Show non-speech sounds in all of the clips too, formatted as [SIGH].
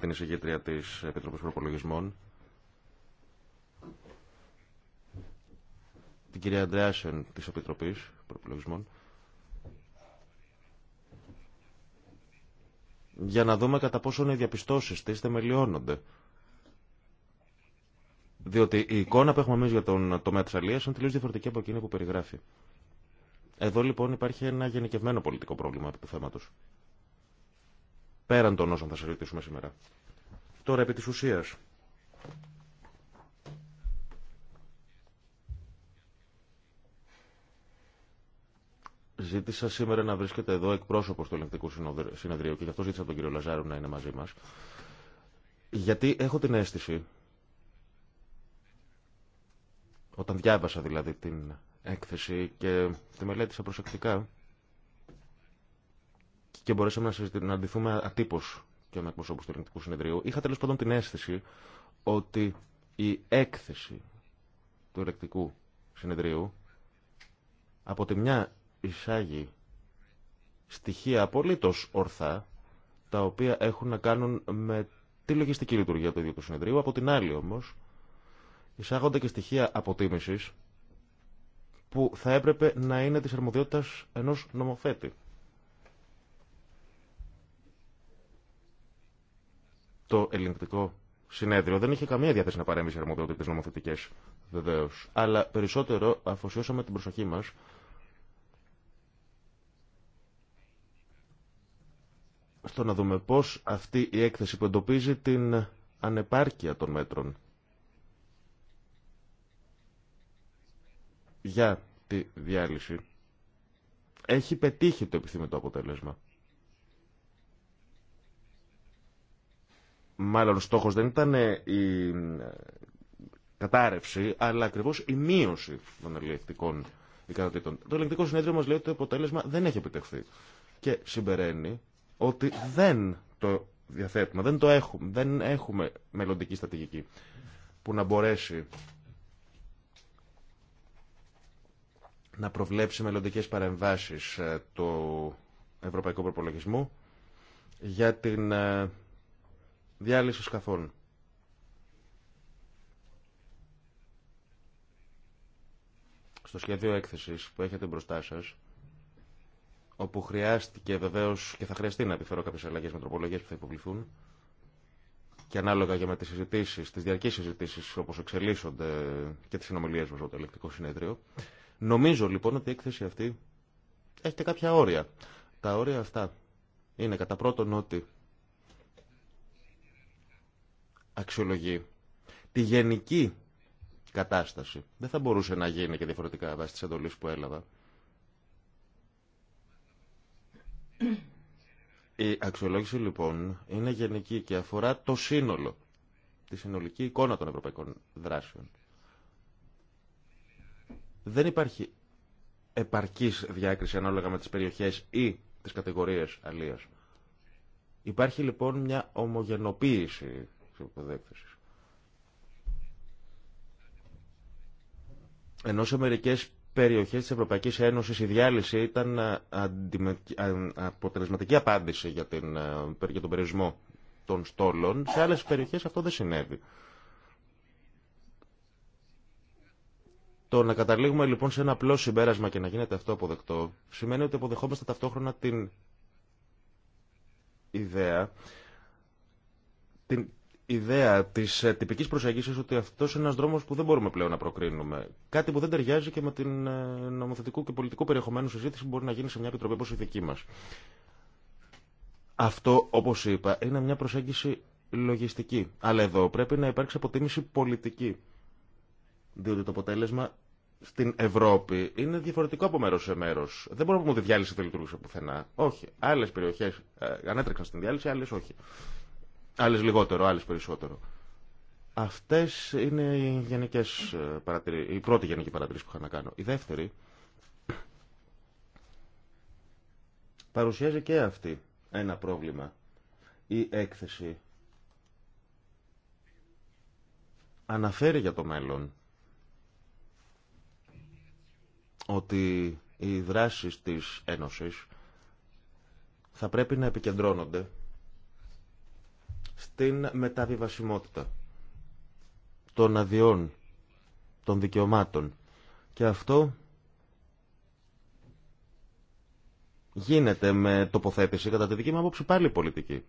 την εισηγήτρια τη Επιτροπή Προπολογισμών, την κυρία Αντρέασεν τη Επιτροπή Προπολογισμών, για να δούμε κατά πόσο οι διαπιστώσει τη θεμελιώνονται. Διότι η εικόνα που έχουμε εμεί για τον τομέα τη Αλία είναι τελείω διαφορετική από εκείνη που περιγράφει. Εδώ λοιπόν υπάρχει ένα γενικευμένο πολιτικό πρόβλημα επί του πέραν των όσων θα συζητήσουμε σήμερα. Τώρα επί της ουσίας. Ζήτησα σήμερα να βρίσκεται εδώ εκπρόσωπος του Ελληνικού Συνεδρίου και γι' αυτό ζήτησα τον κύριο Λαζάρου να είναι μαζί μας. Γιατί έχω την αίσθηση, όταν διάβασα δηλαδή την έκθεση και τη μελέτησα προσεκτικά, και μπορέσαμε να αντιθούμε ατύπω και με εκπροσώπου του Ελληνικού Συνεδρίου. Είχα τέλο πάντων την αίσθηση ότι η έκθεση του Ελεκτικού Συνεδρίου από τη μια εισάγει στοιχεία απολύτω ορθά τα οποία έχουν να κάνουν με τη λογιστική λειτουργία του ίδιου του συνεδρίου. Από την άλλη όμως εισάγονται και στοιχεία αποτίμηση που θα έπρεπε να είναι τη αρμοδιότητα ενό νομοθέτη. το ελληνικτικό συνέδριο δεν είχε καμία διάθεση να παρέμβει σε αρμοδιότητε νομοθετικέ, βεβαίω. Αλλά περισσότερο αφοσιώσαμε την προσοχή μα στο να δούμε πώ αυτή η έκθεση που εντοπίζει την ανεπάρκεια των μέτρων για τη διάλυση έχει πετύχει το επιθυμητό αποτέλεσμα. μάλλον στόχος δεν ήταν ε, η ε, κατάρρευση, αλλά ακριβώς η μείωση των ελεκτικών ικανοτήτων. Το Ελεκτικό συνέδριο μας λέει ότι το αποτέλεσμα δεν έχει επιτευχθεί. Και συμπεραίνει ότι δεν το διαθέτουμε, δεν το έχουμε, δεν έχουμε μελλοντική στρατηγική που να μπορέσει να προβλέψει μελλοντικές παρεμβάσεις ε, του Ευρωπαϊκού Προπολογισμού για την διάλυση σκαφών. Στο σχέδιο έκθεσης που έχετε μπροστά σας, όπου χρειάστηκε βεβαίως και θα χρειαστεί να επιφέρω κάποιες αλλαγές μετροπολογίες που θα υποβληθούν, και ανάλογα και με τις συζητήσεις, τις διαρκείς συζητήσεις όπως εξελίσσονται και τις συνομιλίες μας από το ελεκτικό συνέδριο. Νομίζω λοιπόν ότι η έκθεση αυτή έχει και κάποια όρια. Τα όρια αυτά είναι κατά πρώτον ότι αξιολογεί τη γενική κατάσταση. Δεν θα μπορούσε να γίνει και διαφορετικά βάσει της εντολής που έλαβα. Η αξιολόγηση λοιπόν είναι γενική και αφορά το σύνολο, τη συνολική εικόνα των ευρωπαϊκών δράσεων. Δεν υπάρχει επαρκής διάκριση ανάλογα με τις περιοχές ή τις κατηγορίες αλίας. Υπάρχει λοιπόν μια ομογενοποίηση ενώ σε μερικές περιοχές της ευρωπαϊκή Ένωσης η διάλυση ήταν ε, ε, αποτελεσματική απάντηση για, την, ε, για τον περιορισμό των στόλων, σε άλλες περιοχές αυτό δεν συνέβη. Το να καταλήγουμε λοιπόν σε ένα απλό συμπέρασμα και να γίνεται αυτό αποδεκτό, σημαίνει ότι αποδεχόμαστε ταυτόχρονα την ιδέα, την ιδέα τη ε, τυπική προσέγγιση ότι αυτό είναι ένα δρόμο που δεν μπορούμε πλέον να προκρίνουμε. Κάτι που δεν ταιριάζει και με την ε, νομοθετικού και πολιτικού περιεχομένου συζήτηση που μπορεί να γίνει σε μια επιτροπή όπω η δική μα. Αυτό, όπω είπα, είναι μια προσέγγιση λογιστική. Αλλά εδώ πρέπει να υπάρξει αποτίμηση πολιτική. Διότι το αποτέλεσμα στην Ευρώπη είναι διαφορετικό από μέρο σε μέρο. Δεν μπορούμε να πούμε ότι η διάλυση δεν λειτουργούσε πουθενά. Όχι. Άλλε περιοχέ ε, ανέτρεξαν στην διάλυση, άλλε όχι άλλες λιγότερο, άλλε περισσότερο. Αυτές είναι οι, γενικές ε, παρατηρήσεις, η πρώτη γενική παρατηρήση που είχα να κάνω. Η δεύτερη παρουσιάζει και αυτή ένα πρόβλημα. Η έκθεση αναφέρει για το μέλλον ότι οι δράσεις της Ένωσης θα πρέπει να επικεντρώνονται στην μεταβιβασιμότητα των αδειών, των δικαιωμάτων. Και αυτό γίνεται με τοποθέτηση, κατά τη δική μου άποψη, πάλι πολιτική.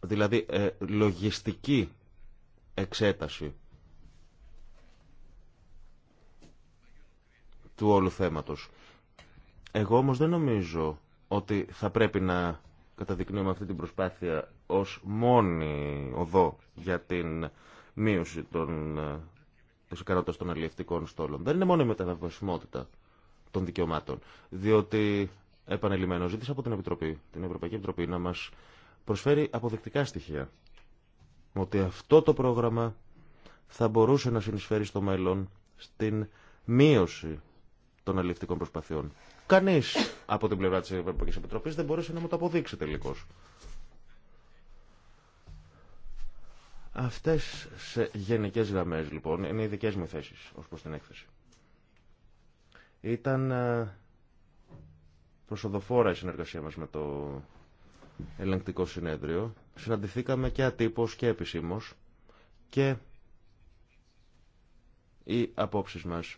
Δηλαδή, ε, λογιστική εξέταση του όλου θέματος. Εγώ όμως δεν νομίζω ότι θα πρέπει να καταδεικνύουμε αυτή την προσπάθεια ως μόνη οδό για την μείωση των, ε, της των αλληλευτικών στόλων. Δεν είναι μόνο η μεταβασιμότητα των δικαιωμάτων, διότι επανελειμμένο ζήτησα από την Επιτροπή, την Ευρωπαϊκή Επιτροπή, να μας προσφέρει αποδεκτικά στοιχεία ότι αυτό το πρόγραμμα θα μπορούσε να συνεισφέρει στο μέλλον στην μείωση των αλληλευτικών προσπαθειών. Κανεί από την πλευρά τη Ευρωπαϊκή Επιτροπή δεν μπορούσε να μου το αποδείξει τελικώ. Αυτέ σε γενικέ γραμμέ λοιπόν είναι οι δικέ μου θέσει ω προ την έκθεση. Ήταν ε, προσοδοφόρα η συνεργασία μας με το ελεγκτικό συνέδριο. Συναντηθήκαμε και ατύπως και επισήμω και οι απόψεις μας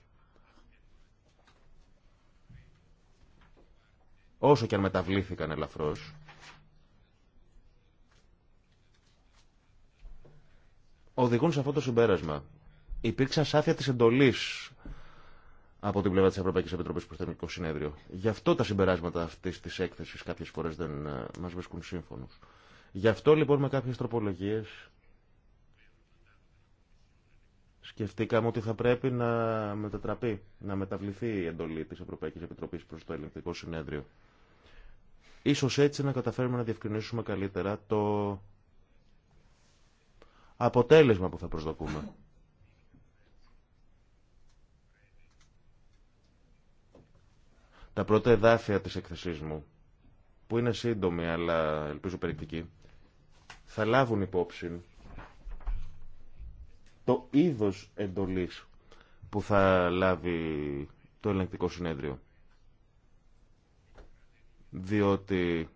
όσο και αν μεταβλήθηκαν ελαφρώς, οδηγούν σε αυτό το συμπέρασμα. Υπήρξε ασάφεια της εντολής από την πλευρά της Ευρωπαϊκής Επιτροπής προς το Ελληνικό Συνέδριο. Γι' αυτό τα συμπεράσματα αυτής της έκθεσης κάποιες φορές δεν ε, μας βρίσκουν σύμφωνους. Γι' αυτό λοιπόν με κάποιες τροπολογίες σκεφτήκαμε ότι θα πρέπει να μετατραπεί, να μεταβληθεί η εντολή της Ευρωπαϊκής Επιτροπής προς το Ελληνικό Συνέδριο. Ίσως έτσι να καταφέρουμε να διευκρινίσουμε καλύτερα το αποτέλεσμα που θα προσδοκούμε. Τα πρώτα εδάφια της εκθεσής μου, που είναι σύντομη αλλά ελπίζω περιεκτική, θα λάβουν υπόψη το είδος εντολής που θα λάβει το ελεγκτικό συνέδριο διότι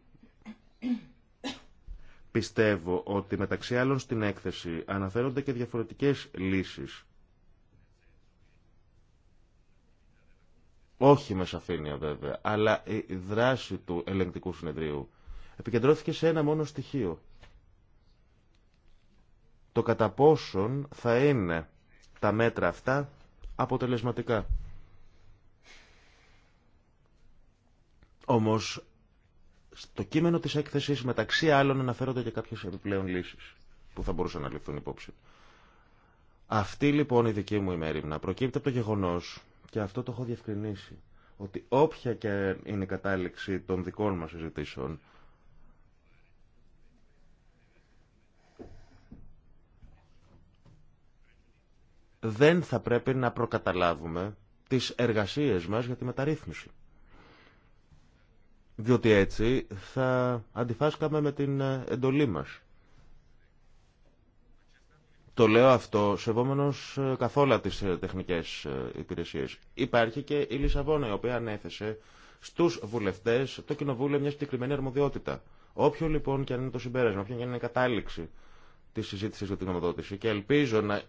πιστεύω ότι μεταξύ άλλων στην έκθεση αναφέρονται και διαφορετικές λύσεις. Όχι με σαφήνεια βέβαια, αλλά η δράση του ελεγκτικού συνεδρίου επικεντρώθηκε σε ένα μόνο στοιχείο. Το κατά πόσον θα είναι τα μέτρα αυτά αποτελεσματικά. Όμως, στο κείμενο της έκθεσης μεταξύ άλλων αναφέρονται και κάποιες επιπλέον λύσεις που θα μπορούσαν να ληφθούν υπόψη. Αυτή λοιπόν η δική μου ημέρημνα προκύπτει από το γεγονός, και αυτό το έχω διευκρινίσει, ότι όποια και είναι η κατάληξη των δικών μας συζητήσεων, δεν θα πρέπει να προκαταλάβουμε τις εργασίες μας για τη μεταρρύθμιση διότι έτσι θα αντιφάσκαμε με την ε, εντολή μας. Το λέω αυτό σεβόμενος ε, καθόλου τις ε, τεχνικές υπηρεσίες. Υπάρχει και η Λισαβόνα η οποία ανέθεσε στους βουλευτές το κοινοβούλιο μια συγκεκριμένη αρμοδιότητα. Όποιο λοιπόν και αν είναι το συμπέρασμα, όποια και αν είναι η κατάληξη της συζήτησης για την νομοδότηση και ελπίζω να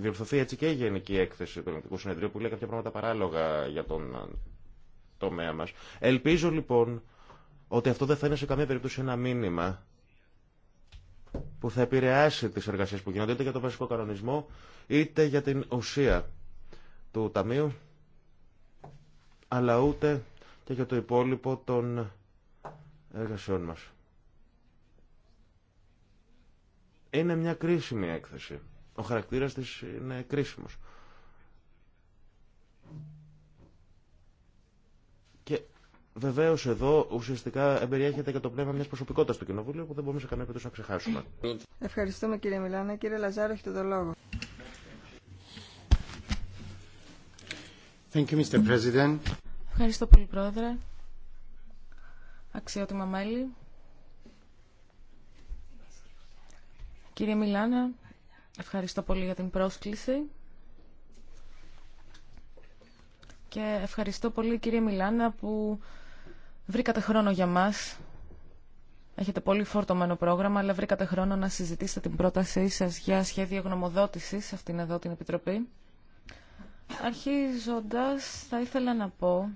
διορθωθεί έτσι και η γενική έκθεση του Ελληνικού Συνεδρίου που λέει κάποια πράγματα παράλογα για τον τομέα μας. Ελπίζω λοιπόν ότι αυτό δεν θα είναι σε καμία περίπτωση ένα μήνυμα που θα επηρεάσει τις εργασίες που γίνονται είτε για τον βασικό κανονισμό είτε για την ουσία του Ταμείου αλλά ούτε και για το υπόλοιπο των εργασιών μας. Είναι μια κρίσιμη έκθεση. Ο χαρακτήρας της είναι κρίσιμος. Και βεβαίω εδώ ουσιαστικά εμπεριέχεται και το πνεύμα μια προσωπικότητα του Κοινοβουλίου που δεν μπορούμε σε καμία περίπτωση να ξεχάσουμε. Ευχαριστούμε κύριε Μιλάνα. Κύριε Λαζάρο, έχετε το λόγο. Thank you, Mr. President. Ευχαριστώ πολύ, Πρόεδρε. Αξιότιμα μέλη. Κύριε Μιλάνα, ευχαριστώ πολύ για την πρόσκληση. και ευχαριστώ πολύ κύριε Μιλάνα που βρήκατε χρόνο για μας. Έχετε πολύ φορτωμένο πρόγραμμα, αλλά βρήκατε χρόνο να συζητήσετε την πρότασή σας για σχέδιο γνωμοδότησης σε αυτήν εδώ την Επιτροπή. Αρχίζοντας, θα ήθελα να πω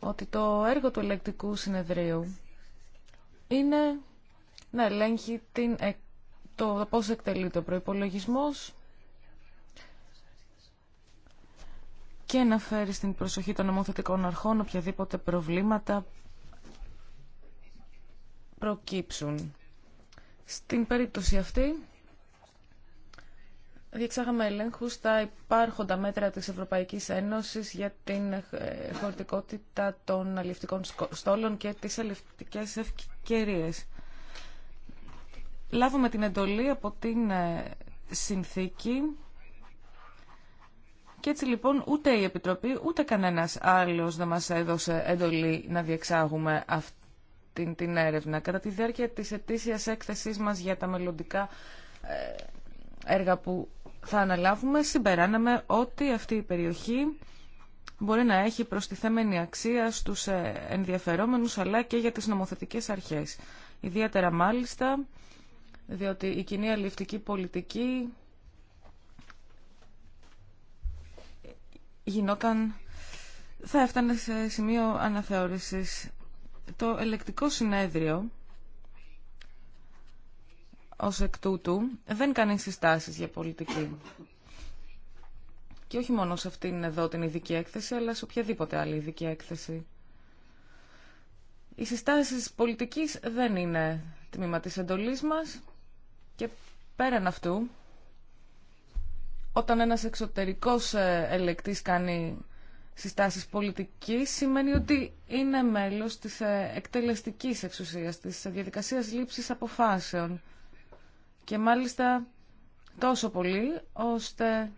ότι το έργο του ελεκτικού συνεδρίου είναι να ελέγχει την, το πώς εκτελείται ο προϋπολογισμός και να φέρει στην προσοχή των νομοθετικών αρχών οποιαδήποτε προβλήματα προκύψουν. Στην περίπτωση αυτή, διεξάγαμε ελέγχου στα υπάρχοντα μέτρα της Ευρωπαϊκής Ένωσης για την χωρητικότητα των αλληλευτικών στόλων και τις αλληλευτικές ευκαιρίε. Λάβουμε την εντολή από την ε, συνθήκη και έτσι λοιπόν ούτε η Επιτροπή ούτε κανένας άλλος δεν μας έδωσε εντολή να διεξάγουμε αυτή την έρευνα. Κατά τη διάρκεια της ετήσιας έκθεσής μας για τα μελλοντικά ε, έργα που θα αναλάβουμε, συμπεράναμε ότι αυτή η περιοχή μπορεί να έχει προστιθέμενη αξία στους ε, ενδιαφερόμενους αλλά και για τις νομοθετικές αρχές. Ιδιαίτερα μάλιστα διότι η κοινή αλληλευτική πολιτική γινόταν, θα έφτανε σε σημείο αναθεώρησης. Το ελεκτικό συνέδριο ως εκ τούτου δεν κάνει συστάσεις για πολιτική. Και όχι μόνο σε αυτήν εδώ την ειδική έκθεση, αλλά σε οποιαδήποτε άλλη ειδική έκθεση. Οι συστάσεις πολιτικής δεν είναι τμήμα της εντολής μας και πέραν αυτού όταν ένας εξωτερικός ε, ελεκτής κάνει συστάσεις πολιτικής σημαίνει ότι είναι μέλος της ε, εκτελεστικής εξουσίας, της διαδικασίας λήψης αποφάσεων και μάλιστα τόσο πολύ ώστε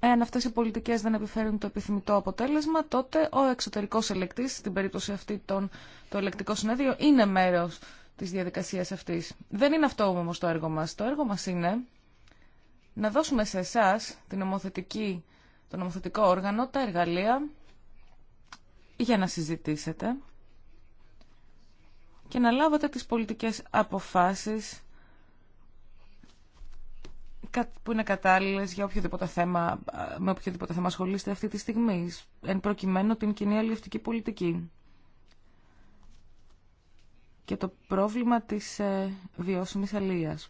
εάν αυτές οι πολιτικές δεν επιφέρουν το επιθυμητό αποτέλεσμα τότε ο εξωτερικός ελεκτής, στην περίπτωση αυτή τον, το ελεκτικό συνέδριο, είναι μέρος της διαδικασίας αυτής. Δεν είναι αυτό όμως το έργο μας. Το έργο μας είναι να δώσουμε σε εσά την το νομοθετικό όργανο, τα εργαλεία για να συζητήσετε και να λάβετε τις πολιτικές αποφάσεις που είναι κατάλληλες για οποιοδήποτε θέμα, με οποιοδήποτε θέμα ασχολείστε αυτή τη στιγμή, εν προκειμένου την κοινή αλληλευτική πολιτική. Και το πρόβλημα της ε, βιώσιμης αλληλείας.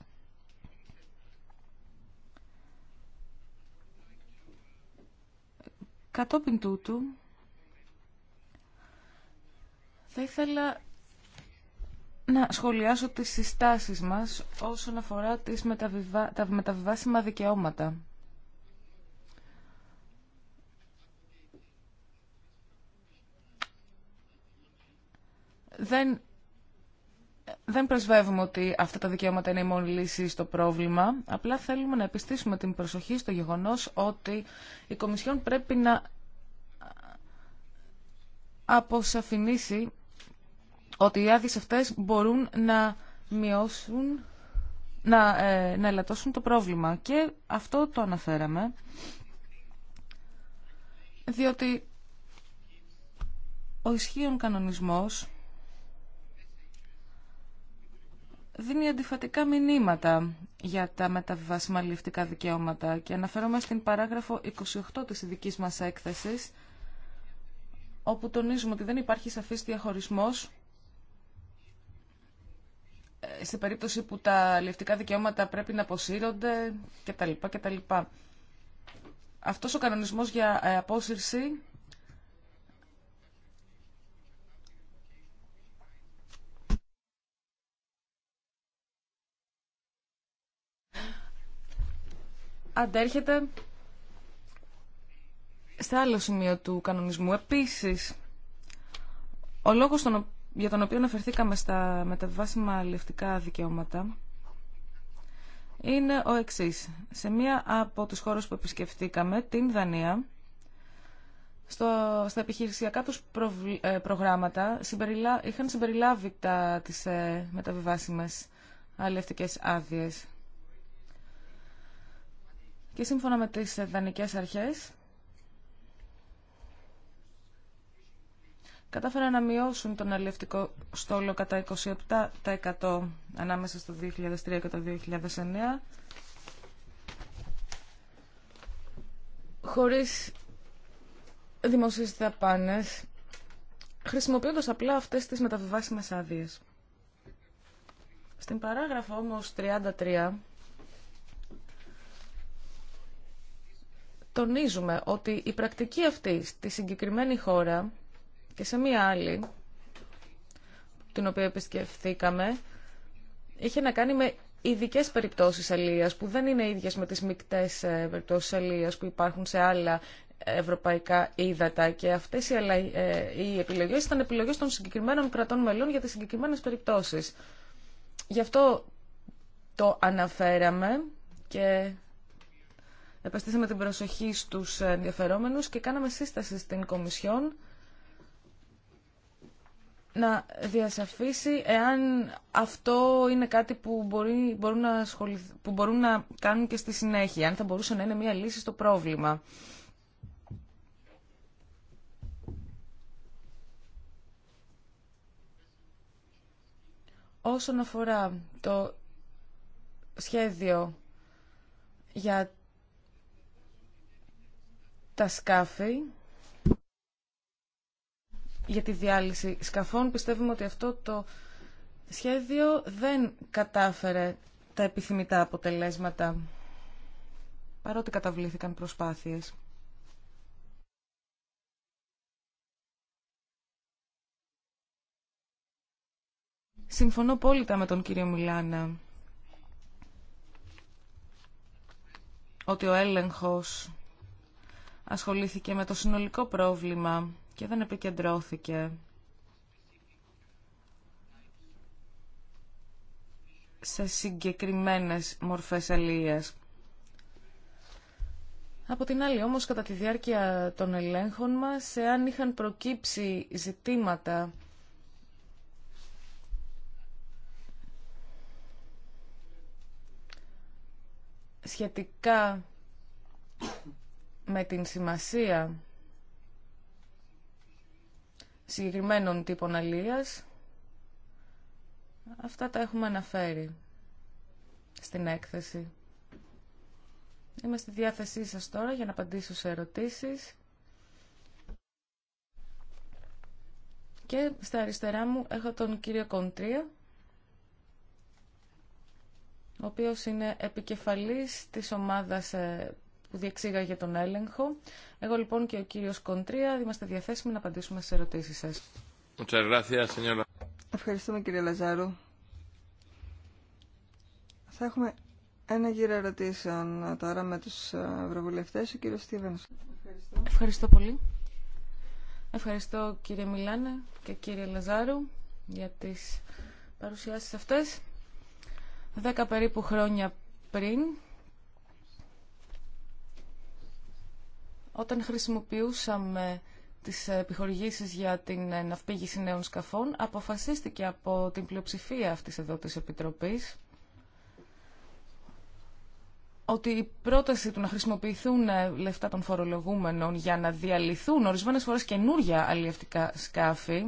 Κατόπιν τούτου, θα ήθελα να σχολιάσω τις συστάσεις μας όσον αφορά τις μεταβιβα... τα μεταβιβάσιμα δικαιώματα. Δεν δεν πρεσβεύουμε ότι αυτά τα δικαιώματα είναι η μόνη λύση στο πρόβλημα. Απλά θέλουμε να επιστήσουμε την προσοχή στο γεγονός ότι η Κομισιόν πρέπει να αποσαφηνίσει ότι οι άδειε αυτές μπορούν να μειώσουν, ε, να, ελαττώσουν το πρόβλημα. Και αυτό το αναφέραμε, διότι ο ισχύων κανονισμός δίνει αντιφατικά μηνύματα για τα μεταβιβάσιμα δικαιώματα και αναφέρομαι στην παράγραφο 28 της ειδικής μας έκθεσης όπου τονίζουμε ότι δεν υπάρχει σαφής διαχωρισμός ε, σε περίπτωση που τα αλληλευτικά δικαιώματα πρέπει να αποσύρονται κτλ. κτλ. Αυτός ο κανονισμός για ε, απόσυρση αντέρχεται σε άλλο σημείο του κανονισμού. Επίσης, ο λόγος τον, για τον οποίο αναφερθήκαμε στα μεταβάσιμα αλληλευτικά δικαιώματα είναι ο εξής. Σε μία από τους χώρους που επισκεφτήκαμε, την Δανία, στο, στα επιχειρησιακά τους ε, προγράμματα είχαν συμπεριλάβει τα, τις ε, μεταβιβάσιμες αλληλευτικές άδειες. Και σύμφωνα με τις δανεικές αρχές, κατάφεραν να μειώσουν τον αλληλευτικό στόλο κατά 27% ανάμεσα στο 2003 και το 2009, χωρίς δημοσίες δαπάνες, χρησιμοποιώντας απλά αυτές τις μεταβιβάσιμες άδειες. Στην παράγραφο όμως 33 τονίζουμε ότι η πρακτική αυτή στη συγκεκριμένη χώρα και σε μία άλλη, την οποία επισκεφθήκαμε, είχε να κάνει με ειδικέ περιπτώσεις αλίας που δεν είναι ίδιες με τις μικτές ε, περιπτώσεις που υπάρχουν σε άλλα ευρωπαϊκά ύδατα και αυτές οι, αλλα... Ε, οι επιλογές ήταν επιλογές των συγκεκριμένων κρατών μελών για τις συγκεκριμένες περιπτώσεις. Γι' αυτό το αναφέραμε και επαστήσαμε την προσοχή στους ενδιαφερόμενους και κάναμε σύσταση στην Κομισιόν να διασαφίσει εάν αυτό είναι κάτι που, μπορεί, μπορούν, να που μπορούν να κάνουν και στη συνέχεια, αν θα μπορούσε να είναι μια λύση στο πρόβλημα. Όσον αφορά το σχέδιο για τα σκάφη για τη διάλυση σκαφών. Πιστεύουμε ότι αυτό το σχέδιο δεν κατάφερε τα επιθυμητά αποτελέσματα, παρότι καταβλήθηκαν προσπάθειες. Συμφωνώ πόλητα με τον κύριο Μιλάνα ότι ο έλεγχος ασχολήθηκε με το συνολικό πρόβλημα και δεν επικεντρώθηκε σε συγκεκριμένες μορφές αλίας. Από την άλλη όμως κατά τη διάρκεια των ελέγχων μας, εάν είχαν προκύψει ζητήματα σχετικά με την σημασία συγκεκριμένων τύπων αλίας, αυτά τα έχουμε αναφέρει στην έκθεση. Είμαι στη διάθεσή σας τώρα για να απαντήσω σε ερωτήσεις. Και στα αριστερά μου έχω τον κύριο Κοντρία, ο οποίος είναι επικεφαλής της ομάδας ε, που διεξήγαγε τον έλεγχο. Εγώ λοιπόν και ο κύριος Κοντρία είμαστε διαθέσιμοι να απαντήσουμε στις ερωτήσεις σας. Ευχαριστούμε κύριε Λαζάρου. Θα έχουμε ένα γύρο ερωτήσεων τώρα με τους ευρωβουλευτές, ο κύριος Στίβεν. Ευχαριστώ. Ευχαριστώ πολύ. Ευχαριστώ κύριε Μιλάνε και κύριε Λαζάρου για τις παρουσιάσεις αυτές. Δέκα περίπου χρόνια πριν Όταν χρησιμοποιούσαμε τις επιχορηγήσεις για την ναυπήγηση νέων σκαφών, αποφασίστηκε από την πλειοψηφία αυτής εδώ της Επιτροπής ότι η πρόταση του να χρησιμοποιηθούν λεφτά των φορολογούμενων για να διαλυθούν ορισμένες φορές καινούργια αλλιευτικά σκάφη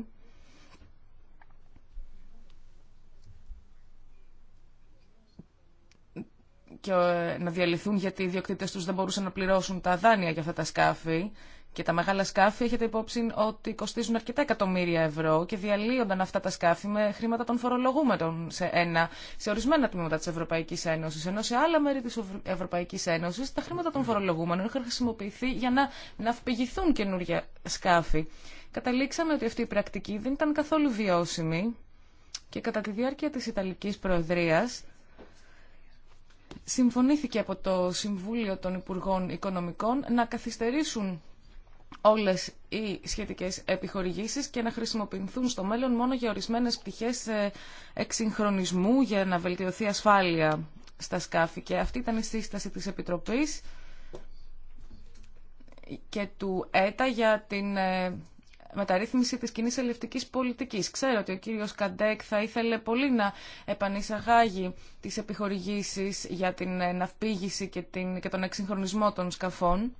και ε, να διαλυθούν γιατί οι διοκτήτες τους δεν μπορούσαν να πληρώσουν τα δάνεια για αυτά τα σκάφη. Και τα μεγάλα σκάφη έχετε υπόψη ότι κοστίζουν αρκετά εκατομμύρια ευρώ και διαλύονταν αυτά τα σκάφη με χρήματα των φορολογούμενων σε, ένα, σε ορισμένα τμήματα της Ευρωπαϊκής Ένωσης. Ενώ σε άλλα μέρη της Ευρωπαϊκής Ένωσης τα χρήματα των φορολογούμενων είχαν χρησιμοποιηθεί για να ναυπηγηθούν καινούργια σκάφη. Καταλήξαμε ότι αυτή η πρακτική δεν ήταν καθόλου βιώσιμη και κατά τη διάρκεια της Ιταλικής Προεδρίας συμφωνήθηκε από το Συμβούλιο των Υπουργών Οικονομικών να καθυστερήσουν όλες οι σχετικές επιχορηγήσεις και να χρησιμοποιηθούν στο μέλλον μόνο για ορισμένες πτυχές ε, εξυγχρονισμού για να βελτιωθεί ασφάλεια στα σκάφη. Και αυτή ήταν η σύσταση της Επιτροπής και του ΕΤΑ για την ε, μεταρρύθμιση της κοινή ελευτικής πολιτικής. Ξέρω ότι ο κύριος Καντέκ θα ήθελε πολύ να επανεισαγάγει τις επιχορηγήσεις για την ε, ναυπήγηση και, την, και τον εξυγχρονισμό των σκαφών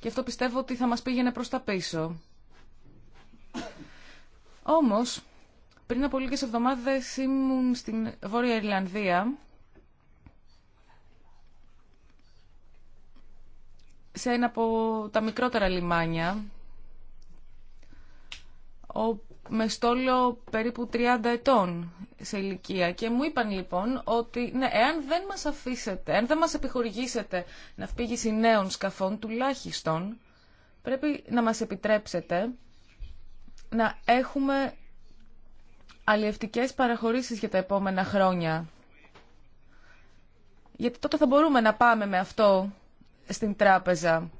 και αυτό πιστεύω ότι θα μας πήγαινε προς τα πίσω. Όμως, πριν από λίγες εβδομάδες ήμουν στην Βόρεια Ιρλανδία σε ένα από τα μικρότερα λιμάνια με στόλο περίπου 30 ετών σε ηλικία και μου είπαν λοιπόν ότι ναι, εάν δεν μας αφήσετε, εάν δεν μας επιχορηγήσετε να σε νέων σκαφών τουλάχιστον πρέπει να μας επιτρέψετε να έχουμε αλλιευτικές παραχωρήσεις για τα επόμενα χρόνια. Γιατί τότε θα μπορούμε να πάμε με αυτό στην τράπεζα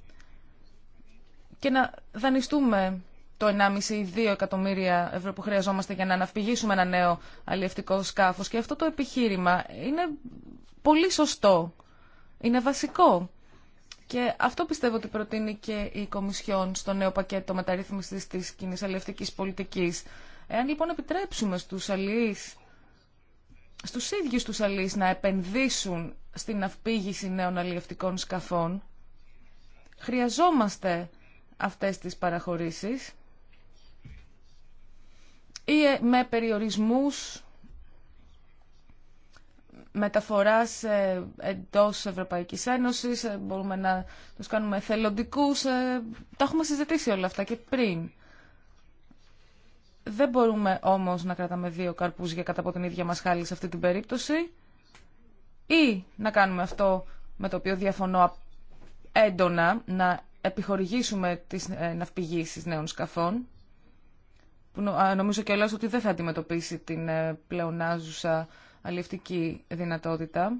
και να δανειστούμε το 1,5-2 εκατομμύρια ευρώ που χρειαζόμαστε για να αναφυγήσουμε ένα νέο αλλιευτικό σκάφος. Και αυτό το επιχείρημα είναι πολύ σωστό. Είναι βασικό. Και αυτό πιστεύω ότι προτείνει και η Κομισιόν στο νέο πακέτο μεταρρύθμισης της κοινή αλλιευτικής πολιτικής. Εάν λοιπόν επιτρέψουμε στους αλληλείς, στους ίδιους τους αλληλείς να επενδύσουν στην αυπήγηση νέων αλληλευτικών σκαφών, χρειαζόμαστε αυτές τις παραχωρήσεις ή με περιορισμούς μεταφοράς ε, εντός Ευρωπαϊκής Ένωσης, ε, μπορούμε να τους κάνουμε θελοντικούς, ε, τα έχουμε συζητήσει όλα αυτά και πριν. Δεν μπορούμε όμως να κρατάμε δύο καρπούς για κατά από την ίδια μας χάλη σε αυτή την περίπτωση ή να κάνουμε αυτό με το οποίο διαφωνώ έντονα, να επιχορηγήσουμε τις ναυπηγήσεις νέων σκαφών που νομίζω κιόλας ότι δεν θα αντιμετωπίσει την ε, πλεονάζουσα αλληλευτική δυνατότητα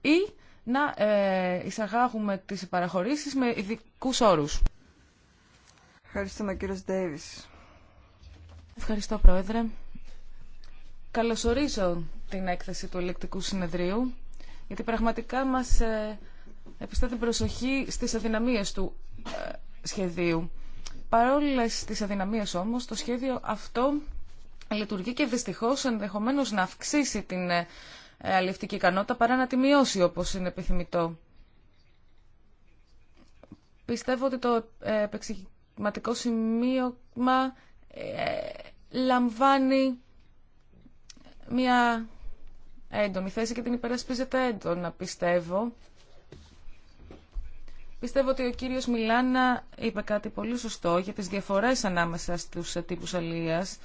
ή να ε, εισαγάγουμε τις παραχωρήσεις με ειδικού όρους. Ευχαριστούμε κύριος Ντέιβις. Ευχαριστώ Πρόεδρε. Καλωσορίζω την έκθεση του ελεκτικού συνεδρίου γιατί πραγματικά μας ε, την προσοχή στις αδυναμίες του ε, σχεδίου. Παρόλες τι αδυναμίες όμως, το σχέδιο αυτό λειτουργεί και δυστυχώς ενδεχομένω να αυξήσει την ε, αλληλευτική ικανότητα παρά να τη μειώσει όπως είναι επιθυμητό. Πιστεύω ότι το ε, επεξηγηματικό σημείωμα ε, λαμβάνει μια έντονη θέση και την υπερασπίζεται έντονα, πιστεύω. Πιστεύω ότι ο κύριος Μιλάνα είπε κάτι πολύ σωστό για τις διαφορές ανάμεσα στους τύπους αλίας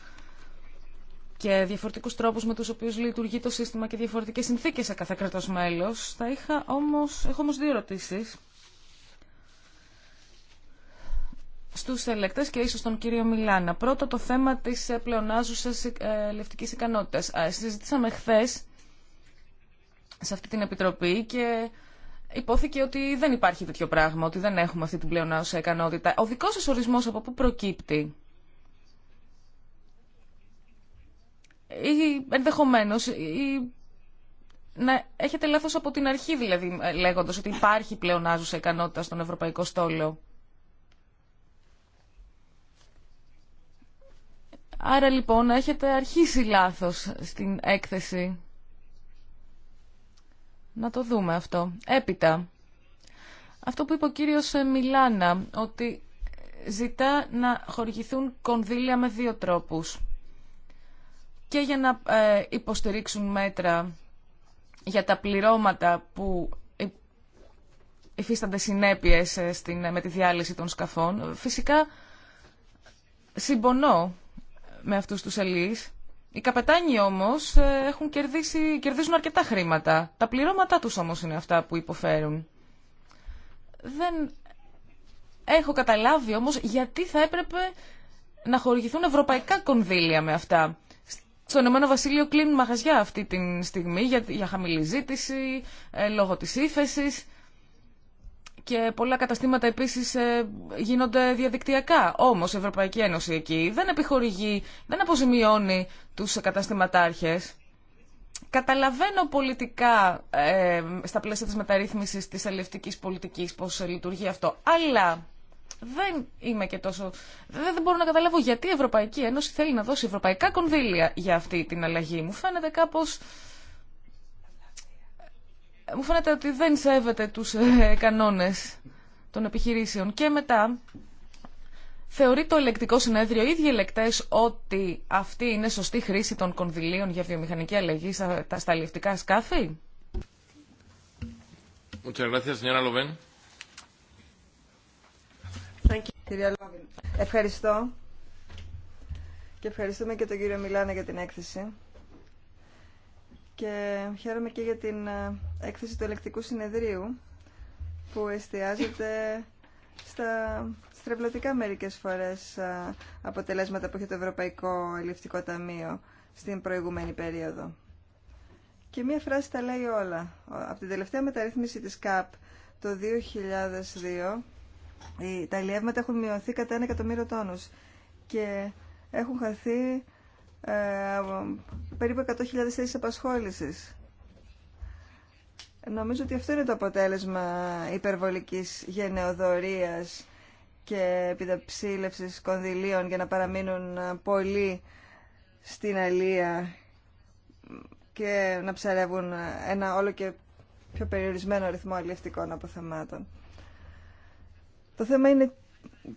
και διαφορετικούς τρόπους με τους οποίους λειτουργεί το σύστημα και διαφορετικές συνθήκες σε κάθε κρατός μέλος. είχα όμως, έχω όμως δύο ερωτήσει. στους ελεκτές και ίσως τον κύριο Μιλάνα. Πρώτο το θέμα της πλεονάζουσας ε, λευτικής ικανότητας. Συζητήσαμε χθε σε αυτή την επιτροπή και υπόθηκε ότι δεν υπάρχει τέτοιο πράγμα, ότι δεν έχουμε αυτή την πλεονάσια ικανότητα. Ο δικός σας ορισμός από πού προκύπτει. Ή ενδεχομένω. ή να έχετε λάθος από την αρχή δηλαδή λέγοντας ότι υπάρχει πλεονάζουσα ικανότητα στον ευρωπαϊκό στόλο. Άρα λοιπόν έχετε αρχίσει λάθος στην έκθεση. Να το δούμε αυτό. Έπειτα, αυτό που είπε ο κύριος ε, Μιλάνα, ότι ζητά να χορηγηθούν κονδύλια με δύο τρόπους. Και για να ε, υποστηρίξουν μέτρα για τα πληρώματα που υφίστανται συνέπειες ε, στην, με τη διάλυση των σκαφών. Φυσικά, συμπονώ με αυτούς τους ελείς. Οι καπετάνοι όμως ε, έχουν κερδίσει, κερδίζουν αρκετά χρήματα. Τα πληρώματά τους όμως είναι αυτά που υποφέρουν. Δεν έχω καταλάβει όμως γιατί θα έπρεπε να χορηγηθούν ευρωπαϊκά κονδύλια με αυτά. Στο Ηνωμένο Βασίλειο κλείνουν μαγαζιά αυτή τη στιγμή για, για χαμηλή ζήτηση, ε, λόγω της ύφεση και πολλά καταστήματα επίσης ε, γίνονται διαδικτυακά. Όμως η Ευρωπαϊκή Ένωση εκεί δεν επιχορηγεί, δεν αποζημιώνει τους καταστηματάρχες. Καταλαβαίνω πολιτικά ε, στα πλαίσια της μεταρρύθμισης της αλληλευτικής πολιτικής πώς ε, λειτουργεί αυτό, αλλά δεν είμαι και τόσο... Δεν, δεν μπορώ να καταλάβω γιατί η Ευρωπαϊκή Ένωση θέλει να δώσει ευρωπαϊκά κονδύλια για αυτή την αλλαγή. Μου φαίνεται κάπως μου φαίνεται ότι δεν σέβεται τους ε, κανόνες των επιχειρήσεων. Και μετά θεωρεί το ελεκτικό συνέδριο, οι ίδιοι ελεκτές, ότι αυτή είναι σωστή χρήση των κονδυλίων για βιομηχανική αλλαγή στα, στα αλληλευτικά σκάφη. Ευχαριστώ. Και ευχαριστούμε και τον κύριο Μιλάνε για την έκθεση και χαίρομαι και για την ε, έκθεση του ελεκτικού συνεδρίου που εστιάζεται στα στρεβλωτικά μερικές φορές ε, αποτελέσματα που είχε το Ευρωπαϊκό Ελληνικό Ταμείο στην προηγούμενη περίοδο. Και μία φράση τα λέει όλα. Από την τελευταία μεταρρύθμιση της ΚΑΠ το 2002 τα ελιεύματα έχουν μειωθεί κατά ένα εκατομμύριο τόνους και έχουν χαθεί ε, περίπου 100.000 θέσει απασχόλησης. Νομίζω ότι αυτό είναι το αποτέλεσμα υπερβολικής γενεοδορίας και επιδαψίλευσης κονδυλίων για να παραμείνουν πολλοί στην αλία και να ψαρεύουν ένα όλο και πιο περιορισμένο αριθμό αλληλευτικών αποθεμάτων. Το θέμα είναι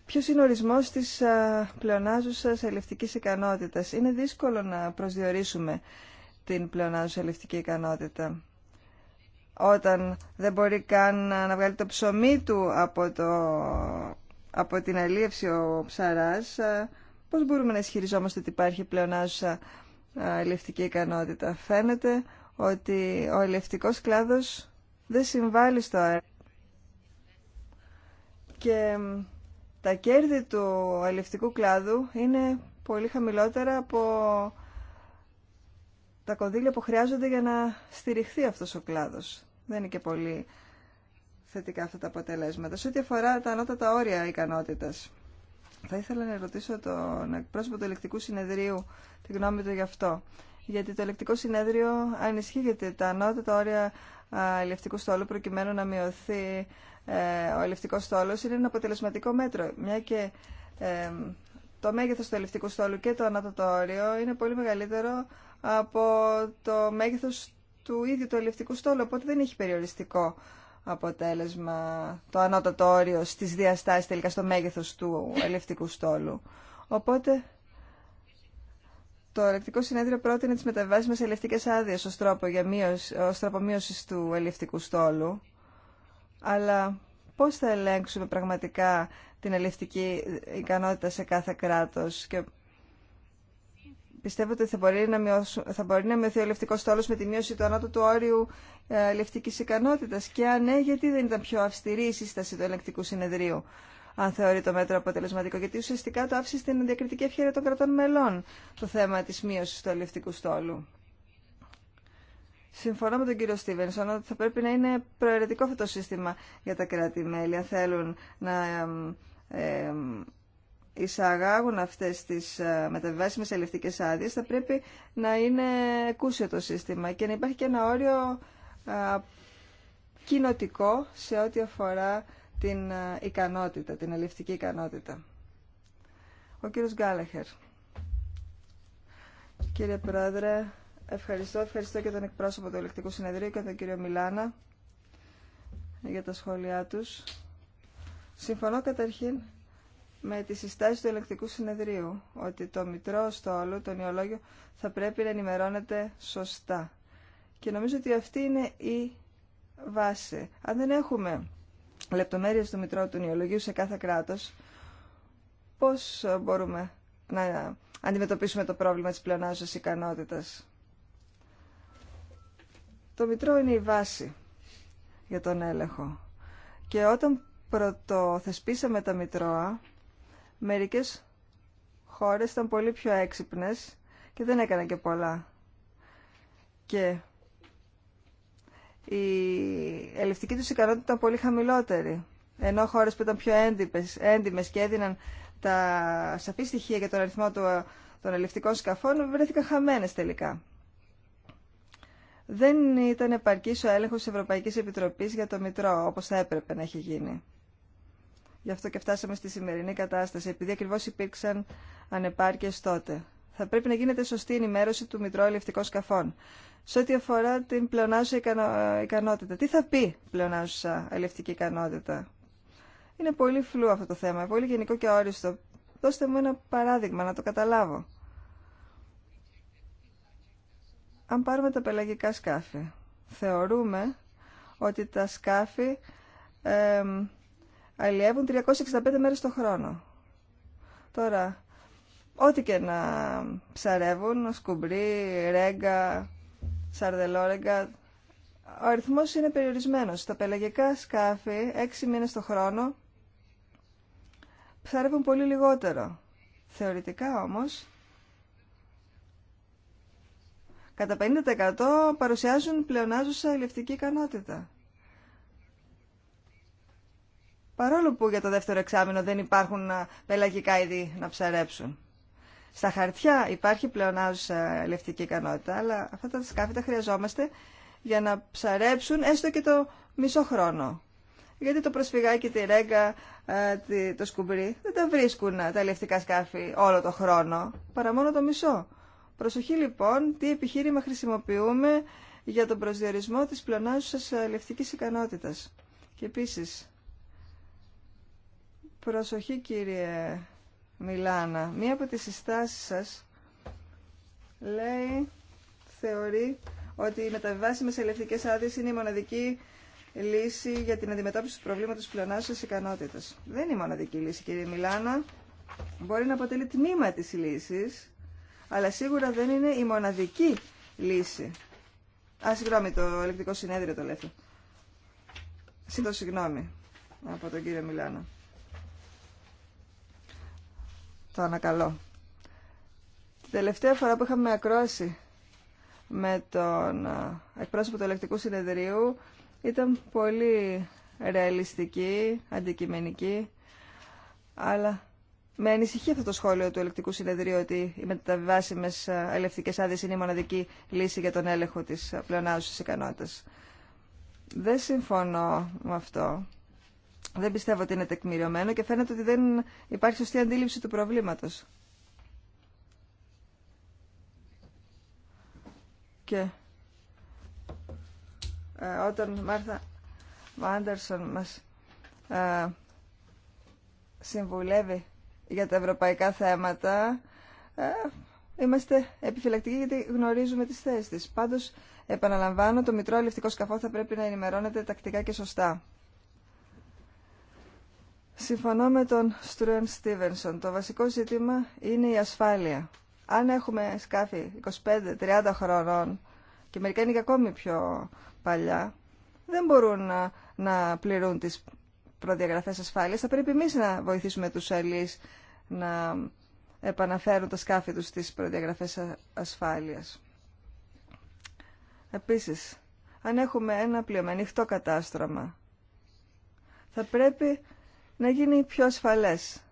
Ποιο είναι ο ορισμό της πλεονάζουσας ελευτικής ικανότητας. Είναι δύσκολο να προσδιορίσουμε την πλεονάζουσα ελευτική ικανότητα. Όταν δεν μπορεί καν να βγάλει το ψωμί του από, το, από την αλίευση ο ψαράς, πώς μπορούμε να ισχυριζόμαστε ότι υπάρχει πλεονάζουσα ελευτική ικανότητα. Φαίνεται ότι ο ελευτικό κλάδος δεν συμβάλλει στο αέρα. Τα κέρδη του αλληλευτικού κλάδου είναι πολύ χαμηλότερα από τα κονδύλια που χρειάζονται για να στηριχθεί αυτός ο κλάδος. Δεν είναι και πολύ θετικά αυτά τα αποτελέσματα. Σε ό,τι αφορά τα ανώτατα όρια ικανότητας, θα ήθελα να ρωτήσω τον εκπρόσωπο του ελεκτικού συνεδρίου τη γνώμη του γι' αυτό γιατί το ελεκτικό συνέδριο ανισχύει τα ανώτατα όρια ελευτικού στόλου προκειμένου να μειωθεί ε, ο ελευτικός στόλος είναι ένα αποτελεσματικό μέτρο, μια και ε, το μέγεθος του ελευτικού στόλου και το ανώτατο όριο είναι πολύ μεγαλύτερο από το μέγεθος του ίδιου του ελευτικού στόλου, οπότε δεν έχει περιοριστικό αποτέλεσμα το ανώτατο όριο στις διαστάσεις τελικά στο μέγεθος του ελευτικού στόλου. Οπότε το Ελεκτικό Συνέδριο πρότεινε τι μεταβάσεις με σε ελευτικές άδειες ως τρόπο, για μείωση, του ελευτικού στόλου. Αλλά πώ θα ελέγξουμε πραγματικά την ελευτική ικανότητα σε κάθε κράτο. και πιστεύω ότι θα μπορεί να, θα μπορεί να μειωθεί ο ελευτικός στόλος με τη μείωση του ανώτου του όριου ε, ελευτικής ικανότητα. και αν ναι, γιατί δεν ήταν πιο αυστηρή η σύσταση του ελεκτικού συνεδρίου αν θεωρεί το μέτρο αποτελεσματικό, γιατί ουσιαστικά το άφησε στην διακριτική ευχαίρεια των κρατών μελών το θέμα της μείωσης του αλληλευτικού στόλου. Συμφωνώ με τον κύριο Στίβενσον ότι θα πρέπει να είναι προαιρετικό αυτό το σύστημα για τα κράτη-μέλη, αν θέλουν να εισαγάγουν αυτές τις ε, μεταβιβάσιμες ελευτικέ άδειες θα πρέπει να είναι κούσιο το σύστημα και να υπάρχει και ένα όριο ε, κοινοτικό σε ό,τι αφορά την ε, ικανότητα, την αλληλευτική ικανότητα. Ο κύριος Γκάλαχερ. Κύριε Πρόεδρε, ευχαριστώ. Ευχαριστώ και τον εκπρόσωπο του Ελεκτικού Συνεδρίου και τον κύριο Μιλάνα για τα σχόλιά τους. Συμφωνώ καταρχήν με τις συστάσεις του Ελεκτικού Συνεδρίου ότι το μητρό στόλο, το νεολόγιο, θα πρέπει να ενημερώνεται σωστά. Και νομίζω ότι αυτή είναι η βάση. Αν δεν έχουμε λεπτομέρειες του Μητρώου του Νεολογίου σε κάθε κράτος, πώς μπορούμε να αντιμετωπίσουμε το πρόβλημα της πλεονάζωσης ικανότητας. Το Μητρό είναι η βάση για τον έλεγχο. Και όταν πρωτοθεσπίσαμε τα Μητρώα, μερικές χώρες ήταν πολύ πιο έξυπνες και δεν έκαναν και πολλά. Και η ελευτική τους ικανότητα ήταν πολύ χαμηλότερη. Ενώ χώρες που ήταν πιο έντυπες, και έδιναν τα σαφή στοιχεία για τον αριθμό του, των ελευτικών σκαφών βρέθηκαν χαμένες τελικά. Δεν ήταν επαρκής ο έλεγχος της Ευρωπαϊκής Επιτροπής για το Μητρό, όπως θα έπρεπε να έχει γίνει. Γι' αυτό και φτάσαμε στη σημερινή κατάσταση, επειδή ακριβώ υπήρξαν ανεπάρκειες τότε. Θα πρέπει να γίνεται σωστή ενημέρωση του Μητρό Ελευτικών Σκαφών σε ό,τι αφορά την πλεονάζουσα ικανότητα. Τι θα πει πλεονάζουσα αλληλευτική ικανότητα. Είναι πολύ φλού αυτό το θέμα, πολύ γενικό και όριστο. Δώστε μου ένα παράδειγμα να το καταλάβω. Αν πάρουμε τα πελαγικά σκάφη, θεωρούμε ότι τα σκάφη ε, αλλιεύουν 365 μέρες το χρόνο. Τώρα, ό,τι και να ψαρεύουν, σκουμπρί, ρέγγα, Σαρδελόρεγκα, ο αριθμός είναι περιορισμένος. Στα πελαγικά σκάφη, έξι μήνες το χρόνο, ψαρεύουν πολύ λιγότερο. Θεωρητικά όμως, κατά 50% παρουσιάζουν πλεονάζουσα ηλεκτρική ικανότητα. Παρόλο που για το δεύτερο εξάμεινο δεν υπάρχουν ε, πελαγικά είδη να ψαρέψουν. Στα χαρτιά υπάρχει πλεονάζουσα λευτική ικανότητα, αλλά αυτά τα σκάφη τα χρειαζόμαστε για να ψαρέψουν έστω και το μισό χρόνο. Γιατί το προσφυγάκι, τη ρέγκα, ε, το σκουμπρί δεν τα βρίσκουν ε, τα λευτικά σκάφη όλο το χρόνο, παρά μόνο το μισό. Προσοχή λοιπόν τι επιχείρημα χρησιμοποιούμε για τον προσδιορισμό της πλεονάζουσας ελευτικής ικανότητας. Και επίσης, προσοχή κύριε Μιλάνα. Μία από τις συστάσεις σας λέει, θεωρεί ότι οι μεταβιβάσιμες ελευθερικές άδειες είναι η μοναδική λύση για την αντιμετώπιση του προβλήματος πλεονάσεως ικανότητας. Δεν είναι η μοναδική λύση, κύριε Μιλάνα. Μπορεί να αποτελεί τμήμα της λύσης, αλλά σίγουρα δεν είναι η μοναδική λύση. Α, συγγνώμη, το ελεκτικό συνέδριο το λέει Σύντο συγγνώμη από τον κύριο Μιλάνα. Το ανακαλώ. Την τελευταία φορά που είχαμε ακρόαση με τον ε, εκπρόσωπο του Ελεκτικού Συνεδρίου ήταν πολύ ρεαλιστική, αντικειμενική, αλλά με ανησυχεί αυτό το σχόλιο του Ελεκτικού Συνεδρίου ότι οι μεταβιβάσιμε ε, ελευθερικέ άδειε είναι η μοναδική λύση για τον έλεγχο τη πλεονάζουσα ικανότητα. Δεν συμφωνώ με αυτό δεν πιστεύω ότι είναι τεκμηριωμένο και φαίνεται ότι δεν υπάρχει σωστή αντίληψη του προβλήματος. Και ε, όταν Μάρθα Μάντερσον μας ε, συμβουλεύει για τα ευρωπαϊκά θέματα, ε, είμαστε επιφυλακτικοί γιατί γνωρίζουμε τις θέσεις της. Πάντως, επαναλαμβάνω, το μητρό ελευτικό σκαφό θα πρέπει να ενημερώνεται τακτικά και σωστά. Συμφωνώ με τον Στρουέν Στίβενσον. Το βασικό ζήτημα είναι η ασφάλεια. Αν έχουμε σκάφη 25-30 χρονών και μερικά είναι και ακόμη πιο παλιά, δεν μπορούν να, να πληρούν τις προδιαγραφές ασφάλειας. Θα πρέπει εμείς να βοηθήσουμε τους αλείς να επαναφέρουν τα σκάφη τους στις προδιαγραφές ασφάλειας. Επίσης, αν έχουμε ένα πλοίο κατάστρωμα, θα πρέπει να γίνει πιο ασφαλές.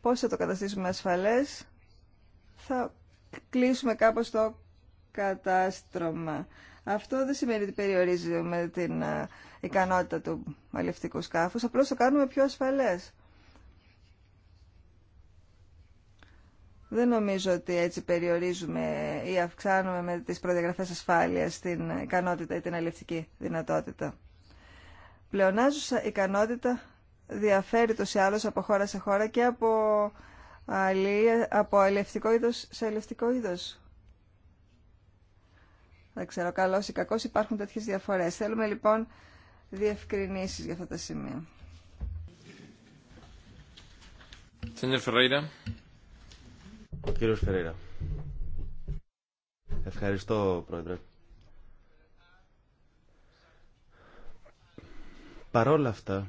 Πώς θα το καταστήσουμε ασφαλές, θα κλείσουμε κάπως το κατάστρωμα. Αυτό δεν σημαίνει ότι περιορίζουμε την ε, ικανότητα του αλληλευτικού σκάφους, απλώς το κάνουμε πιο ασφαλές. Δεν νομίζω ότι έτσι περιορίζουμε ή αυξάνουμε με τις προδιαγραφές ασφάλειας την ικανότητα ή την αλληλευτική δυνατότητα πλεονάζουσα ικανότητα διαφέρει το σε άλλος από χώρα σε χώρα και από, από αλληλευτικό είδος σε αλληλευτικό είδος. Δεν ξέρω, καλό ή κακό υπάρχουν τέτοιε διαφορέ. Θέλουμε λοιπόν διευκρινήσει για αυτά τα σημεία. Κύριος Φεραίρα. Ευχαριστώ, Πρόεδρε. Παρόλα αυτά,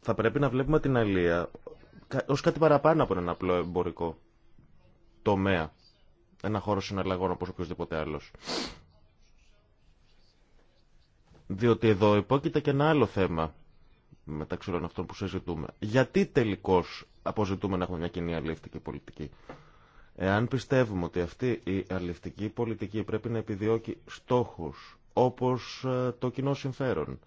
θα πρέπει να βλέπουμε την αλία ως κάτι παραπάνω από ένα απλό εμπορικό τομέα. Ένα χώρο συναλλαγών όπως οποιοδήποτε άλλος. Διότι εδώ υπόκειται και ένα άλλο θέμα μεταξύ όλων αυτών που συζητούμε. Γιατί τελικώς αποζητούμε να έχουμε μια κοινή και πολιτική. Εάν πιστεύουμε ότι αυτή η αλληλευτική πολιτική πρέπει να επιδιώκει στόχους όπως ε, το κοινό συμφέρον,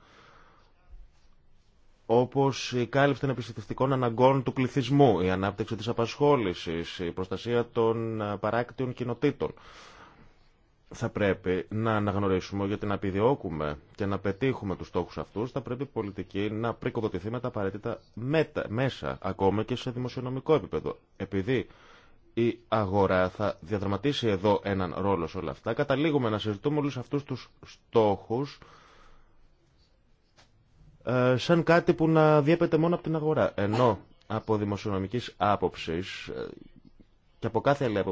όπως η κάλυψη των επιστημιστικών αναγκών του πληθυσμού, η ανάπτυξη της απασχόλησης, η προστασία των ε, παράκτιων κοινοτήτων, θα πρέπει να αναγνωρίσουμε γιατί να επιδιώκουμε και να πετύχουμε τους στόχους αυτούς θα πρέπει η πολιτική να πρικοδοτηθεί με τα απαραίτητα μέσα ακόμα και σε δημοσιονομικό επίπεδο η αγορά θα διαδραματίσει εδώ έναν ρόλο σε όλα αυτά. Καταλήγουμε να συζητούμε όλους αυτούς τους στόχους ε, σαν κάτι που να διέπεται μόνο από την αγορά. Ενώ από δημοσιονομικής άποψης ε, και από κάθε άλλη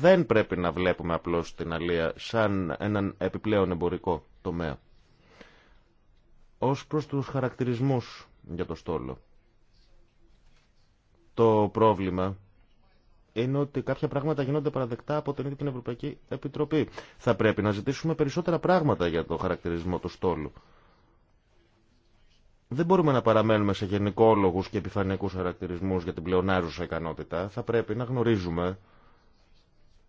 δεν πρέπει να βλέπουμε απλώς την αλία σαν έναν επιπλέον εμπορικό τομέα. Ως προς τους χαρακτηρισμούς για το στόλο. Το πρόβλημα είναι ότι κάποια πράγματα γίνονται παραδεκτά από την ίδια την Ευρωπαϊκή Επιτροπή. Θα πρέπει να ζητήσουμε περισσότερα πράγματα για το χαρακτηρισμό του στόλου. Δεν μπορούμε να παραμένουμε σε γενικόλογους και επιφανειακούς χαρακτηρισμούς για την πλεονάζουσα ικανότητα. Θα πρέπει να γνωρίζουμε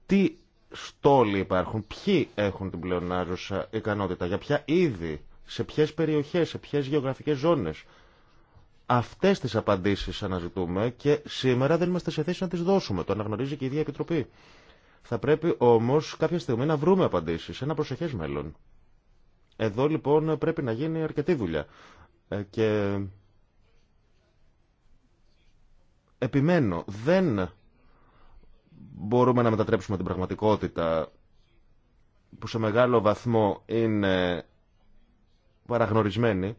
τι στόλοι υπάρχουν, ποιοι έχουν την πλεονάζουσα ικανότητα, για ποια είδη, σε ποιες περιοχές, σε ποιες γεωγραφικές ζώνες. Αυτές τις απαντήσεις αναζητούμε και σήμερα δεν είμαστε σε θέση να τις δώσουμε. Το αναγνωρίζει και η ίδια Επιτροπή. Θα πρέπει όμως κάποια στιγμή να βρούμε απαντήσεις σε ένα προσεχές μέλλον. Εδώ λοιπόν πρέπει να γίνει αρκετή δουλειά. Ε, και επιμένω, δεν μπορούμε να μετατρέψουμε την πραγματικότητα που σε μεγάλο βαθμό είναι παραγνωρισμένη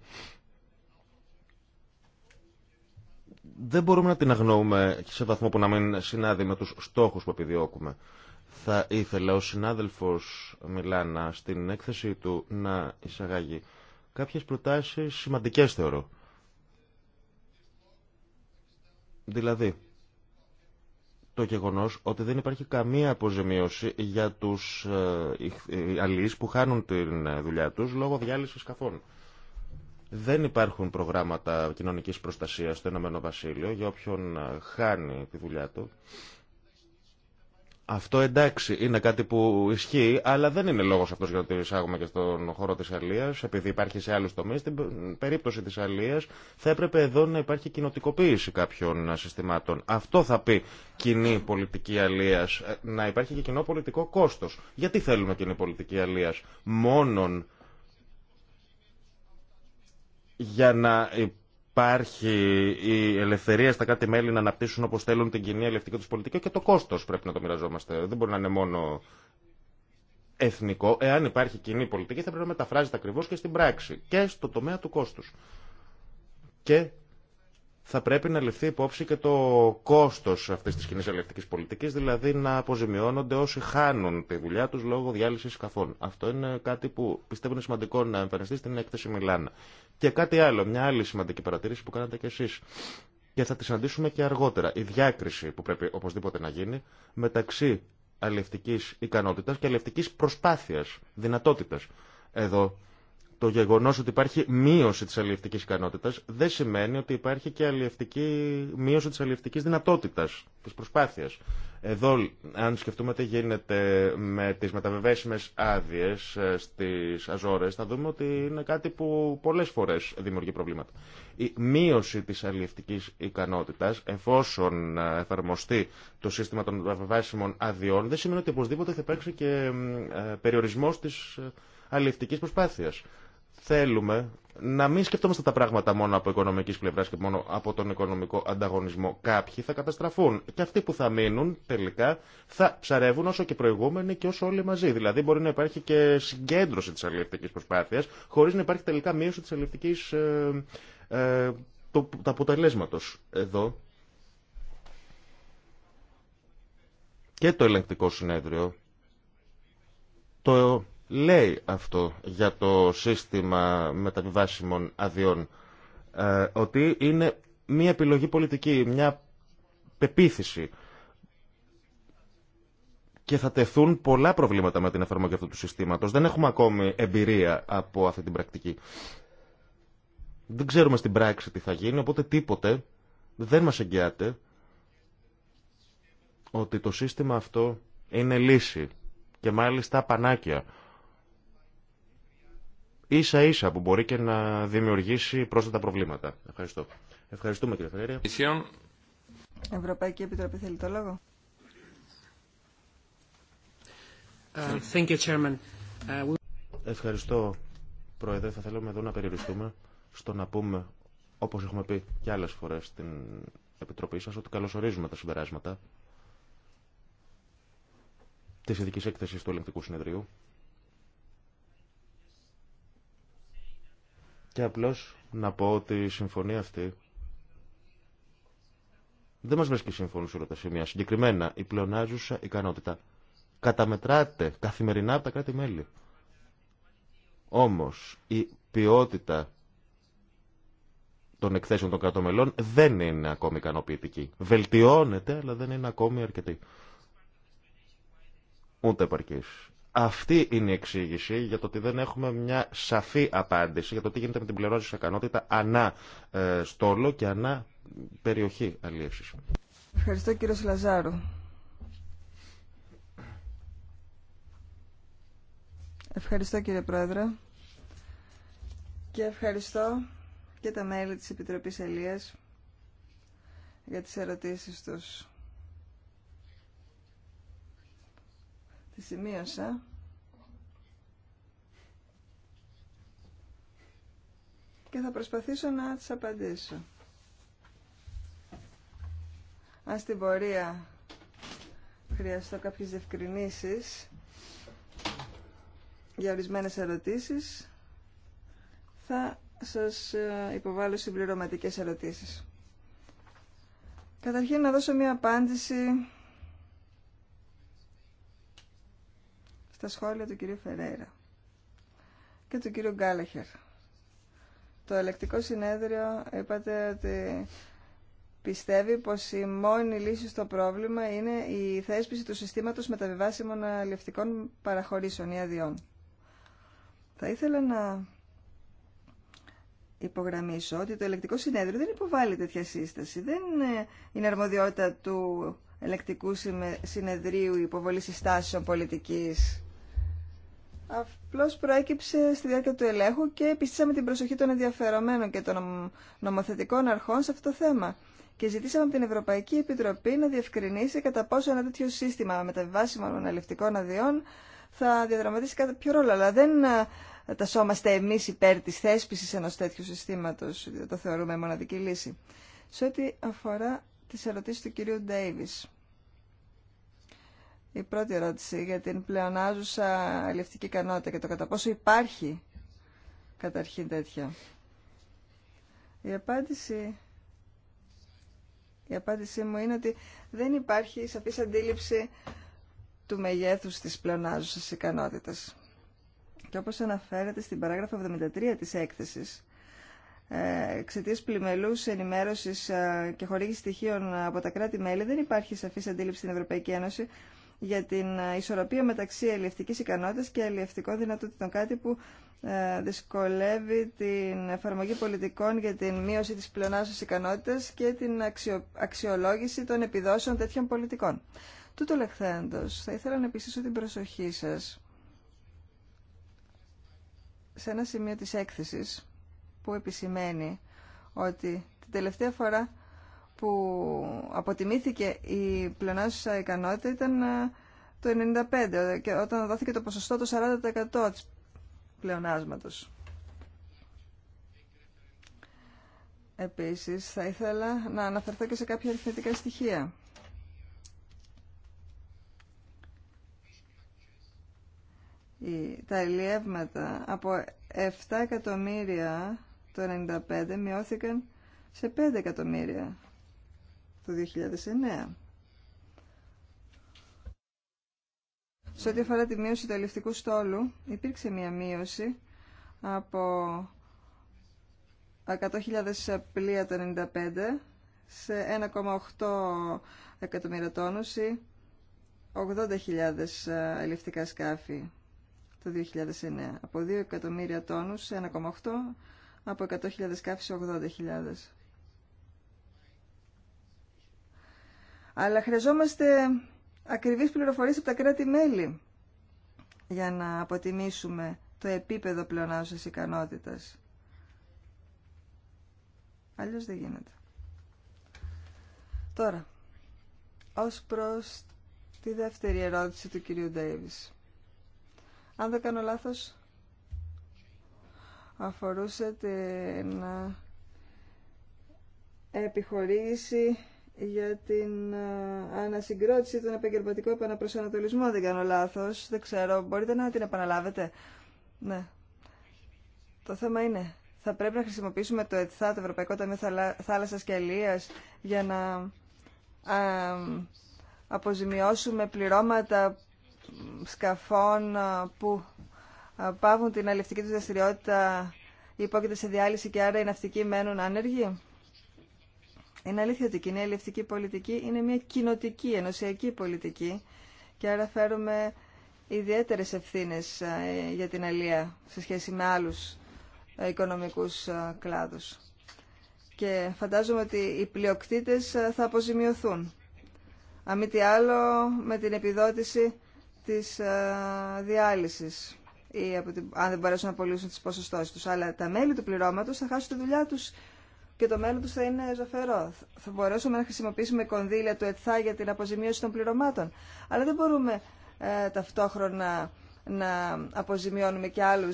δεν μπορούμε να την αγνοούμε σε βαθμό που να μην συνάδει με τους στόχους που επιδιώκουμε. Θα ήθελα ο συνάδελφος Μιλάνα στην έκθεση του να εισαγάγει κάποιες προτάσεις σημαντικές θεωρώ. Δηλαδή, το γεγονός ότι δεν υπάρχει καμία αποζημίωση για τους ε, που χάνουν τη ε, δουλειά τους λόγω διάλυσης σκαφών. Δεν υπάρχουν προγράμματα κοινωνικής προστασίας στο Ηνωμένο Βασίλειο για όποιον ε, χάνει τη δουλειά του. Αυτό εντάξει είναι κάτι που ισχύει, αλλά δεν είναι λόγος αυτός για να το εισάγουμε και στον χώρο της αλίας, επειδή υπάρχει σε άλλους τομείς. Στην περίπτωση της αλίας θα έπρεπε εδώ να υπάρχει κοινοτικοποίηση κάποιων ε, συστημάτων. Αυτό θα πει κοινή πολιτική αλίας, ε, να υπάρχει και κοινό πολιτικό κόστος. Γιατί θέλουμε κοινή πολιτική αλίας μόνον για να υπάρχει η ελευθερία στα κάτι μέλη να αναπτύσσουν όπως θέλουν την κοινή ελευθερική τους πολιτική και το κόστος πρέπει να το μοιραζόμαστε. Δεν μπορεί να είναι μόνο εθνικό. Εάν υπάρχει κοινή πολιτική θα πρέπει να μεταφράζεται ακριβώς και στην πράξη και στο τομέα του κόστους. Και θα πρέπει να ληφθεί υπόψη και το κόστο αυτή τη κοινή ελεκτική πολιτική, δηλαδή να αποζημιώνονται όσοι χάνουν τη δουλειά του λόγω διάλυση σκαφών. Αυτό είναι κάτι που πιστεύω είναι σημαντικό να εμφανιστεί στην έκθεση Μιλάνα. Και κάτι άλλο, μια άλλη σημαντική παρατήρηση που κάνατε κι εσεί. και θα τη συναντήσουμε και αργότερα. Η διάκριση που πρέπει οπωσδήποτε να γίνει μεταξύ αλληλευτική ικανότητα και αλληλευτική προσπάθεια, δυνατότητα Εδώ το γεγονό ότι υπάρχει μείωση τη αλληλευτικής ικανότητα δεν σημαίνει ότι υπάρχει και μείωση τη αλληλευτικής δυνατότητα, της προσπάθειας. Εδώ, αν σκεφτούμε τι γίνεται με τι μεταβεβαίσιμε άδειε ε, στι αζόρε, θα δούμε ότι είναι κάτι που πολλέ φορέ δημιουργεί προβλήματα. Η μείωση τη αλληλευτικής ικανότητα, εφόσον ε, εφαρμοστεί το σύστημα των μεταβεβάσιμων αδειών, δεν σημαίνει ότι οπωσδήποτε θα υπάρξει και ε, περιορισμό τη αλληλευτικής προσπάθειας θέλουμε να μην σκεφτόμαστε τα πράγματα μόνο από οικονομική πλευρά και μόνο από τον οικονομικό ανταγωνισμό. Κάποιοι θα καταστραφούν και αυτοί που θα μείνουν τελικά θα ψαρεύουν όσο και προηγούμενοι και όσο όλοι μαζί. Δηλαδή μπορεί να υπάρχει και συγκέντρωση τη αλληλευτική προσπάθεια χωρί να υπάρχει τελικά μείωση τη αλληλευτική ε, ε, το αποτελέσματο. Εδώ και το ελεγκτικό συνέδριο το λέει αυτό για το σύστημα μεταβιβάσιμων αδειών. Ε, ότι είναι μια επιλογή πολιτική, μια πεποίθηση. Και θα τεθούν πολλά προβλήματα με την εφαρμογή αυτού του συστήματος. Δεν έχουμε ακόμη εμπειρία από αυτή την πρακτική. Δεν ξέρουμε στην πράξη τι θα γίνει, οπότε τίποτε δεν μας εγγυάται ότι το σύστημα αυτό είναι λύση και μάλιστα πανάκια ίσα ίσα που μπορεί και να δημιουργήσει πρόσθετα προβλήματα. Ευχαριστώ. Ευχαριστούμε κύριε Φεραίρια. Ευρωπαϊκή Επιτροπή θέλει το λόγο. Ε, thank you, ε, Ευχαριστώ, Πρόεδρε. Θα θέλαμε εδώ να περιοριστούμε στο να πούμε, όπως έχουμε πει και άλλες φορές στην Επιτροπή σας, ότι καλωσορίζουμε τα συμπεράσματα της ειδική έκθεσης του Ελεγκτικού Συνεδρίου Και απλώς να πω ότι η συμφωνία αυτή δεν μας βρίσκει σύμφωνο σε όλα τα σημεία. Συγκεκριμένα, η πλεονάζουσα ικανότητα καταμετράται καθημερινά από τα κράτη-μέλη. Όμως, η ποιότητα των εκθέσεων των κρατομελών δεν είναι ακόμη ικανοποιητική. Βελτιώνεται, αλλά δεν είναι ακόμη αρκετή. Ούτε επαρκής. Αυτή είναι η εξήγηση για το ότι δεν έχουμε μια σαφή απάντηση για το τι γίνεται με την της ικανότητα ανά ε, στόλο και ανά περιοχή αλίευσης. Ευχαριστώ κύριο Λαζάρου. Ευχαριστώ κύριε Πρόεδρε και ευχαριστώ και τα μέλη της Επιτροπής Ελίας για τις ερωτήσεις τους. Τη σημείωσα. Και θα προσπαθήσω να τις απαντήσω. Αν στην πορεία χρειαστώ κάποιες διευκρινήσεις για ορισμένες ερωτήσεις, θα σας ε, υποβάλω συμπληρωματικές ερωτήσεις. Καταρχήν να δώσω μια απάντηση στα σχόλια του κυρίου Φερέιρα και του κύριου Γκάλεχερ. Το ελεκτικό συνέδριο είπατε ότι πιστεύει πως η μόνη λύση στο πρόβλημα είναι η θέσπιση του συστήματος μεταβιβάσιμων αλληλευτικών παραχωρήσεων ή αδειών. Θα ήθελα να υπογραμμίσω ότι το ελεκτικό συνέδριο δεν υποβάλλει τέτοια σύσταση. Δεν ε, είναι αρμοδιότητα του ελεκτικού συνεδρίου η υποβολή συστάσεων του ελεκτικου συνεδριου υποβολη συστασεων πολιτικης Απλώ προέκυψε στη διάρκεια του ελέγχου και επιστήσαμε την προσοχή των ενδιαφερομένων και των νομοθετικών αρχών σε αυτό το θέμα. Και ζητήσαμε από την Ευρωπαϊκή Επιτροπή να διευκρινίσει κατά πόσο ένα τέτοιο σύστημα μεταβιβάσιμων αναλυτικών αδειών θα διαδραματίσει ποιο ρόλο. Αλλά δεν ε, τασόμαστε εμεί υπέρ τη θέσπιση ενό τέτοιου συστήματο, το θεωρούμε μοναδική λύση. Σε ό,τι αφορά τι ερωτήσει του κυρίου Ντέιβι η πρώτη ερώτηση για την πλεονάζουσα αλληλευτική ικανότητα και το κατά πόσο υπάρχει καταρχήν τέτοια. Η απάντηση, η απάντησή μου είναι ότι δεν υπάρχει σαφής αντίληψη του μεγέθους της πλεονάζουσας ικανότητας. Και όπως αναφέρεται στην παράγραφο 73 της έκθεσης, ε, εξαιτία πλημελού ενημέρωση ε, και χορήγηση στοιχείων από τα κράτη-μέλη, δεν υπάρχει σαφή αντίληψη στην Ευρωπαϊκή Ένωση για την ε, ισορροπία μεταξύ αλληλευτικής ικανότητας και αλληλευτικών δυνατοτήτων. Κάτι που ε, δυσκολεύει την εφαρμογή πολιτικών για την μείωση της πλεονάσεως ικανότητας και την αξιολόγηση των επιδόσεων τέτοιων πολιτικών. Τούτο λεχθέντος, θα ήθελα να επιστήσω την προσοχή σας σε ένα σημείο της έκθεσης που επισημαίνει ότι την τελευταία φορά που αποτιμήθηκε η πλεονάζουσα ικανότητα ήταν ε, το 95, και όταν δόθηκε το ποσοστό το 40% της πλεονάσματος. Επίσης, θα ήθελα να αναφερθώ και σε κάποια αριθμητικά στοιχεία. Τα ελιεύματα από 7 εκατομμύρια το 1995 μειώθηκαν σε 5 εκατομμύρια το 2009. Σε ό,τι αφορά τη μείωση του ελευτικού στόλου, υπήρξε μια μείωση από 100.000 πλοία το 1995 σε 1,8 εκατομμύρια τόνους ή 80.000 ελευτικά σκάφη το 2009. Από 2 εκατομμύρια τόνους σε 1,8 από 100.000 σκάφη σε 80.000. Αλλά χρειαζόμαστε ακριβείς πληροφορίες από τα κράτη-μέλη για να αποτιμήσουμε το επίπεδο πλεονάζωσης ικανότητας. Αλλιώς δεν γίνεται. Τώρα, ως προς τη δεύτερη ερώτηση του κυρίου Ντέιβις. Αν δεν κάνω λάθος, αφορούσε την επιχορήγηση για την ε, ανασυγκρότηση, τον επαγγελματικό επαναπροσανατολισμό, δεν κάνω λάθος. Δεν ξέρω, μπορείτε να την επαναλάβετε. Ναι. Το θέμα είναι, θα πρέπει να χρησιμοποιήσουμε το ΕΤΘΑ, το Ευρωπαϊκό Ταμείο Θάλασσας και Αλίας, για να αποζημιώσουμε πληρώματα σκαφών που πάβουν την αλληλευτική του δραστηριότητα υπόκειται σε διάλυση και άρα οι ναυτικοί μένουν άνεργοι. Είναι αλήθεια ότι η κοινή αλληλευτική πολιτική είναι μια κοινοτική, ενωσιακή πολιτική και άρα φέρουμε ιδιαίτερες ευθύνες ε, για την αλληλεία σε σχέση με άλλους ε, οικονομικούς ε, κλάδους. Και φαντάζομαι ότι οι πλειοκτήτες θα αποζημιωθούν. Αν μη τι άλλο με την επιδότηση της διάλυσης ή από αν δεν μπορέσουν να απολύσουν τις ποσοστώσεις τους. Αλλά τα μέλη του πληρώματος θα χάσουν τη δουλειά τους και το μέλλον του θα είναι ζωφερό. Θα μπορέσουμε να χρησιμοποιήσουμε κονδύλια του ΕΤΘΑ για την αποζημίωση των πληρωμάτων. Αλλά δεν μπορούμε ε, ταυτόχρονα να αποζημιώνουμε και άλλου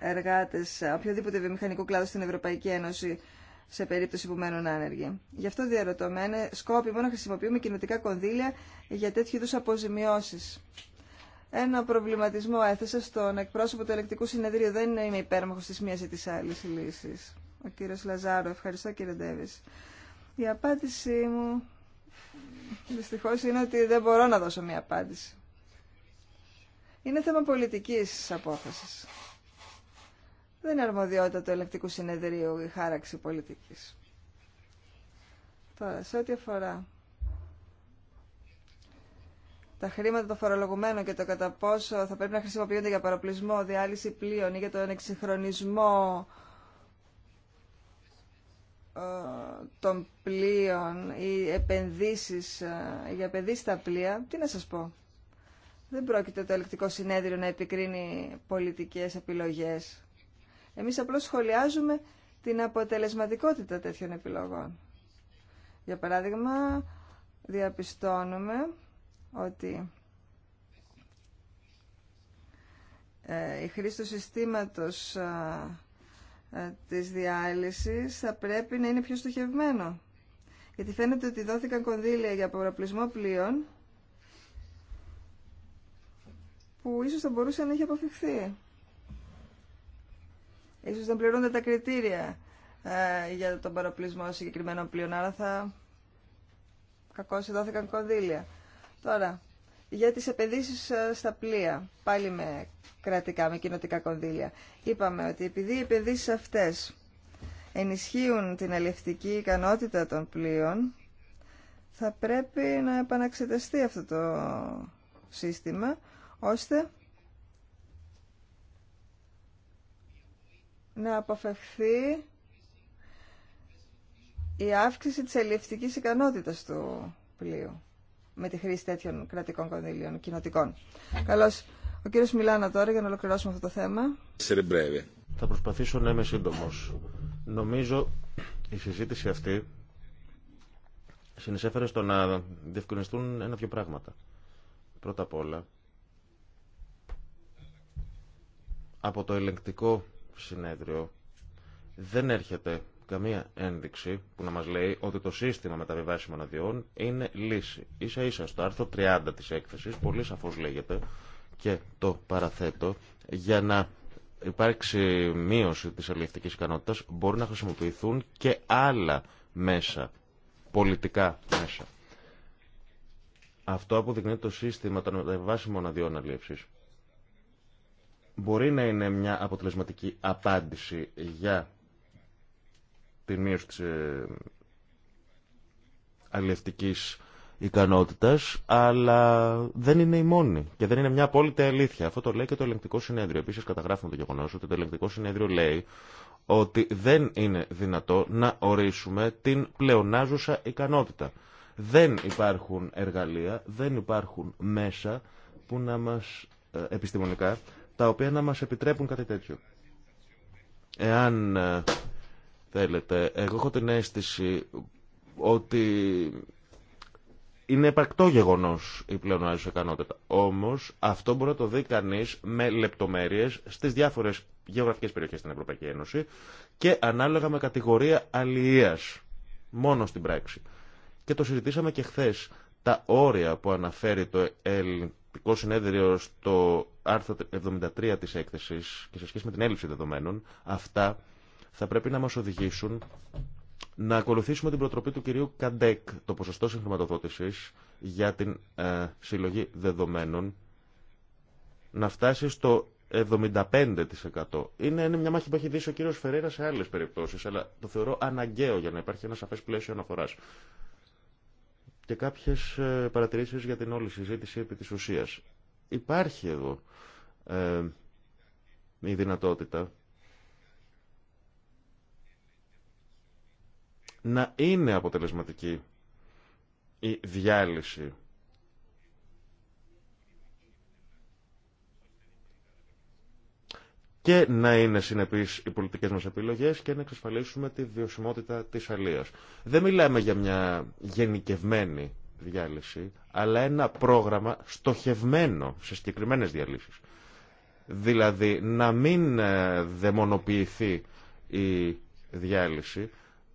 ε, εργάτες ε, οποιοδήποτε βιομηχανικού κλάδου στην Ευρωπαϊκή Ένωση σε περίπτωση που μένουν άνεργοι. Γι' αυτό διαρωτώ με ένα σκόπιμο να χρησιμοποιούμε κοινωτικά κονδύλια για τέτοιου είδου αποζημιώσεις. Ένα προβληματισμό έθεσα στον εκπρόσωπο του ελεκτικού συνεδρίου. Δεν είμαι υπέρμαχο τη μία ή τη άλλη λύση ο κύριος Λαζάρο. Ευχαριστώ κύριε Ντέβις. Η απάντησή μου δυστυχώς είναι ότι δεν μπορώ να δώσω μια απάντηση. Είναι θέμα πολιτικής απόφασης. Δεν είναι αρμοδιότητα του ελεκτικού συνεδρίου η χάραξη πολιτικής. Τώρα, σε ό,τι αφορά τα χρήματα των φορολογουμένων και το κατά πόσο θα πρέπει να χρησιμοποιούνται για παροπλισμό, διάλυση πλοίων ή για τον εξυγχρονισμό ε, των πλοίων ή επενδύσεις ε, για επενδύσεις στα πλοία, τι να σας πω. Δεν πρόκειται το ελεκτικό συνέδριο να επικρίνει πολιτικές επιλογές. Εμείς απλώς σχολιάζουμε την αποτελεσματικότητα τέτοιων επιλογών. Για παράδειγμα, διαπιστώνουμε ότι ε, η χρήση του συστήματος ε, της διάλυσης θα πρέπει να είναι πιο στοχευμένο. Γιατί φαίνεται ότι δόθηκαν κονδύλια για παροπλισμό πλοίων που ίσως θα μπορούσε να έχει αποφευχθεί. Ίσως δεν πληρούνται τα κριτήρια ε, για τον παροπλισμό συγκεκριμένων πλοίων, άρα θα κακώς δόθηκαν κονδύλια. Τώρα, για τις επενδύσεις ε, στα πλοία, πάλι με κρατικά, με κοινοτικά κονδύλια. Είπαμε ότι επειδή οι επενδύσεις αυτές ενισχύουν την αλληλευτική ικανότητα των πλοίων, θα πρέπει να επαναξεταστεί αυτό το σύστημα, ώστε να αποφευχθεί η αύξηση της αλληλευτικής ικανότητας του πλοίου με τη χρήση τέτοιων κρατικών κονδύλιων κοινοτικών. Καλώς. Ο κύριος Μιλάνα τώρα για να ολοκληρώσουμε αυτό το θέμα. Θα προσπαθήσω να είμαι σύντομο. Νομίζω η συζήτηση αυτή συνεισέφερε στο να διευκρινιστούν ένα-δυο πράγματα. Πρώτα απ' όλα, από το ελεγκτικό συνέδριο δεν έρχεται καμία ένδειξη που να μας λέει ότι το σύστημα μεταβιβάσιμων αδειών είναι λύση. Ίσα ίσα στο άρθρο 30 της έκθεσης, πολύ σαφώς λέγεται και το παραθέτω, για να υπάρξει μείωση της αλληλευτικής ικανότητας μπορεί να χρησιμοποιηθούν και άλλα μέσα, πολιτικά μέσα. Αυτό αποδεικνύει το σύστημα των μεταβιβάσιμων αδειών αλληλεύσης μπορεί να είναι μια αποτελεσματική απάντηση για την τη αλληλευτικής ικανότητας, αλλά δεν είναι η μόνη και δεν είναι μια απόλυτη αλήθεια. Αυτό το λέει και το ελεγκτικό συνέδριο. Επίσης καταγράφουμε το γεγονός ότι το ελεγκτικό συνέδριο λέει ότι δεν είναι δυνατό να ορίσουμε την πλεονάζουσα ικανότητα. Δεν υπάρχουν εργαλεία, δεν υπάρχουν μέσα που να μας, ε, επιστημονικά, τα οποία να μας επιτρέπουν κάτι τέτοιο. Εάν ε, θέλετε. Εγώ έχω την αίσθηση ότι είναι επαρκτό γεγονό η πλεονάζουσα ικανότητα. Όμω αυτό μπορεί να το δει κανεί με λεπτομέρειε στι διάφορε γεωγραφικέ περιοχέ στην Ευρωπαϊκή Ένωση και ανάλογα με κατηγορία αλληλεία. Μόνο στην πράξη. Και το συζητήσαμε και χθε. Τα όρια που αναφέρει το ελληνικό συνέδριο στο άρθρο 73 της έκθεσης και σε σχέση με την έλλειψη δεδομένων, αυτά θα πρέπει να μας οδηγήσουν να ακολουθήσουμε την προτροπή του κυρίου Καντέκ, το ποσοστό συγχρηματοδότησης για την ε, συλλογή δεδομένων, να φτάσει στο 75%. Είναι, μια μάχη που έχει δει ο κύριος Φερέρα σε άλλες περιπτώσεις, αλλά το θεωρώ αναγκαίο για να υπάρχει ένα σαφές πλαίσιο αναφοράς. Και κάποιες ε, παρατηρήσεις για την όλη συζήτηση επί της ουσίας. Υπάρχει εδώ ε, η δυνατότητα να είναι αποτελεσματική η διάλυση και να είναι συνεπείς οι πολιτικές μας επιλογές και να εξασφαλίσουμε τη βιωσιμότητα της αλίας. Δεν μιλάμε για μια γενικευμένη διάλυση, αλλά ένα πρόγραμμα στοχευμένο σε συγκεκριμένε διαλύσεις. Δηλαδή να μην ε, δαιμονοποιηθεί η διάλυση,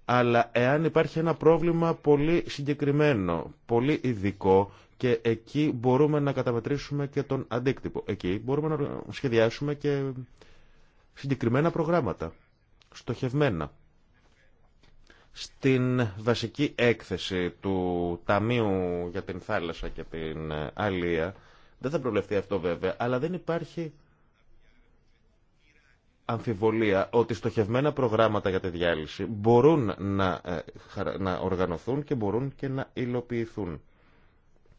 αλλά εάν υπάρχει ένα πρόβλημα πολύ συγκεκριμένο, πολύ ειδικό και εκεί μπορούμε να καταμετρήσουμε και τον αντίκτυπο. Εκεί μπορούμε να σχεδιάσουμε και συγκεκριμένα προγράμματα, στοχευμένα. Στην βασική έκθεση του Ταμείου για την Θάλασσα και την Αλία, δεν θα προβλεφθεί αυτό βέβαια, αλλά δεν υπάρχει αμφιβολία ότι στοχευμένα προγράμματα για τη διάλυση μπορούν να, ε, να οργανωθούν και μπορούν και να υλοποιηθούν.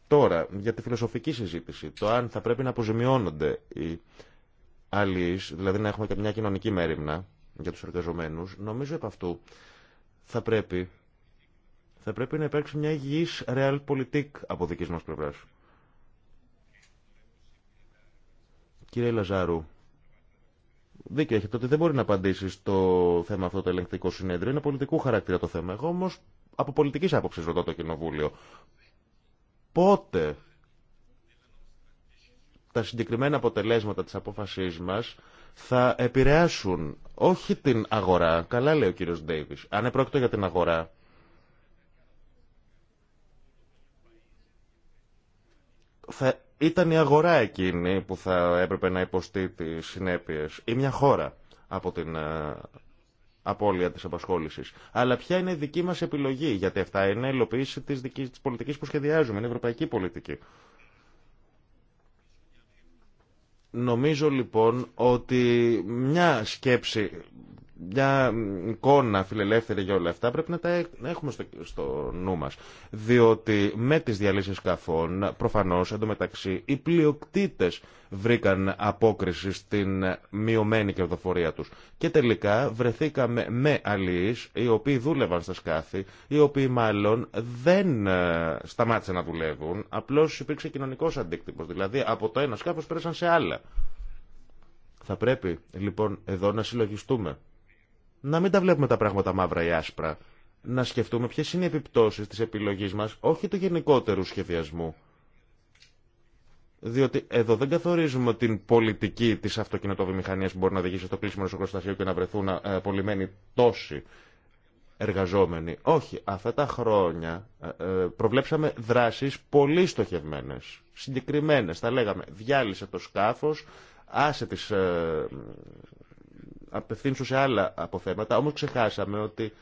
Τώρα, για τη φιλοσοφική συζήτηση, το αν θα πρέπει να αποζημιώνονται οι άλλοι, δηλαδή να έχουμε και μια κοινωνική μέρημνα για τους εργαζομένους, νομίζω επ' αυτού θα πρέπει, θα πρέπει να υπάρξει μια υγιής realpolitik από δικής μας πλευράς. Κύριε Λαζάρου, Δίκαιο έχετε ότι δεν μπορεί να απαντήσει στο θέμα αυτό το ελεγκτικό συνέδριο. Είναι πολιτικού χαρακτήρα το θέμα. Εγώ όμω από πολιτική άποψη ρωτώ το Κοινοβούλιο. Πότε τα συγκεκριμένα αποτελέσματα τη απόφασής μας θα επηρεάσουν όχι την αγορά, καλά λέει ο κύριος Ντέιβις, αν επρόκειτο για την αγορά, θα ήταν η αγορά εκείνη που θα έπρεπε να υποστεί τι συνέπειε ή μια χώρα από την ε, απόλία τη απασχόληση. Αλλά ποια είναι η δική μας επιλογή, γιατί αυτά είναι η υλοποίηση της, δικής, της πολιτικής που σχεδιάζουμε, είναι η ευρωπαϊκή πολιτική. Νομίζω λοιπόν ότι μια χωρα απο την απωλεια της απασχολησης αλλα ποια ειναι η δικη μας επιλογη γιατι αυτα ειναι η υλοποιηση της δικης της πολιτικης που σχεδιαζουμε ειναι ευρωπαικη πολιτικη νομιζω λοιπον οτι μια σκεψη μια εικόνα φιλελεύθερη για όλα αυτά πρέπει να τα έχουμε στο, στο νου μας. Διότι με τις διαλύσεις σκαφών προφανώς εντωμεταξύ οι πλειοκτήτες βρήκαν απόκριση στην μειωμένη κερδοφορία τους. Και τελικά βρεθήκαμε με αλληλείς οι οποίοι δούλευαν στα σκάφη, οι οποίοι μάλλον δεν ε, σταμάτησαν να δουλεύουν, απλώς υπήρξε κοινωνικός αντίκτυπος. Δηλαδή από το ένα σκάφος πέρασαν σε άλλα. Θα πρέπει λοιπόν εδώ να συλλογιστούμε να μην τα βλέπουμε τα πράγματα μαύρα ή άσπρα. Να σκεφτούμε ποιες είναι οι επιπτώσεις της επιλογής μας, όχι του γενικότερου σχεδιασμού. Διότι εδώ δεν καθορίζουμε την πολιτική της αυτοκινητοβιομηχανίας που μπορεί να οδηγήσει στο κλείσιμο νοσοκροστασίου και να βρεθούν ε, απολυμμένοι τόσοι εργαζόμενοι. Όχι, αυτά τα χρόνια ε, ε, προβλέψαμε δράσεις πολύ στοχευμένες, συγκεκριμένες. Τα λέγαμε, διάλυσε το σκάφος, άσε τις απευθύνσουν σε άλλα αποθέματα, όμως ξεχάσαμε ότι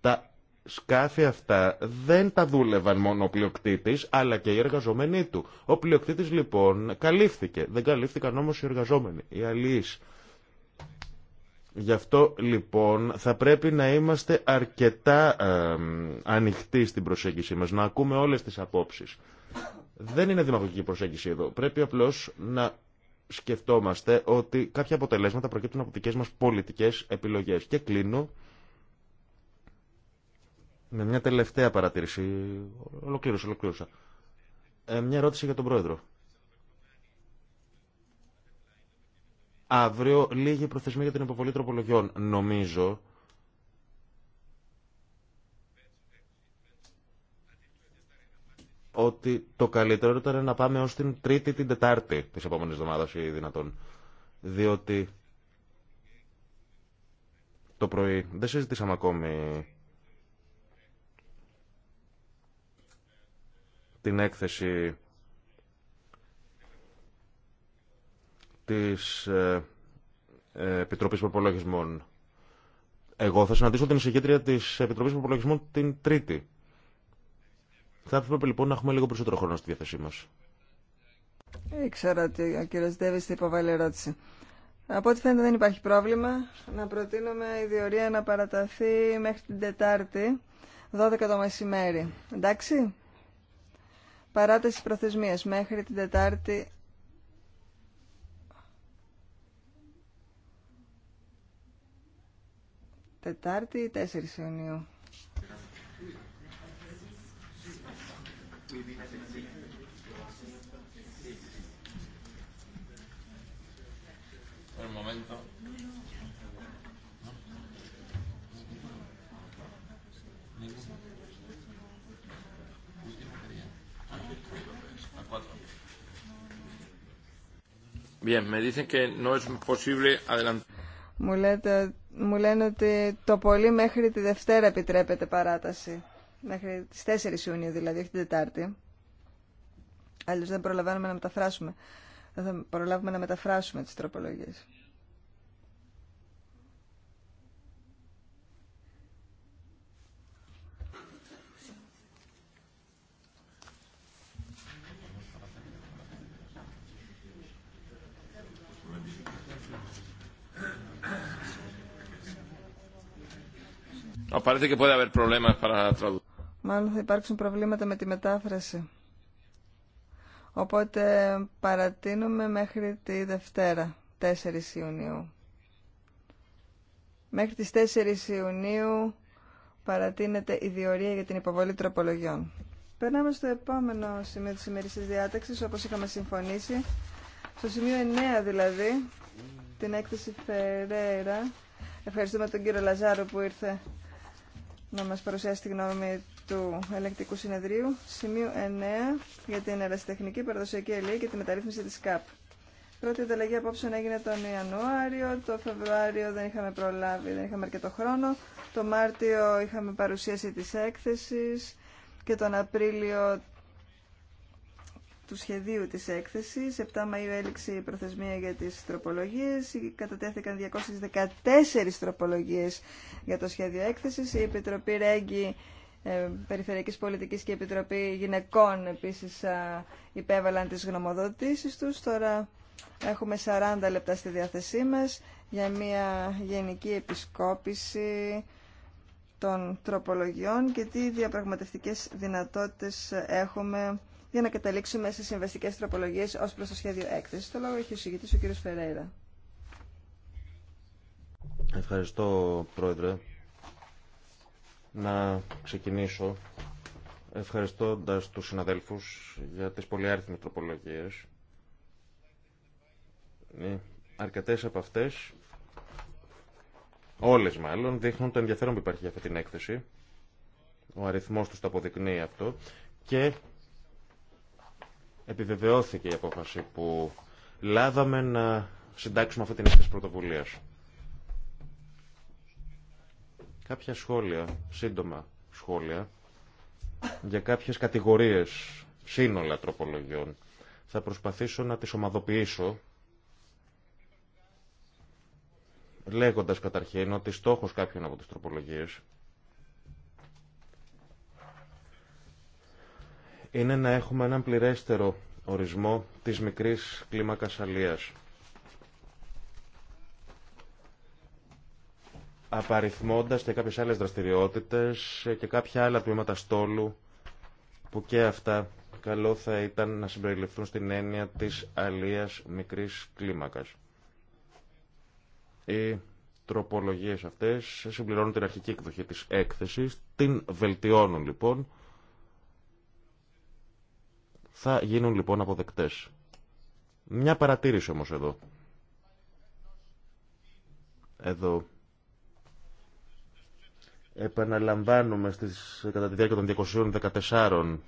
τα σκάφη αυτά δεν τα δούλευαν μόνο ο πλειοκτήτης, αλλά και οι εργαζομένοι του. Ο πλειοκτήτης λοιπόν καλύφθηκε, δεν καλύφθηκαν όμως οι εργαζόμενοι, οι αλληλείς. Γι' αυτό λοιπόν θα πρέπει να είμαστε αρκετά ανοιχτοί στην προσέγγιση μας, να ακούμε όλες τις απόψεις. Δεν είναι δημοκρατική προσέγγιση εδώ. Πρέπει απλώς να σκεφτόμαστε ότι κάποια αποτελέσματα προκύπτουν από δικές μας πολιτικές επιλογές. Και κλείνω με μια τελευταία παρατήρηση. Ολοκλήρωσα, ολοκλήρωσα. Ε, μια ερώτηση για τον Πρόεδρο. Αύριο λίγη προθεσμία για την υποβολή τροπολογιών. Νομίζω ότι το καλύτερο ήταν να πάμε ως την Τρίτη την Τετάρτη της επόμενης εβδομάδας ή δυνατόν. Διότι το πρωί δεν συζητήσαμε ακόμη την έκθεση της ε, ε, Επιτροπής Προπολογισμών. Εγώ θα συναντήσω την εισηγήτρια της Επιτροπής Προπολογισμών την Τρίτη. Θα έπρεπε λοιπόν να έχουμε λίγο περισσότερο χρόνο στη διάθεσή μας. Ήξερα ότι ο κύριο Ντέβι θα υποβάλει ερώτηση. Από ό,τι φαίνεται δεν υπάρχει πρόβλημα. Να προτείνουμε η διορία να παραταθεί μέχρι την Τετάρτη, 12 το μεσημέρι. Εντάξει. Παράταση προθεσμίας μέχρι την Τετάρτη, Τετάρτη ή 4 Ιουνίου. momento. Bien, me dicen que no es posible adelantar. Μου, μου λένε ότι το πολύ μέχρι τη Δευτέρα επιτρέπεται παράταση. Μέχρι τις 4 Ιουνίου δηλαδή, όχι την Τετάρτη. Αλλιώς δεν προλαβαίνουμε να μεταφράσουμε. Δεν θα προλάβουμε να μεταφράσουμε τις τροπολογίε. Parece que puede haber problemas para traducir. Μάλλον θα υπάρξουν προβλήματα με τη μετάφραση. Οπότε παρατείνουμε μέχρι τη Δευτέρα, 4 Ιουνίου. Μέχρι τις 4 Ιουνίου παρατείνεται η διορία για την υποβολή τροπολογιών. Περνάμε στο επόμενο σημείο της ημερήσης διάταξης, όπως είχαμε συμφωνήσει. Στο σημείο 9 δηλαδή, την έκθεση Φερέρα. Ευχαριστούμε τον κύριο Λαζάρο που ήρθε να μας παρουσιάσει τη γνώμη του Ελεκτικού Συνεδρίου. Σημείο 9 για την ερασιτεχνική παραδοσιακή ελεία και τη μεταρρύθμιση της ΚΑΠ. Πρώτη ανταλλαγή απόψεων έγινε τον Ιανουάριο, το Φεβρουάριο δεν είχαμε προλάβει, δεν είχαμε αρκετό χρόνο. Το Μάρτιο είχαμε παρουσίαση της έκθεσης και τον Απρίλιο του σχεδίου της έκθεσης. 7 Μαΐου έληξε η προθεσμία για τις τροπολογίες. Κατατέθηκαν 214 τροπολογίες για το σχέδιο έκθεσης. Η Επιτροπή Ρέγγι ε, Περιφερειακής Πολιτικής και η Επιτροπή Γυναικών επίσης υπέβαλαν τις γνωμοδοτήσεις τους. Τώρα έχουμε 40 λεπτά στη διάθεσή μας για μια γενική επισκόπηση των τροπολογιών και τι διαπραγματευτικές δυνατότητες έχουμε για να μέσα σε συμβαστικέ τροπολογίε ω προ το σχέδιο έκθεση. Το λόγο έχει ο συγγητή ο κ. Φεραίρα. Ευχαριστώ, Πρόεδρε. Να ξεκινήσω ευχαριστώντας τους συναδέλφους για τις πολυάριθμες τροπολογίες. Ε, αρκετές από αυτές, όλες μάλλον, δείχνουν το ενδιαφέρον που υπάρχει για αυτή την έκθεση. Ο αριθμός τους το αποδεικνύει αυτό. Και επιβεβαιώθηκε η απόφαση που λάβαμε να συντάξουμε αυτή την έκθεση πρωτοβουλία. Κάποια σχόλια, σύντομα σχόλια, για κάποιες κατηγορίες σύνολα τροπολογιών. Θα προσπαθήσω να τις ομαδοποιήσω, λέγοντας καταρχήν ότι στόχος κάποιων από τις τροπολογίες είναι να έχουμε έναν πληρέστερο ορισμό της μικρής κλίμακας αλίας. Απαριθμώντας και κάποιες άλλες δραστηριότητες και κάποια άλλα τμήματα στόλου που και αυτά καλό θα ήταν να συμπεριληφθούν στην έννοια της αλίας μικρής κλίμακας. Οι τροπολογίες αυτές συμπληρώνουν την αρχική εκδοχή της έκθεσης, την βελτιώνουν λοιπόν θα γίνουν λοιπόν αποδεκτές. Μια παρατήρηση όμως εδώ. Εδώ επαναλαμβάνουμε στις, κατά τη διάρκεια των 214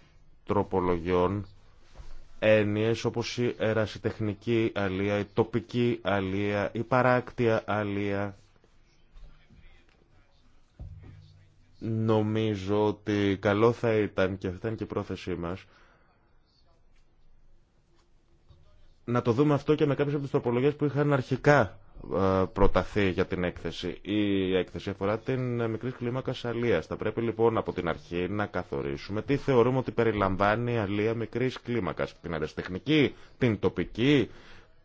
τροπολογιών έννοιες όπως η ερασιτεχνική αλία, η τοπική αλία, η παράκτια αλία. Νομίζω ότι καλό θα ήταν και αυτή ήταν και η πρόθεσή μας να το δούμε αυτό και με κάποιες από τις τροπολογίες που είχαν αρχικά ε, προταθεί για την έκθεση. Η έκθεση αφορά την ε, μικρή κλίμακα αλεία. Θα πρέπει λοιπόν από την αρχή να καθορίσουμε τι θεωρούμε ότι περιλαμβάνει η αλεία μικρή κλίμακα. Την αριστεχνική, την τοπική,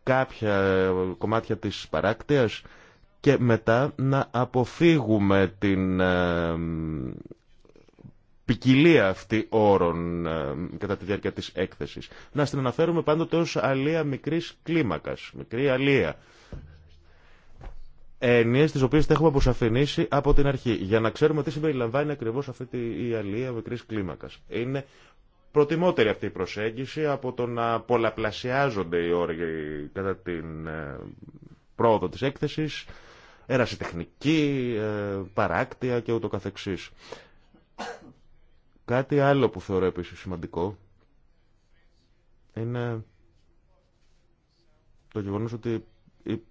κάποια ε, κομμάτια τη παράκτεια και μετά να αποφύγουμε την ποικιλία αυτή όρων ε, κατά τη διάρκεια της έκθεσης. Να στην αναφέρουμε πάντοτε ως αλία μικρής κλίμακας, μικρή αλία. Έννοιες τις οποίες τα έχουμε αποσαφηνίσει από την αρχή, για να ξέρουμε τι συμπεριλαμβάνει ακριβώς αυτή η αλία μικρής κλίμακας. Είναι προτιμότερη αυτή η προσέγγιση από το να πολλαπλασιάζονται οι όροι κατά την ε, πρόοδο της έκθεσης, έραση τεχνική, ε, παράκτεια και ούτω καθεξής. Κάτι άλλο που θεωρώ επίση σημαντικό είναι το γεγονός ότι οι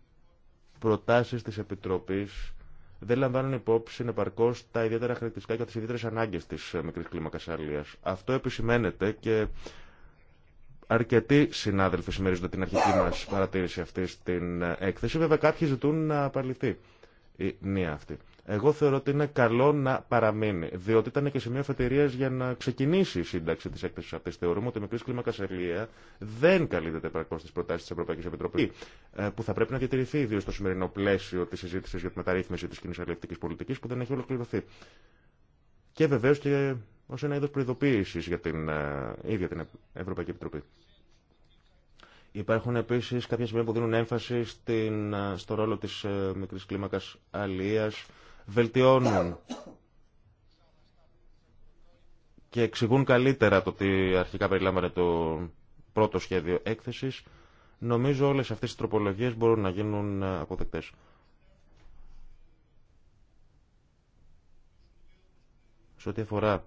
προτάσεις της Επιτροπής δεν λαμβάνουν υπόψη επαρκώ τα ιδιαίτερα χαρακτηριστικά και τι ιδιαίτερε ανάγκες της μικρής κλίμακας Αυτό επισημαίνεται και αρκετοί συνάδελφοι συμμερίζονται την αρχική μας παρατήρηση αυτή στην έκθεση. Βέβαια, κάποιοι ζητούν να απαλληθεί η μία αυτή. Εγώ θεωρώ ότι είναι καλό να παραμείνει, διότι ήταν και σημείο αφετηρία για να ξεκινήσει η σύνταξη τη έκθεση αυτή. Θεωρούμε ότι η μικρή κλίμακα Ελία δεν καλύπτεται επαρκώ τι προτάσει τη Ευρωπαϊκή Επιτροπή, ε, που θα πρέπει να διατηρηθεί ιδίω στο σημερινό πλαίσιο τη συζήτηση για τη μεταρρύθμιση τη κοινή αλληλευτική πολιτική που δεν έχει ολοκληρωθεί. Και βεβαίω και ω ένα είδο προειδοποίηση για την ε, ίδια την Ευρωπαϊκή Επιτροπή. Υπάρχουν επίση κάποια σημεία που δίνουν έμφαση στην, ε, στο ρόλο τη μικρή κλίμακα Αλίας βελτιώνουν και εξηγούν καλύτερα το τι αρχικά περιλάμβανε το πρώτο σχέδιο έκθεσης, νομίζω όλες αυτές οι τροπολογίες μπορούν να γίνουν ε, αποδεκτές. Σε ό,τι αφορά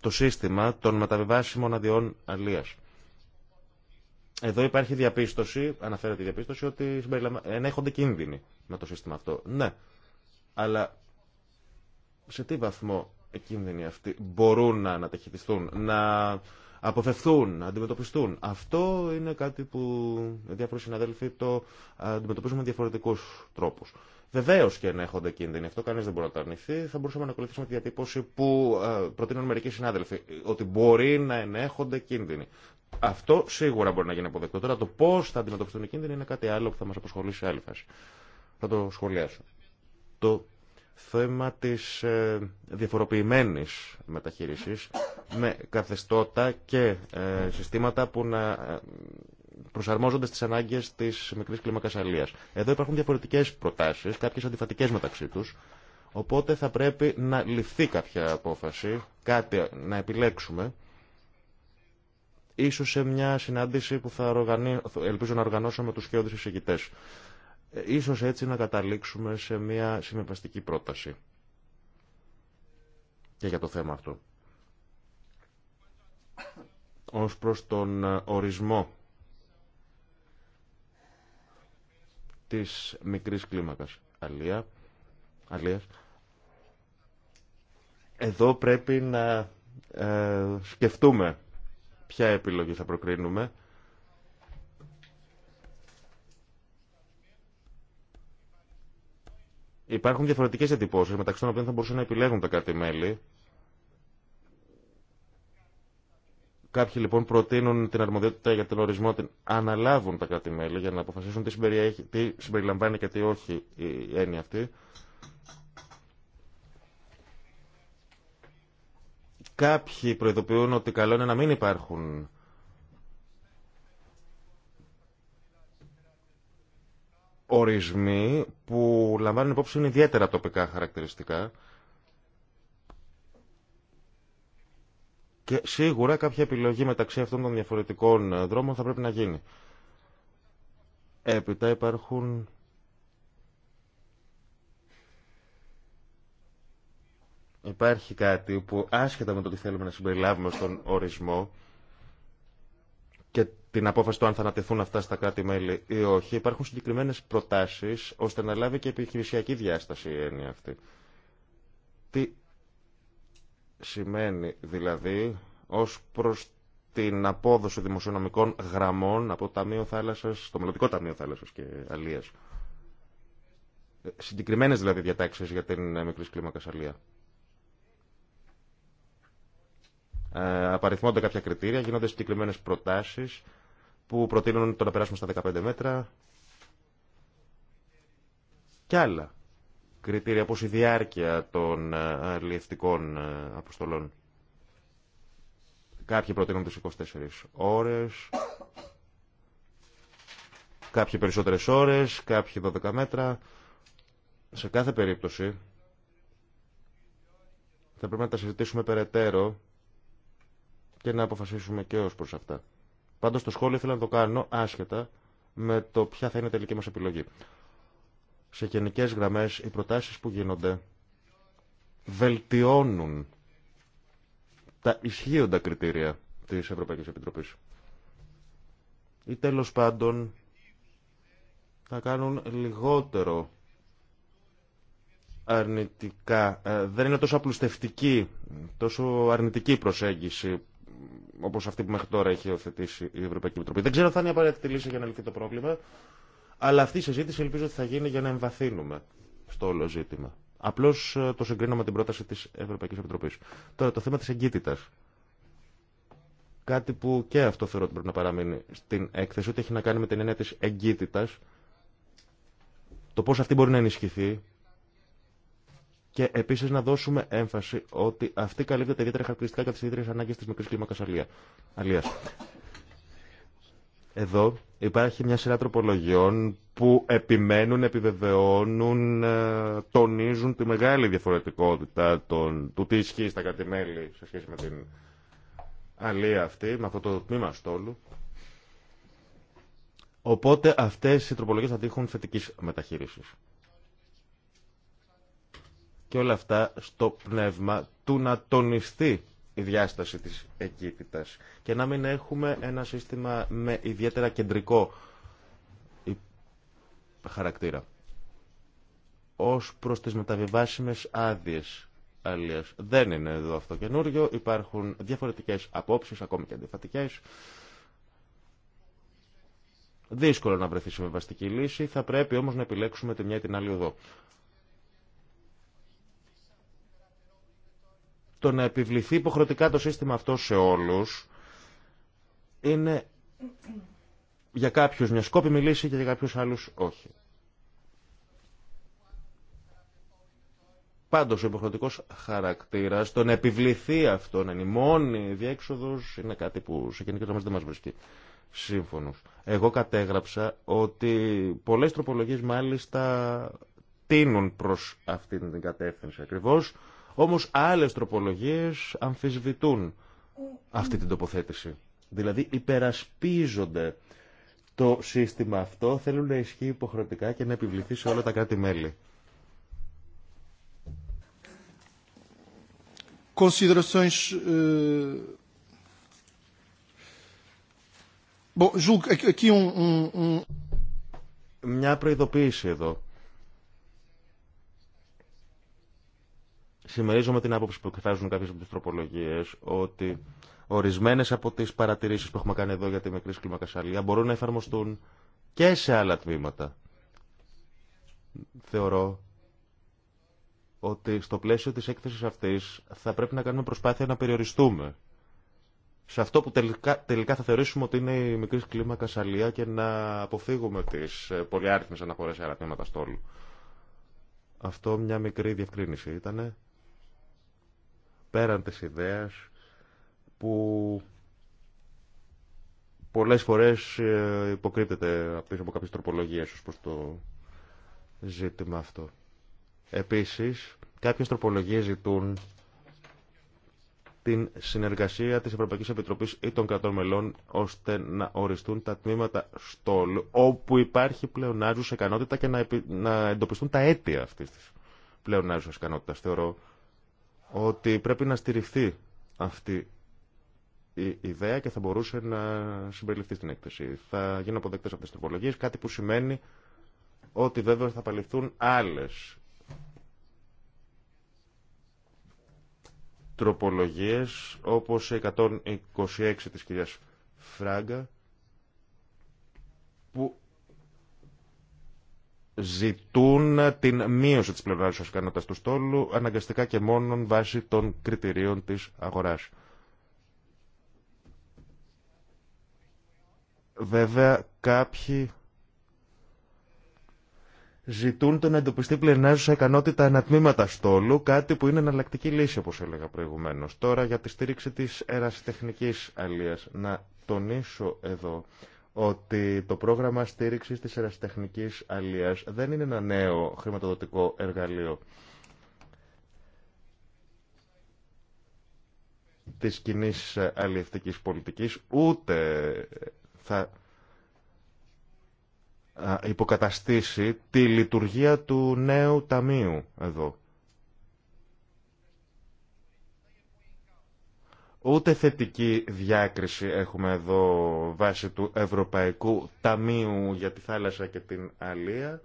το σύστημα των μεταβιβάσιμων αδειών αλίας. Εδώ υπάρχει διαπίστωση, αναφέρεται η διαπίστωση, ότι ενέχονται κίνδυνοι με το σύστημα αυτό. Ναι, αλλά σε τι βαθμό οι κίνδυνοι αυτοί μπορούν να ανατεχητιστούν, να αποφευθούν, να αντιμετωπιστούν. Αυτό είναι κάτι που διάφοροι συναδέλφοι το αντιμετωπίζουν με διαφορετικού τρόπου. Βεβαίω και ενέχονται κίνδυνοι, αυτό κανεί δεν μπορεί να το αρνηθεί. Θα μπορούσαμε να ακολουθήσουμε τη διατύπωση που ε, προτείνουν μερικοί συνάδελφοι, ότι μπορεί να ενέχονται κίνδυνοι. Αυτό σίγουρα μπορεί να γίνει αποδεκτό. Τώρα το πώ θα αντιμετωπιστούν οι κίνδυνοι είναι κάτι άλλο που θα μα απασχολήσει σε άλλη φάση. Θα το σχολιάσω. Το θέμα τη ε, διαφοροποιημένη μεταχείριση με καθεστώτα και ε, συστήματα που να ε, προσαρμόζονται στι ανάγκε τη μικρή κλίμακα Εδώ υπάρχουν διαφορετικέ προτάσει, κάποιε αντιφατικέ μεταξύ του. Οπότε θα πρέπει να ληφθεί κάποια απόφαση, κάτι να επιλέξουμε Ίσως σε μια συνάντηση που θα οργανώ, ελπίζω να οργανώσω με τους σχεδόν εισηγητές. Ε, ίσως έτσι να καταλήξουμε σε μια συμμεπαστική πρόταση. Και για το θέμα αυτό. Ως προς τον ε, ορισμό της μικρής κλίμακας αλία, αλίας, εδώ πρέπει να ε, σκεφτούμε ποια επιλογή θα προκρίνουμε. Υπάρχουν διαφορετικές εντυπώσεις μεταξύ των οποίων θα μπορούσαν να επιλέγουν τα κράτη-μέλη. Κάποιοι λοιπόν προτείνουν την αρμοδιότητα για τον ορισμό την αναλάβουν τα κράτη-μέλη για να αποφασίσουν τι, τι συμπεριλαμβάνει και τι όχι η έννοια αυτή. Κάποιοι προειδοποιούν ότι καλό είναι να μην υπάρχουν ορισμοί που λαμβάνουν υπόψη είναι ιδιαίτερα τοπικά χαρακτηριστικά και σίγουρα κάποια επιλογή μεταξύ αυτών των διαφορετικών δρόμων θα πρέπει να γίνει. Έπειτα υπάρχουν Υπάρχει κάτι που άσχετα με το τι θέλουμε να συμπεριλάβουμε στον ορισμό και την απόφαση του αν θα ανατεθούν αυτά στα κράτη-μέλη ή όχι, υπάρχουν συγκεκριμένες προτάσεις ώστε να λάβει και επιχειρησιακή διάσταση η έννοια αυτή. Τι σημαίνει δηλαδή ως προς την απόδοση δημοσιονομικών γραμμών από το Μελλοντικό Ταμείο Θάλασσας και Αλίας. Ε, συγκεκριμένες δηλαδή διατάξεις για την μικρή κλίμακα Αλία. Ε, απαριθμώνται κάποια κριτήρια, γίνονται συγκεκριμένε προτάσει που προτείνουν το να περάσουμε στα 15 μέτρα και άλλα κριτήρια όπως η διάρκεια των ε, αλληλευτικών ε, αποστολών. Κάποιοι προτείνουν τις 24 ώρες, κάποιοι περισσότερες ώρες, κάποιοι 12 μέτρα. Σε κάθε περίπτωση θα πρέπει να τα συζητήσουμε περαιτέρω και να αποφασίσουμε και ω προ αυτά. Πάντω το σχόλιο ήθελα να το κάνω άσχετα με το ποια θα είναι η τελική μα επιλογή. Σε γενικέ γραμμές οι προτάσεις που γίνονται βελτιώνουν τα ισχύοντα κριτήρια της Ευρωπαϊκή Επιτροπή. Ή τέλο πάντων θα κάνουν λιγότερο αρνητικά. Ε, δεν είναι τόσο απλουστευτική, τόσο αρνητική προσέγγιση Όπω αυτή που μέχρι τώρα έχει οθετήσει η Ευρωπαϊκή Επιτροπή. Δεν ξέρω αν θα είναι απαραίτητη λύση για να λυθεί το πρόβλημα, αλλά αυτή η συζήτηση ελπίζω ότι θα γίνει για να εμβαθύνουμε στο όλο ζήτημα. Απλώ ε, το συγκρίνω με την πρόταση τη Ευρωπαϊκή Επιτροπή. Τώρα το θέμα τη εγκύτητα. Κάτι που και αυτό θεωρώ ότι πρέπει να παραμείνει στην έκθεση, ότι έχει να κάνει με την έννοια τη εγκύτητα, το πώ αυτή μπορεί να ενισχυθεί και επίση να δώσουμε έμφαση ότι αυτή καλύπτεται ιδιαίτερα χαρακτηριστικά και τι ιδιαίτερε ανάγκε τη μικρή κλίμακα αλεία. Εδώ υπάρχει μια σειρά τροπολογιών που επιμένουν, επιβεβαιώνουν, ε, τονίζουν τη μεγάλη διαφορετικότητα των, του τι ισχύει στα κράτη-μέλη σε σχέση με την αλία αυτή, με αυτό το τμήμα στόλου. Οπότε αυτές οι τροπολογίες θα δείχνουν θετικής μεταχείρισης. Και όλα αυτά στο πνεύμα του να τονιστεί η διάσταση της εκείπητας και να μην έχουμε ένα σύστημα με ιδιαίτερα κεντρικό χαρακτήρα. Ως προς τις μεταβιβάσιμες άδειες αλλιώς. Δεν είναι εδώ αυτό καινούριο, υπάρχουν διαφορετικές απόψεις, ακόμη και αντιφατικές. Δύσκολο να βρεθεί συμβαστική λύση, θα πρέπει όμως να επιλέξουμε τη μια ή την άλλη οδό. το να επιβληθεί υποχρεωτικά το σύστημα αυτό σε όλους είναι για κάποιους μια σκόπιμη λύση και για κάποιους άλλους όχι. Πάντως ο υποχρεωτικός χαρακτήρας, το να επιβληθεί αυτό, να είναι η μόνη διέξοδος, είναι κάτι που σε γενικές δεν μας βρίσκει σύμφωνος. Εγώ κατέγραψα ότι πολλές τροπολογίες μάλιστα τίνουν προς αυτήν την κατεύθυνση ακριβώς. Όμως άλλες τροπολογίες αμφισβητούν αυτή την τοποθέτηση. Δηλαδή υπερασπίζονται το σύστημα αυτό, θέλουν να ισχύει υποχρεωτικά και να επιβληθεί σε όλα τα κράτη-μέλη. Eh, um, um, um- Μια προειδοποίηση εδώ. συμμερίζομαι την άποψη που εκφράζουν κάποιε από τι τροπολογίε ότι ορισμένε από τι παρατηρήσει που έχουμε κάνει εδώ για τη μικρή κλίμακα μπορούν να εφαρμοστούν και σε άλλα τμήματα. Θεωρώ ότι στο πλαίσιο της έκθεσης αυτής θα πρέπει να κάνουμε προσπάθεια να περιοριστούμε σε αυτό που τελικά, τελικά θα θεωρήσουμε ότι είναι η μικρή κλίμακα σαλία και να αποφύγουμε τις ε, πολυάριθμες αναφορές σε άλλα τμήματα στόλου. Αυτό μια μικρή διευκρίνηση ήτανε πέραν της ιδέας που πολλές φορές ε, υποκρύπτεται πίσω από κάποιες τροπολογίες ως προς το ζήτημα αυτό. Επίσης, κάποιες τροπολογίες ζητούν την συνεργασία της Ευρωπαϊκής Επιτροπής ή των κρατών μελών ώστε να οριστούν τα τμήματα στόλου όπου υπάρχει πλεονάζουσα ικανότητα και να, να εντοπιστούν τα αίτια αυτής της πλεονάζουσας ικανότητας. Θεωρώ ότι πρέπει να στηριχθεί αυτή η ιδέα και θα μπορούσε να συμπεριληφθεί στην έκθεση. Θα γίνουν αποδεκτέ αυτέ τι τροπολογίε, κάτι που σημαίνει ότι βέβαια θα παληθούν άλλε τροπολογίε, όπω η 126 τη κυρία Φράγκα, που ζητούν την μείωση της πλευράς της του στόλου αναγκαστικά και μόνον βάσει των κριτηρίων της αγοράς. Βέβαια κάποιοι ζητούν το να εντοπιστεί πλενάζουσα ικανότητα ανατμήματα στόλου, κάτι που είναι εναλλακτική λύση όπως έλεγα προηγουμένως. Τώρα για τη στήριξη της ερασιτεχνικής αλίας. Να τονίσω εδώ ότι το πρόγραμμα στήριξης της ερασιτεχνικής αλίας δεν είναι ένα νέο χρηματοδοτικό εργαλείο. της κοινή αλληλευτικής πολιτικής, ούτε θα υποκαταστήσει τη λειτουργία του νέου ταμείου εδώ. Ούτε θετική διάκριση έχουμε εδώ βάσει του Ευρωπαϊκού Ταμείου για τη θάλασσα και την αλία,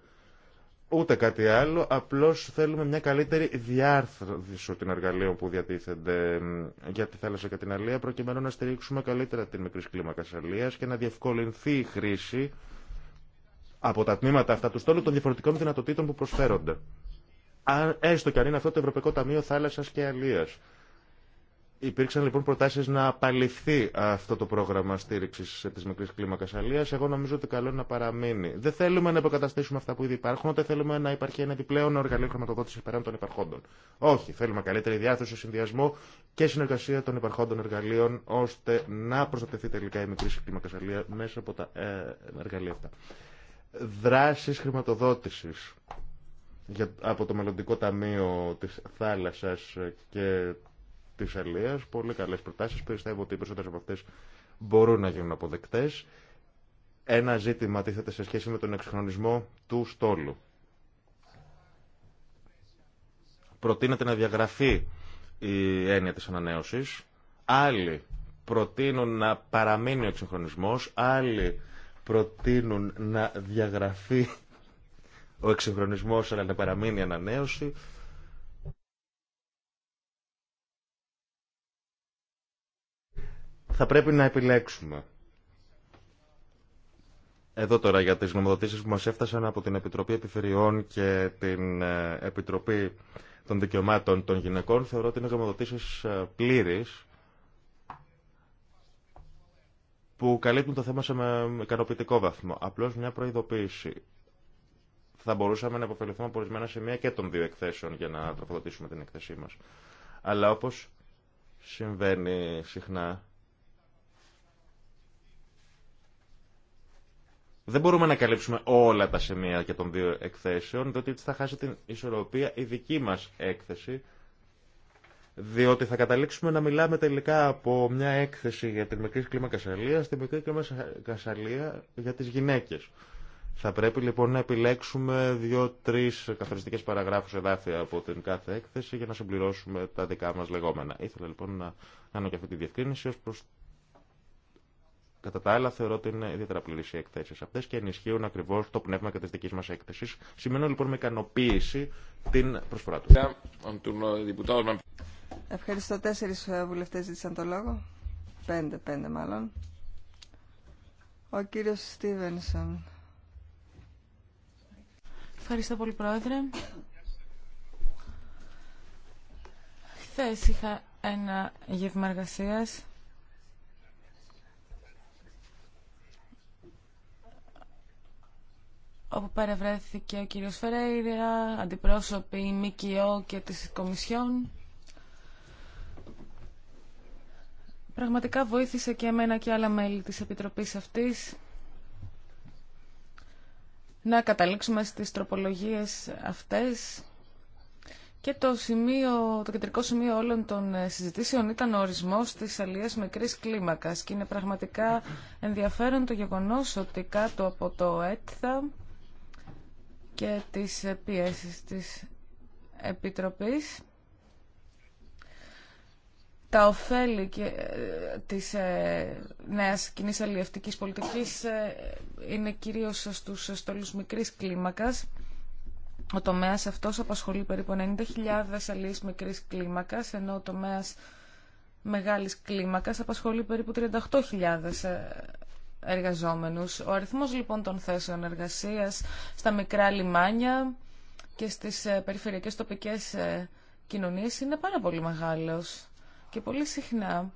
ούτε κάτι άλλο, απλώς θέλουμε μια καλύτερη διάρθρωση των εργαλείων που διατίθενται για τη θάλασσα και την αλία, προκειμένου να στηρίξουμε καλύτερα την μικρή κλίμακα αλίας και να διευκολυνθεί η χρήση από τα τμήματα αυτά του στόλου των διαφορετικών δυνατοτήτων που προσφέρονται. έστω και αν είναι αυτό το Ευρωπαϊκό Ταμείο Θάλασσας και Αλίας Υπήρξαν λοιπόν προτάσεις να απαλληφθεί αυτό το πρόγραμμα στήριξης της μικρής κλίμακα αλίας. Εγώ νομίζω ότι καλό είναι να παραμείνει. Δεν θέλουμε να υποκαταστήσουμε αυτά που ήδη υπάρχουν, ούτε θέλουμε να υπάρχει ένα επιπλέον εργαλείο χρηματοδότηση πέραν των υπαρχόντων. Όχι, θέλουμε καλύτερη διάθεση, συνδυασμό και συνεργασία των υπαρχόντων εργαλείων, ώστε να προστατευτεί τελικά η μικρή κλίμακα αλία μέσα από τα ε, εργαλεία αυτά. Δράσεις χρηματοδότησης από το Μελλοντικό Ταμείο της Θάλασσας και Τη Αλία. Πολύ καλές προτάσεις. Πιστεύω ότι οι περισσότερες από αυτές μπορούν να γίνουν αποδεκτές. Ένα ζήτημα τίθεται σε σχέση με τον εξυγχρονισμό του στόλου. Προτείνεται να διαγραφεί η έννοια της ανανέωσης. Άλλοι προτείνουν να παραμείνει ο εξυγχρονισμός, άλλοι προτείνουν να διαγραφεί ο εξυγχρονισμός αλλά να παραμείνει η ανανέωση. θα πρέπει να επιλέξουμε. Εδώ τώρα για τις νομοδοτήσεις που μας έφτασαν από την Επιτροπή Επιφερειών και την ε, Επιτροπή των Δικαιωμάτων των Γυναικών θεωρώ ότι είναι νομοδοτήσεις ε, πλήρης που καλύπτουν το θέμα σε με ικανοποιητικό βαθμό. Απλώς μια προειδοποίηση. Θα μπορούσαμε να αποφελθούμε από ορισμένα σημεία και των δύο εκθέσεων για να τροφοδοτήσουμε την εκθέσή μας. Αλλά όπως συμβαίνει συχνά Δεν μπορούμε να καλύψουμε όλα τα σημεία και των δύο εκθέσεων, διότι έτσι θα χάσει την ισορροπία η δική μα έκθεση, διότι θα καταλήξουμε να μιλάμε τελικά από μια έκθεση για την μικρή κλίμακα κασαλία στη μικρή κλίμακα κασαλία για τι γυναίκε. Θα πρέπει λοιπόν να επιλέξουμε δύο-τρει καθοριστικέ παραγράφου εδάφια από την κάθε έκθεση για να συμπληρώσουμε τα δικά μα λεγόμενα. Ήθελα λοιπόν να κάνω και αυτή τη διευκρίνηση ω προ Κατά τα άλλα, θεωρώ ότι είναι ιδιαίτερα πλήρε οι εκθέσει αυτέ και ενισχύουν ακριβώ το πνεύμα και τη δική μα έκθεση. Σημαίνω λοιπόν με ικανοποίηση την προσφορά του. Ευχαριστώ. Τέσσερι βουλευτέ ζήτησαν το λόγο. Πέντε, πέντε μάλλον. Ο κύριο Στίβενσον. Ευχαριστώ πολύ, Πρόεδρε. Χθε είχα ένα γεύμα εργασία. όπου παρευρέθηκε ο κύριος Φερέιρα, αντιπρόσωποι ΜΚΟ και της Κομισιόν. Πραγματικά βοήθησε και εμένα και άλλα μέλη της Επιτροπής αυτής να καταλήξουμε στις τροπολογίες αυτές και το, σημείο, το κεντρικό σημείο όλων των ε, συζητήσεων ήταν ο ορισμός της αλίας μικρής κλίμακας και είναι πραγματικά ενδιαφέρον το γεγονός ότι κάτω από το ΕΤΘΑ και τις πιέσεις της Επιτροπής. Τα ωφέλη και, ε, της ε, νέας κοινή αλληλευτικής πολιτικής ε, είναι κυρίως στους στόλους μικρής κλίμακας. Ο τομέας αυτός απασχολεί περίπου 90.000 αλληλείς μικρής κλίμακας, ενώ ο τομέας μεγάλης κλίμακας απασχολεί περίπου 38.000 εργαζόμενους. Ο αριθμός λοιπόν των θέσεων εργασίας στα μικρά λιμάνια και στις ε, περιφερειακές τοπικές ε, κοινωνίες είναι πάρα πολύ μεγάλος. Και πολύ συχνά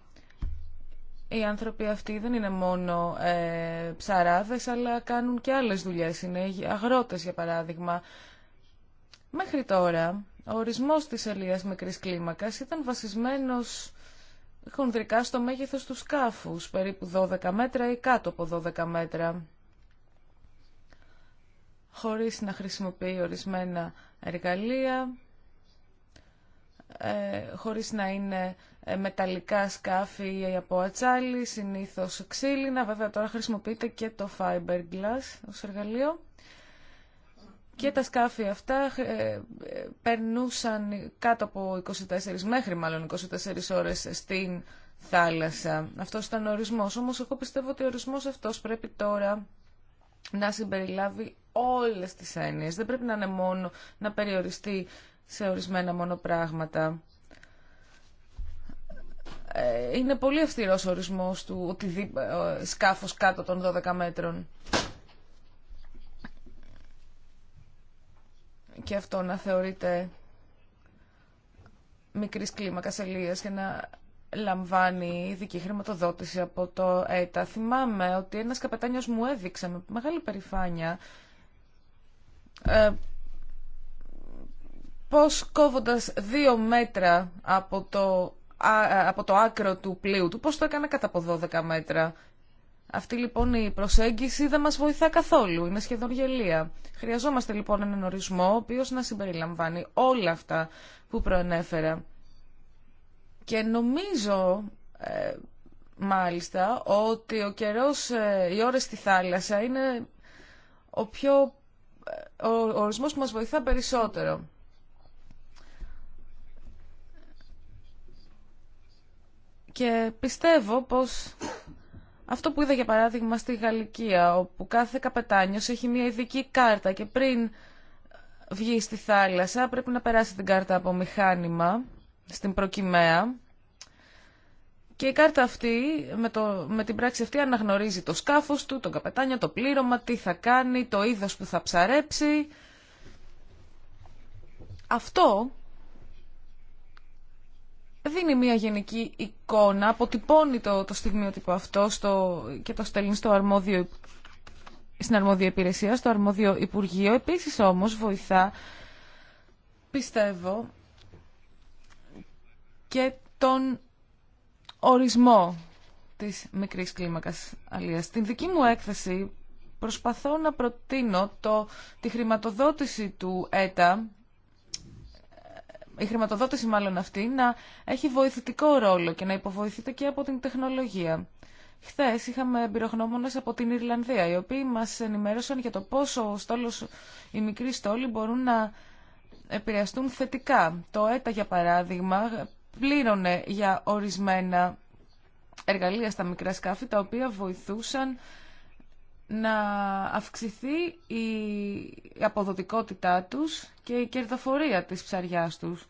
οι άνθρωποι αυτοί δεν είναι μόνο ε, ψαράδες, αλλά κάνουν και άλλες δουλειές. Είναι αγρότες, για παράδειγμα. Μέχρι τώρα, ο ορισμός της ελίας μικρής κλίμακας ήταν βασισμένος χονδρικά στο μέγεθος του σκάφους, περίπου 12 μέτρα ή κάτω από 12 μέτρα, χωρίς να χρησιμοποιεί ορισμένα εργαλεία, ε, χωρίς να είναι ε, μεταλλικά σκάφη ή από ατσάλι, συνήθως ξύλινα. Βέβαια τώρα χρησιμοποιείται και το fiberglass ως εργαλείο και τα σκάφη αυτά ε, ε, περνούσαν κάτω από 24, μέχρι μάλλον 24 ώρες στην θάλασσα. Αυτός ήταν ο ορισμός. Όμως εγώ πιστεύω ότι ο ορισμός αυτός πρέπει τώρα να συμπεριλάβει όλες τις έννοιες. Δεν πρέπει να είναι μόνο να περιοριστεί σε ορισμένα μόνο πράγματα. Ε, είναι πολύ αυστηρός ο ορισμός του σκάφος κάτω των 12 μέτρων. και αυτό να θεωρείται μικρής κλίμακας ελίας και να λαμβάνει ειδική χρηματοδότηση από το ΕΤΑ. Θυμάμαι ότι ένας καπετάνιος μου έδειξε με μεγάλη περηφάνεια ε, πώς κόβοντας δύο μέτρα από το, ε, από το άκρο του πλοίου του, πώς το έκανα κατά από 12 μέτρα αυτή λοιπόν η προσέγγιση δεν μας βοηθά καθόλου, είναι σχεδόν γελία. Χρειαζόμαστε λοιπόν έναν ορισμό ο οποίος να συμπεριλαμβάνει όλα αυτά που προενέφερα. Και νομίζω ε, μάλιστα ότι ο καιρός, ε, οι ώρες στη θάλασσα είναι ο πιο ε, ο ορισμός που μας βοηθά περισσότερο. Και πιστεύω πως αυτό που είδα για παράδειγμα στη Γαλλικία, όπου κάθε καπετάνιος έχει μια ειδική κάρτα και πριν βγει στη θάλασσα πρέπει να περάσει την κάρτα από μηχάνημα στην προκυμαία και η κάρτα αυτή με, το, με την πράξη αυτή αναγνωρίζει το σκάφος του, τον καπετάνιο, το πλήρωμα, τι θα κάνει, το είδος που θα ψαρέψει. Αυτό δίνει μια γενική εικόνα, αποτυπώνει το, το στιγμιότυπο αυτό στο, και το στέλνει στο αρμόδιο, στην αρμόδια υπηρεσία, στο αρμόδιο Υπουργείο. Επίσης όμως βοηθά, πιστεύω, και τον ορισμό της μικρής κλίμακας αλίας. Στην δική μου έκθεση προσπαθώ να προτείνω το, τη χρηματοδότηση του ΕΤΑ η χρηματοδότηση μάλλον αυτή να έχει βοηθητικό ρόλο και να υποβοηθείται και από την τεχνολογία. Χθε είχαμε εμπειρογνώμονε από την Ιρλανδία, οι οποίοι μα ενημέρωσαν για το πόσο ο οι μικροί στόλοι μπορούν να επηρεαστούν θετικά. Το ΕΤΑ, για παράδειγμα, πλήρωνε για ορισμένα εργαλεία στα μικρά σκάφη, τα οποία βοηθούσαν να αυξηθεί η αποδοτικότητά τους και η κερδοφορία της ψαριάς τους.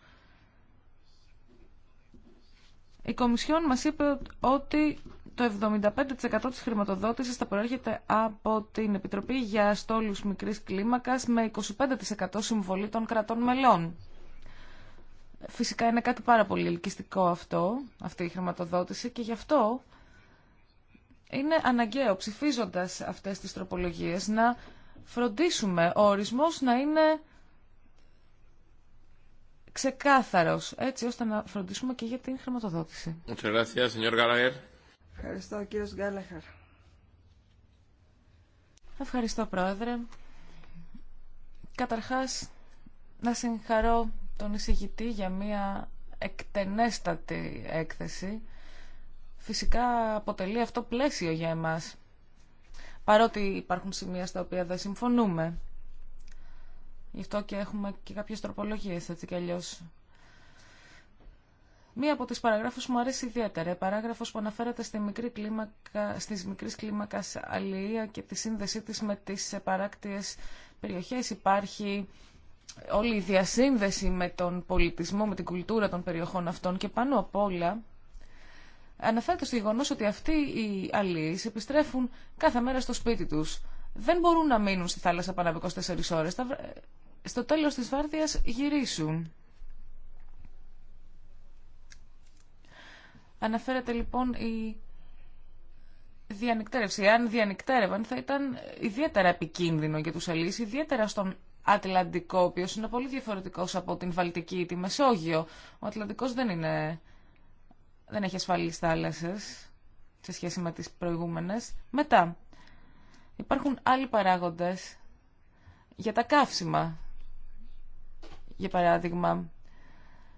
Η Κομισιόν μας είπε ότι το 75% της χρηματοδότησης θα προέρχεται από την Επιτροπή για στόλους μικρής κλίμακας με 25% συμβολή των κρατών μελών. Φυσικά είναι κάτι πάρα πολύ ελκυστικό αυτό, αυτή η χρηματοδότηση και γι' αυτό είναι αναγκαίο ψηφίζοντας αυτές τις τροπολογίες να φροντίσουμε ο ορισμός να είναι ξεκάθαρος, έτσι ώστε να φροντίσουμε και για την χρηματοδότηση. Ευχαριστώ, κύριος Γκάλαχαρ. Ευχαριστώ, Πρόεδρε. Καταρχάς, να συγχαρώ τον εισηγητή για μια εκτενέστατη έκθεση φυσικά αποτελεί αυτό πλαίσιο για εμάς. Παρότι υπάρχουν σημεία στα οποία δεν συμφωνούμε. Γι' αυτό και έχουμε και κάποιες τροπολογίες, έτσι κι αλλιώς. Μία από τις παραγράφους μου αρέσει ιδιαίτερα. Παράγραφος που αναφέρεται στη μικρή κλίμακα, στις μικρής κλίμακας αλληλεία και τη σύνδεσή της με τις παράκτιες περιοχές. Υπάρχει όλη η διασύνδεση με τον πολιτισμό, με την κουλτούρα των περιοχών αυτών και πάνω απ' όλα αναφέρεται στο γεγονό ότι αυτοί οι αλλοί επιστρέφουν κάθε μέρα στο σπίτι του. Δεν μπορούν να μείνουν στη θάλασσα πάνω από 24 ώρε. Στο τέλο τη βάρδια γυρίσουν. Αναφέρεται λοιπόν η διανυκτέρευση. Αν διανυκτέρευαν θα ήταν ιδιαίτερα επικίνδυνο για τους αλλοί, ιδιαίτερα στον Ατλαντικό, ο οποίος είναι πολύ διαφορετικός από την Βαλτική ή τη Μεσόγειο. Ο Ατλαντικός δεν είναι δεν έχει ασφαλείς θάλασσες σε σχέση με τις προηγούμενες. Μετά, υπάρχουν άλλοι παράγοντες για τα καύσιμα. Για παράδειγμα,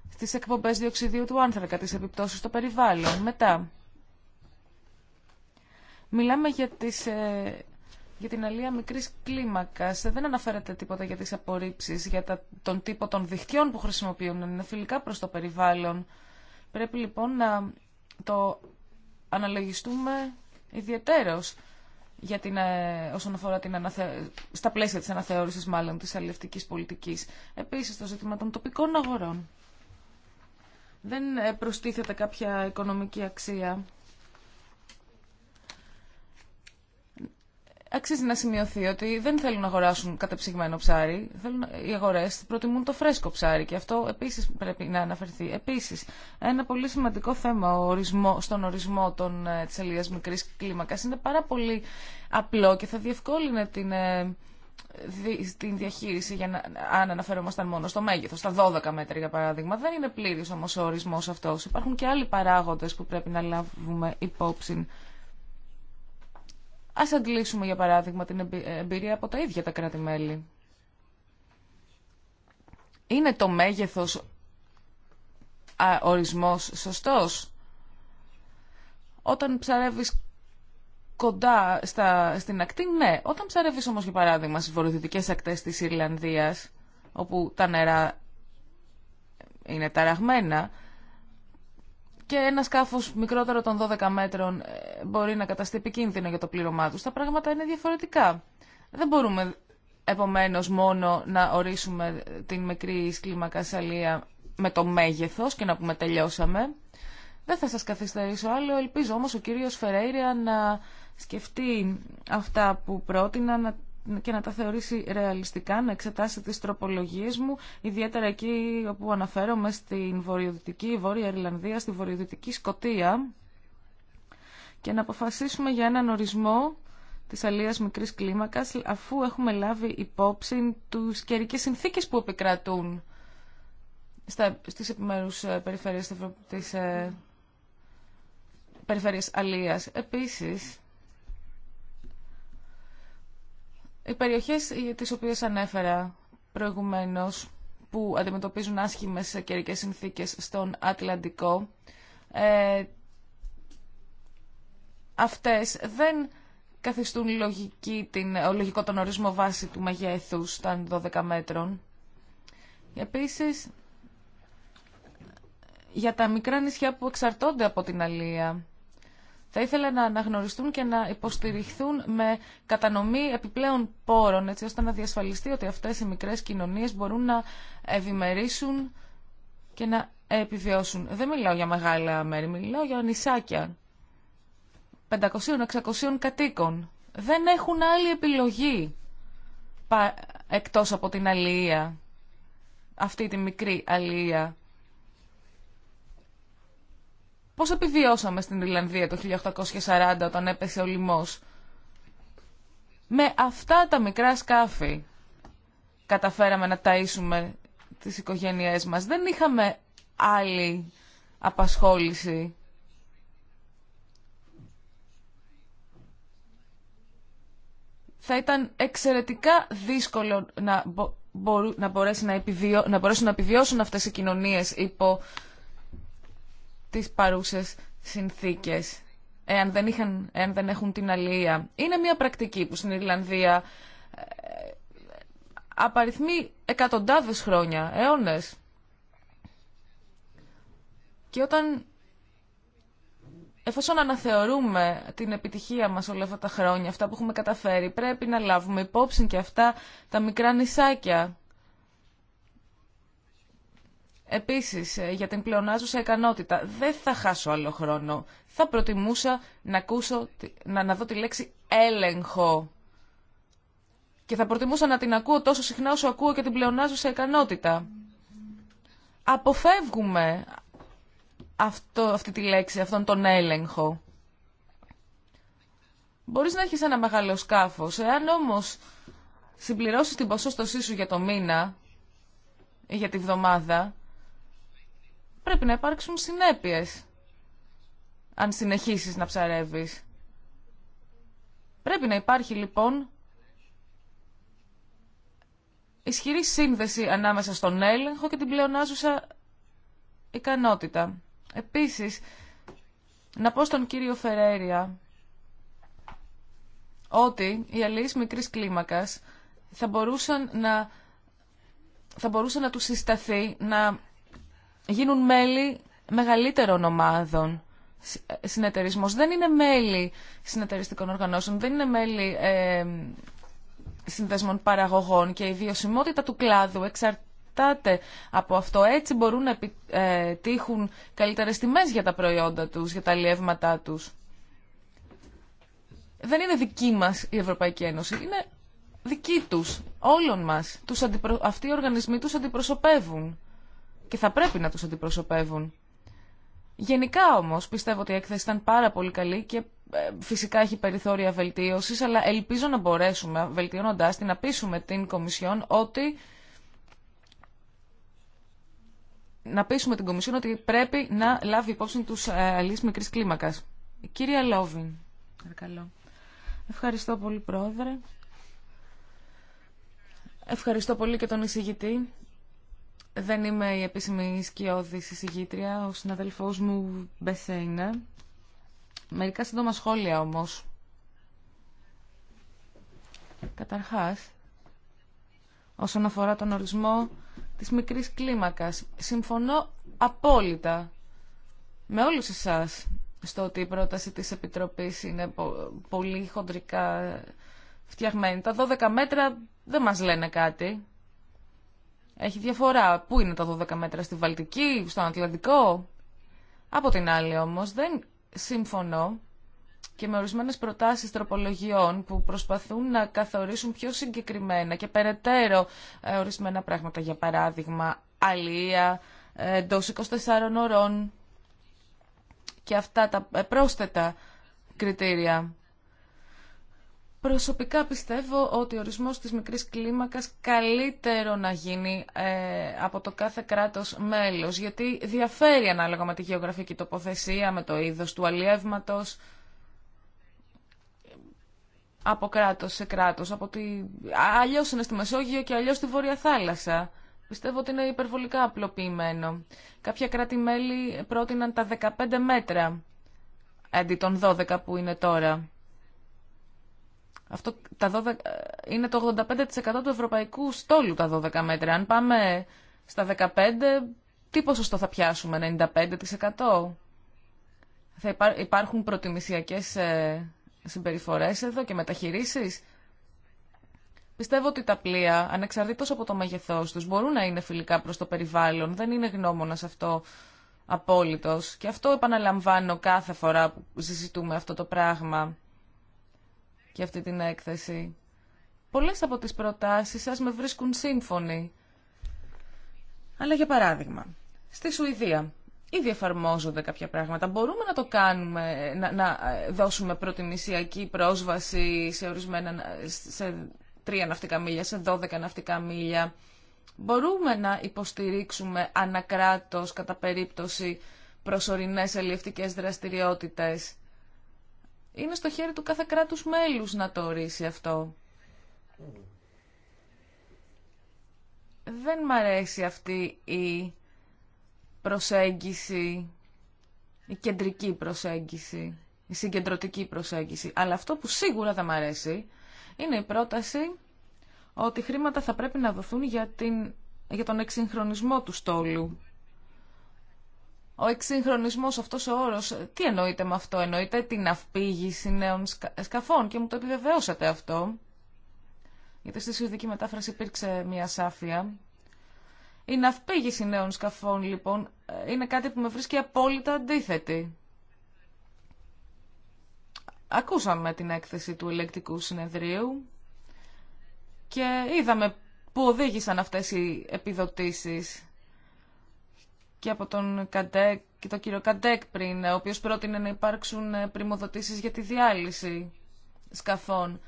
στις εκπομπές διοξιδίου του άνθρακα, τις επιπτώσεις στο περιβάλλον. Μετά, μιλάμε για, τις, ε, για την αλία μικρής κλίμακας. Δεν αναφέρεται τίποτα για τις απορρίψεις, για τα, τον τύπο των δικτυών που χρησιμοποιούν. Είναι φιλικά προς το περιβάλλον. Πρέπει λοιπόν να το αναλογιστούμε ιδιαιτέρως για την, ε, όσον αφορά την στα πλαίσια της αναθεώρησης μάλλον της αλληλευτικής πολιτικής. Επίσης το ζήτημα των τοπικών αγορών. Δεν ε, προστίθεται κάποια οικονομική αξία αξίζει να σημειωθεί ότι δεν θέλουν να αγοράσουν κατεψυγμένο ψάρι. Θέλουν, οι αγορέ προτιμούν το φρέσκο ψάρι και αυτό επίση πρέπει να αναφερθεί. Επίση, ένα πολύ σημαντικό θέμα ορισμό, στον ορισμό τη ε, της μικρή κλίμακα είναι πάρα πολύ απλό και θα διευκόλυνε την, ε, την διαχείριση για να, αν αναφερόμασταν μόνο στο μέγεθο, στα 12 μέτρα για παράδειγμα. Δεν είναι πλήρη όμω ο ορισμό αυτό. Υπάρχουν και άλλοι παράγοντε που πρέπει να λάβουμε υπόψη. Ας αντλήσουμε για παράδειγμα την ε, εμπειρία από τα ίδια τα κράτη-μέλη. Είναι το μέγεθος ορισμό ορισμός σωστός. Όταν ψαρεύει κοντά στα, στην ακτή, ναι. Όταν ψαρεύεις όμως για παράδειγμα στι βορειοδυτικέ ακτές τη Ιρλανδία, όπου τα νερά είναι ταραγμένα, και ένα σκάφο μικρότερο των 12 μέτρων ε, μπορεί να καταστεί επικίνδυνο για το πλήρωμά του. Τα πράγματα είναι διαφορετικά. Δεν μπορούμε επομένω μόνο να ορίσουμε την μικρή κλίμακα σαλία με το μέγεθο και να πούμε τελειώσαμε. Δεν θα σας καθυστερήσω άλλο, ελπίζω όμως ο κύριος Φεραίρια να σκεφτεί αυτά που πρότεινα, και να τα θεωρήσει ρεαλιστικά, να εξετάσει τις τροπολογίες μου, ιδιαίτερα εκεί όπου αναφέρομαι στην Βορειοδυτική, Βόρεια Ιρλανδία, στη Βορειοδυτική Σκοτία και να αποφασίσουμε για έναν ορισμό της αλίας μικρής κλίμακας αφού έχουμε λάβει υπόψη τους καιρικές συνθήκες που επικρατούν στα, στις επιμέρους ε, περιφέρειες της, ε, περιφέρειας αλίας. Επίσης, Οι περιοχές τις οποίες ανέφερα προηγουμένως που αντιμετωπίζουν άσχημε καιρικέ συνθήκες στον Ατλαντικό ε, αυτές δεν καθιστούν λογική την, λογικό τον ορισμό βάση του μεγέθους των 12 μέτρων. Επίσης, για τα μικρά νησιά που εξαρτώνται από την αλία, θα ήθελα να αναγνωριστούν και να υποστηριχθούν με κατανομή επιπλέον πόρων, έτσι ώστε να διασφαλιστεί ότι αυτές οι μικρές κοινωνίες μπορούν να ευημερήσουν και να επιβιώσουν. Δεν μιλάω για μεγάλα μέρη, μιλάω για νησάκια 500-600 κατοίκων. Δεν έχουν άλλη επιλογή εκτός από την αλληλεία, αυτή τη μικρή αλληλεία. Πώς επιβιώσαμε στην Ιρλανδία το 1840 όταν έπεσε ο λοιμό. Με αυτά τα μικρά σκάφη καταφέραμε να ταΐσουμε τις οικογένειές μας. Δεν είχαμε άλλη απασχόληση. Θα ήταν εξαιρετικά δύσκολο να, να, να, να μπορέσουν να επιβιώσουν αυτές οι κοινωνίες υπό τις παρούσες συνθήκες, εάν δεν, είχαν, εάν δεν έχουν την αλληλεία. Είναι μια πρακτική που στην Ιρλανδία ε, απαριθμεί εκατοντάδες χρόνια, αιώνες. Και όταν, εφόσον αναθεωρούμε την επιτυχία μας όλα αυτά τα χρόνια, αυτά που έχουμε καταφέρει, πρέπει να λάβουμε υπόψη και αυτά τα μικρά νησάκια Επίσης, ε, για την πλεονάζουσα ικανότητα, δεν θα χάσω άλλο χρόνο. Θα προτιμούσα να, ακούσω, να, να δω τη λέξη έλεγχο. Και θα προτιμούσα να την ακούω τόσο συχνά όσο ακούω και την πλεονάζουσα ικανότητα. Αποφεύγουμε αυτό, αυτή τη λέξη, αυτόν τον έλεγχο. Μπορείς να έχεις ένα μεγάλο σκάφος. Εάν όμως συμπληρώσεις την ποσόστοσή σου για το μήνα ή για τη βδομάδα, πρέπει να υπάρξουν συνέπειες αν συνεχίσεις να ψαρεύεις. Πρέπει να υπάρχει λοιπόν ισχυρή σύνδεση ανάμεσα στον έλεγχο και την πλεονάζουσα ικανότητα. Επίσης, να πω στον κύριο Φερέρια ότι οι αλληλείς μικρής κλίμακας θα μπορούσαν να, θα μπορούσαν να του συσταθεί να γίνουν μέλη μεγαλύτερων ομάδων ε, συνεταιρισμός. Δεν είναι μέλη συνεταιριστικών οργανώσεων, δεν είναι μέλη ε, συνδέσμων παραγωγών και η βιωσιμότητα του κλάδου εξαρτάται από αυτό. Έτσι μπορούν να επιτύχουν ε, καλύτερες τιμές για τα προϊόντα τους, για τα αλλιεύματα τους. Δεν είναι δική μας η Ευρωπαϊκή Ένωση, είναι δική τους, όλων μας. Τους Αυτοί οι οργανισμοί τους αντιπροσωπεύουν και θα πρέπει να τους αντιπροσωπεύουν. Γενικά όμως πιστεύω ότι η έκθεση ήταν πάρα πολύ καλή και ε, φυσικά έχει περιθώρια βελτίωσης, αλλά ελπίζω να μπορέσουμε, βελτιώνοντάς την, να πείσουμε την Κομισιόν ότι να πείσουμε την Κομισιόν ότι πρέπει να λάβει υπόψη τους ε, αλληλείς μικρής κλίμακας. Κύριε Λόβιν, παρακαλώ. Ευχαριστώ πολύ, Πρόεδρε. Ευχαριστώ πολύ και τον εισηγητή δεν είμαι η επίσημη σκιώδη συζητήτρια, ο συναδελφό μου Μπεσέινα. Μερικά σύντομα σχόλια όμως. Καταρχάς, όσον αφορά τον ορισμό της μικρής κλίμακας, συμφωνώ απόλυτα με όλους εσάς στο ότι η πρόταση της Επιτροπής είναι πολύ χοντρικά φτιαγμένη. Τα 12 μέτρα δεν μας λένε κάτι. Έχει διαφορά. Πού είναι τα 12 μέτρα, στη Βαλτική, στον Ατλαντικό. Από την άλλη όμως δεν συμφωνώ και με ορισμένε προτάσεις τροπολογιών που προσπαθούν να καθορίσουν πιο συγκεκριμένα και περαιτέρω ε, ορισμένα πράγματα. Για παράδειγμα, αλία ε, εντό 24 ωρών και αυτά τα ε, πρόσθετα κριτήρια. Προσωπικά πιστεύω ότι ο ορισμός της μικρής κλίμακας καλύτερο να γίνει ε, από το κάθε κράτος μέλος, γιατί διαφέρει ανάλογα με τη γεωγραφική τοποθεσία, με το είδος του αλλιεύματος, από κράτος σε κράτος, από τη... αλλιώς είναι στη Μεσόγειο και αλλιώς στη Βόρεια Θάλασσα. Πιστεύω ότι είναι υπερβολικά απλοποιημένο. Κάποια κράτη-μέλη πρότειναν τα 15 μέτρα αντί των 12 που είναι τώρα. Αυτό τα 12, είναι το 85% του ευρωπαϊκού στόλου τα 12 μέτρα. Αν πάμε στα 15, τι ποσοστό θα πιάσουμε, 95%? Θα υπάρχουν προτιμησιακές ε, συμπεριφορές εδώ και μεταχειρήσεις. Πιστεύω ότι τα πλοία, ανεξαρτήτως από το μέγεθός τους, μπορούν να είναι φιλικά προς το περιβάλλον. Δεν είναι γνώμονας αυτό απόλυτος. Και αυτό επαναλαμβάνω κάθε φορά που συζητούμε αυτό το πράγμα για αυτή την έκθεση. Πολλές από τις προτάσεις σας με βρίσκουν σύμφωνοι. Αλλά για παράδειγμα, στη Σουηδία ήδη εφαρμόζονται κάποια πράγματα. Μπορούμε να το κάνουμε, να, να ε, δώσουμε προτιμησιακή πρόσβαση σε ορισμένα, σε τρία ναυτικά μίλια, σε δώδεκα ναυτικά μίλια. Μπορούμε να υποστηρίξουμε ανακράτος κατά περίπτωση προσωρινές ελιευτικές δραστηριότητες είναι στο χέρι του κάθε κράτους μέλους να το ορίσει αυτό. Δεν μ' αρέσει αυτή η προσέγγιση, η κεντρική προσέγγιση, η συγκεντρωτική προσέγγιση. Αλλά αυτό που σίγουρα δεν μ' αρέσει είναι η πρόταση ότι χρήματα θα πρέπει να δοθούν για, την, για τον εξυγχρονισμό του στόλου. Ο εξυγχρονισμό αυτός ο όρο τι εννοείται με αυτό, εννοείται την αυπήγηση νέων σκαφών και μου το επιβεβαίωσατε αυτό. Γιατί στη σουηδική μετάφραση υπήρξε μια σάφια. Η ναυπήγηση νέων σκαφών λοιπόν ε, είναι κάτι που με βρίσκει απόλυτα αντίθετη. Ακούσαμε την έκθεση του ηλεκτρικού συνεδρίου και είδαμε που οδήγησαν αυτές οι επιδοτήσεις και από τον Καντέκ και τον κύριο Καντέκ πριν, ο οποίος πρότεινε να υπάρξουν ε, πρημοδοτήσεις για τη διάλυση σκαφών.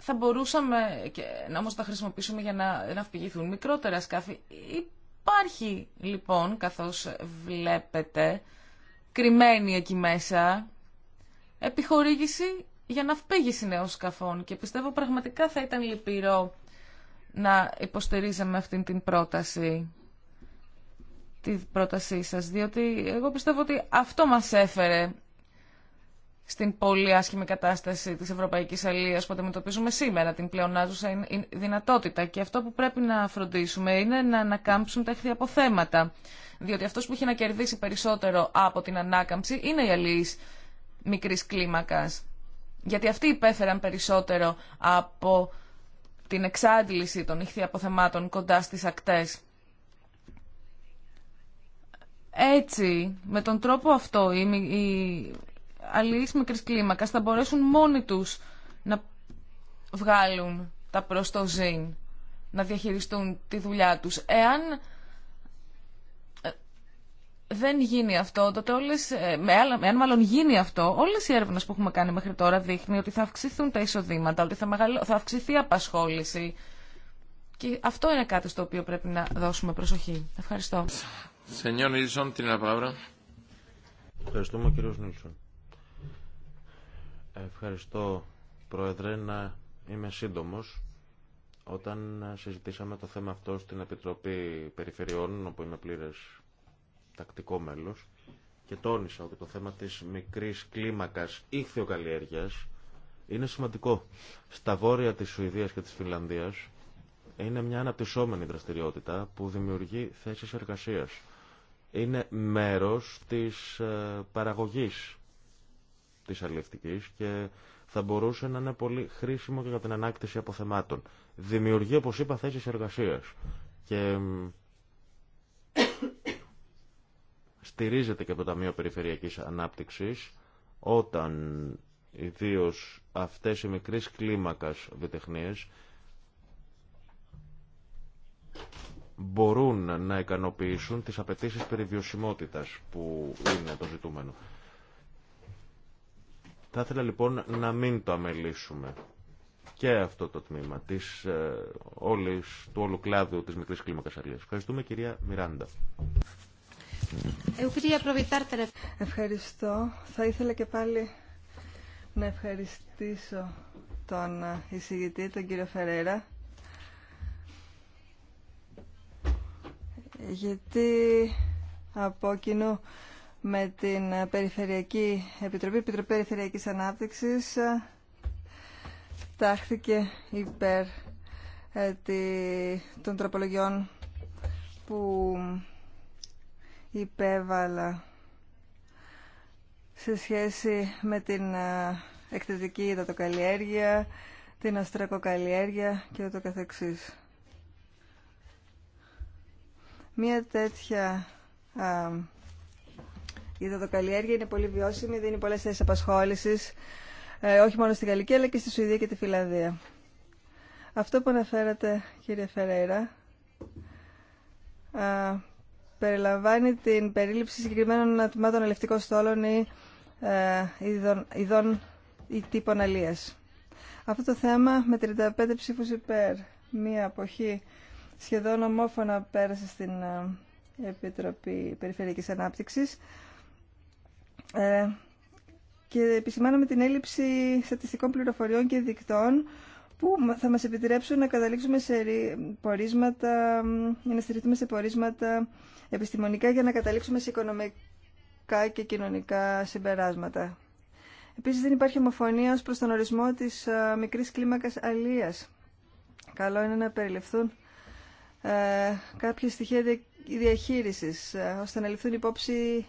Θα μπορούσαμε και, να όμως τα χρησιμοποιήσουμε για να, να μικρότερα σκάφη. Υπάρχει λοιπόν, καθώς βλέπετε, κρυμμένη εκεί μέσα, επιχορήγηση για να ναυπήγηση νέων σκαφών και πιστεύω πραγματικά θα ήταν λυπηρό να υποστηρίζαμε αυτή την πρόταση τη πρότασή σας, διότι εγώ πιστεύω ότι αυτό μας έφερε στην πολύ άσχημη κατάσταση της ευρωπαϊκής αλίας που αντιμετωπίζουμε σήμερα, την πλεονάζουσα δυνατότητα. Και αυτό που πρέπει να φροντίσουμε είναι να ανακάμψουν τα εχθιαποθέματα. Διότι αυτός που έχει να κερδίσει περισσότερο από την ανάκαμψη είναι η αλίες μικρής κλίμακας. Γιατί αυτοί υπέφεραν περισσότερο από την εξάντληση των ηχθιαποθεμάτων κοντά στις ακτές. Έτσι, με τον τρόπο αυτό, οι, οι αλληλείς μικρής κλίμακας θα μπορέσουν μόνοι τους να βγάλουν τα προς το ζήν, να διαχειριστούν τη δουλειά τους. Εάν ε, δεν γίνει αυτό, τότε όλες, ε, με μάλλον γίνει αυτό, όλες οι έρευνες που έχουμε κάνει μέχρι τώρα δείχνει ότι θα αυξηθούν τα εισοδήματα, ότι θα, μεγαλώ, θα αυξηθεί η απασχόληση. Και αυτό είναι κάτι στο οποίο πρέπει να δώσουμε προσοχή. Ευχαριστώ. Ευχαριστούμε, κύριο Νίλσον. Ευχαριστώ, Πρόεδρε, να είμαι σύντομος. Όταν συζητήσαμε το θέμα αυτό στην Επιτροπή Περιφερειών, όπου είμαι πλήρες τακτικό μέλος, και τόνισα ότι το θέμα της μικρής κλίμακας ηχθειοκαλλιέργειας είναι σημαντικό. Στα βόρεια της Σουηδίας και της Φινλανδίας είναι μια αναπτυσσόμενη δραστηριότητα που δημιουργεί θέσεις εργασίας είναι μέρος της ε, παραγωγής της αλληλευτικής και θα μπορούσε να είναι πολύ χρήσιμο και για την ανάκτηση αποθεμάτων. Δημιουργεί, όπως είπα, θέσεις εργασίας και [COUGHS] στηρίζεται και από το Ταμείο Περιφερειακής Ανάπτυξης όταν ιδίω αυτές οι μικρές κλίμακας βιτεχνίες μπορούν να ικανοποιήσουν τις απαιτήσεις περιβιωσιμότητας που είναι το ζητούμενο. Θα ήθελα λοιπόν να μην το αμελήσουμε και αυτό το τμήμα της, ε, όλης, του όλου κλάδου της μικρής κλίμακας αλλίας. Ευχαριστούμε κυρία Μιράντα. Ευχαριστώ. Θα ήθελα και πάλι να ευχαριστήσω τον ε, εισηγητή, τον κύριο Φερέρα, γιατί από κοινού με την Περιφερειακή Επιτροπή, Επιτροπή Περιφερειακής Ανάπτυξης, τάχθηκε υπέρ ε, των τροπολογιών που υπέβαλα σε σχέση με την ε, εκτετική υδατοκαλλιέργεια, την αστρακοκαλλιέργεια και ούτω καθεξής. Μία τέτοια α, η είναι πολύ βιώσιμη, δίνει πολλές θέσει απασχόληση ε, όχι μόνο στη Γαλλική αλλά και στη Σουηδία και τη Φιλανδία. Αυτό που αναφέρατε κύριε Φερέιρα α, περιλαμβάνει την περίληψη συγκεκριμένων ατμάτων ελευτικών στόλων ή ε, ειδών, ειδών ή τύπων αλίας. Αυτό το θέμα με 35 ψήφους υπέρ, μία αποχή σχεδόν ομόφωνα πέρασε στην ε, Επιτροπή Περιφερειακής Ανάπτυξης ε, και επισημάναμε την έλλειψη στατιστικών πληροφοριών και δικτών που θα μας επιτρέψουν να καταλήξουμε σε πορίσματα, να στηριχτούμε σε πορίσματα επιστημονικά για να καταλήξουμε σε οικονομικά και κοινωνικά συμπεράσματα. Επίσης δεν υπάρχει ομοφωνία ως προς τον ορισμό της ε, μικρής κλίμακας αλίας. Καλό είναι να περιληφθούν ε, κάποια στοιχεία διαχείρισης, ε, ώστε να ληφθούν υπόψη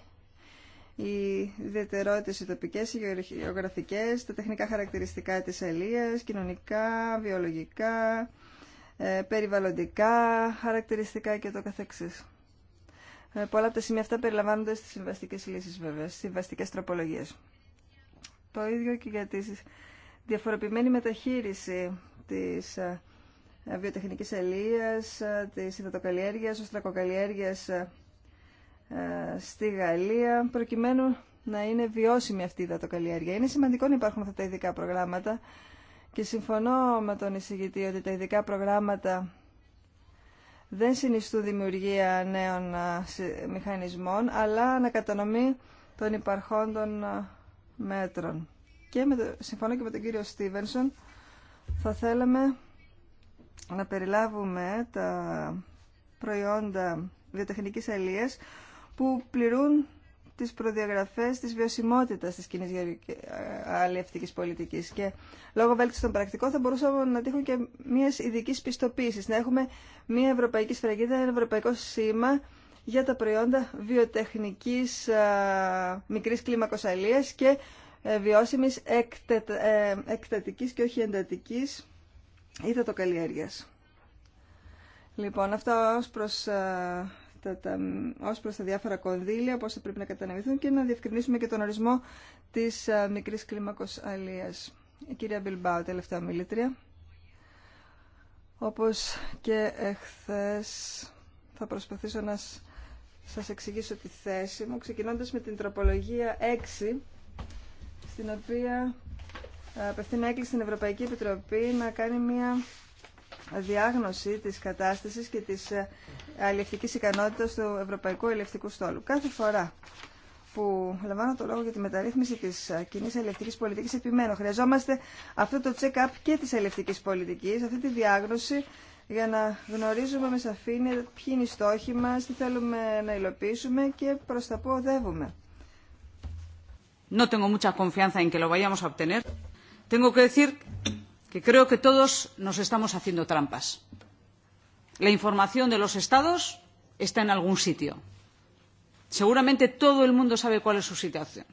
οι ιδιαιτερότητες οι τοπικές, οι γεωγραφικές, τα τεχνικά χαρακτηριστικά της αλίας, κοινωνικά, βιολογικά, ε, περιβαλλοντικά χαρακτηριστικά και το καθεξής. Πολλά από τα σημεία αυτά περιλαμβάνονται στις συμβαστικές λύσεις βέβαια, στις συμβαστικές τροπολογίες. Το ίδιο και για τη διαφοροποιημένη μεταχείριση της ε, βιοτεχνικής ελίας, ε, της υδατοκαλλιέργειας, οστρακοκαλλιέργειας ε, στη Γαλλία, προκειμένου να είναι βιώσιμη αυτή η υδατοκαλλιέργεια. Είναι σημαντικό να υπάρχουν αυτά τα ειδικά προγράμματα και συμφωνώ με τον εισηγητή ότι τα ειδικά προγράμματα δεν συνιστούν δημιουργία νέων μηχανισμών, αλλά ανακατανομή των υπαρχόντων μέτρων. Και συμφωνώ και με τον κύριο Στίβενσον, θα θέλαμε να περιλάβουμε τα προϊόντα βιοτεχνικής αλίας που πληρούν τις προδιαγραφές της βιωσιμότητας της κοινής αλληλευτικής πολιτικής και λόγω βέλτιση των πρακτικών θα μπορούσαμε να τύχουν και μια ειδική πιστοποίηση, να έχουμε μια ευρωπαϊκή σφραγίδα, ένα ευρωπαϊκό σήμα για τα προϊόντα βιοτεχνικής α, μικρής κλίμακος και ε, βιώσιμης εκτε, ε, εκτατικής και όχι εντατικής το καλλιέργεια. Λοιπόν, αυτά ως προς, ε, τα, ως προς τα διάφορα κονδύλια, πώς θα πρέπει να κατανεμηθούν και να διευκρινίσουμε και τον ορισμό της μικρή ε, μικρής κλίμακος αλίας. Η κυρία Μπιλμπάου, τελευταία μιλήτρια. Όπως και εχθές θα προσπαθήσω να σας εξηγήσω τη θέση μου, ξεκινώντας με την τροπολογία 6, στην οποία απευθύνω έκλειση στην Ευρωπαϊκή Επιτροπή να κάνει μια διάγνωση της κατάστασης και της ε, αλληλευτικής ικανότητας του Ευρωπαϊκού Αλληλευτικού Στόλου. Κάθε φορά που λαμβάνω το λόγο για τη μεταρρύθμιση της ε, κοινή αλληλευτικής πολιτικής επιμένω. Χρειαζόμαστε αυτό το check-up και της αλληλευτικής πολιτικής, αυτή τη διάγνωση για να γνωρίζουμε με σαφήνεια ποιοι είναι οι στόχοι μας, τι θέλουμε να υλοποιήσουμε και προς τα που οδεύουμε tengo que decir que creo que todos nos estamos haciendo trampas. La información de los estados está en algún sitio. Seguramente todo el mundo sabe cuál es su situación,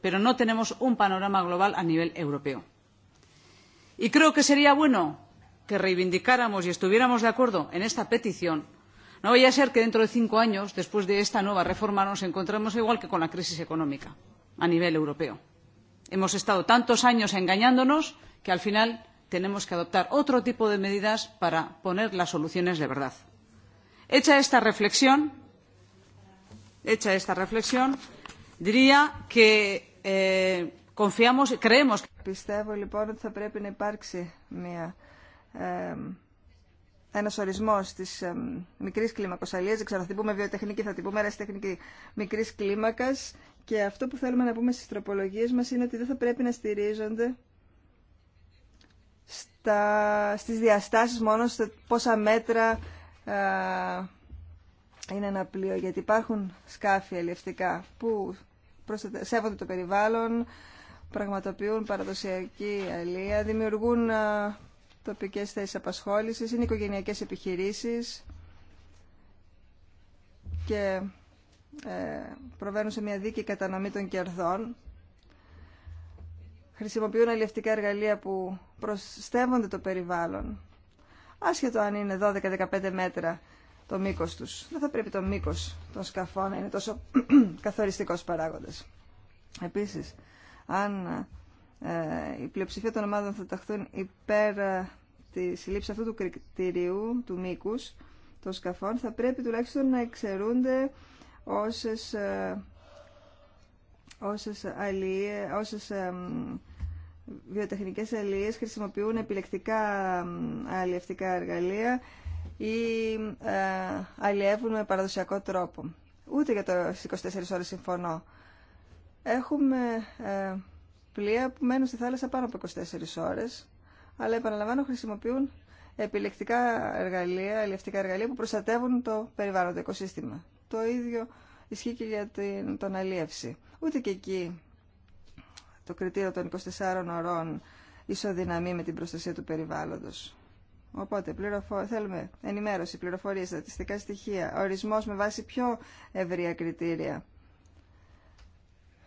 pero no tenemos un panorama global a nivel europeo. Y creo que sería bueno que reivindicáramos y estuviéramos de acuerdo en esta petición. No vaya a ser que dentro de cinco años, después de esta nueva reforma, nos encontremos igual que con la crisis económica a nivel europeo hemos estado tantos años engañándonos que al final tenemos que adoptar otro tipo de medidas para poner las soluciones de verdad. Hecha esta reflexión, hecha esta reflexión diría que ε, confiamos, creemos... Πιστεύω λοιπόν ότι θα πρέπει να υπάρξει μια, ε, ένας ορισμός της ε, μικρής κλίμακος αλίας, δεν ξέρω, θα την πούμε βιοτεχνική, θα την πούμε αεραστεχνική μικρής κλίμακας και αυτό που θέλουμε να πούμε στις τροπολογίες μας είναι ότι δεν θα πρέπει να στηρίζονται στα, στις διαστάσεις μόνο στο πόσα μέτρα α, είναι ένα πλοίο. Γιατί υπάρχουν σκάφη ελευτικά που προστατε, σέβονται το περιβάλλον, πραγματοποιούν παραδοσιακή αλεία, δημιουργούν α, τοπικές θέσεις απασχόλησης, είναι οικογενειακές επιχειρήσεις και ε, προβαίνουν σε μια δίκη κατανομή των κερδών, χρησιμοποιούν αλληλευτικά εργαλεία που προστεύονται το περιβάλλον, άσχετο αν είναι 12-15 μέτρα το μήκος τους. Δεν θα πρέπει το μήκος των σκαφών να είναι τόσο [CLEARS THROAT] καθοριστικός παράγοντας. Επίσης, αν ε, η πλειοψηφία των ομάδων θα ταχθούν υπέρ ε, τη λήψη αυτού του κριτηρίου του μήκους των σκαφών, θα πρέπει τουλάχιστον να εξαιρούνται όσες, ε, όσες, αλίες, όσες ε, βιοτεχνικές αλίες χρησιμοποιούν επιλεκτικά αλιευτικά εργαλεία ή ε, αλλιεύουν με παραδοσιακό τρόπο. Ούτε για το 24 ώρες συμφωνώ. Έχουμε πλοία που μένουν στη θάλασσα πάνω από 24 ώρες, αλλά επαναλαμβάνω χρησιμοποιούν επιλεκτικά εργαλεία, αλλιευτικά εργαλεία που προστατεύουν το περιβάλλον, οικοσύστημα. Το ίδιο ισχύει και για την, τον αλίευση. Ούτε και εκεί το κριτήριο των 24 ωρών ισοδυναμεί με την προστασία του περιβάλλοντος. Οπότε πληροφο... θέλουμε ενημέρωση, πληροφορίες, στατιστικά στοιχεία, ορισμός με βάση πιο ευρία κριτήρια.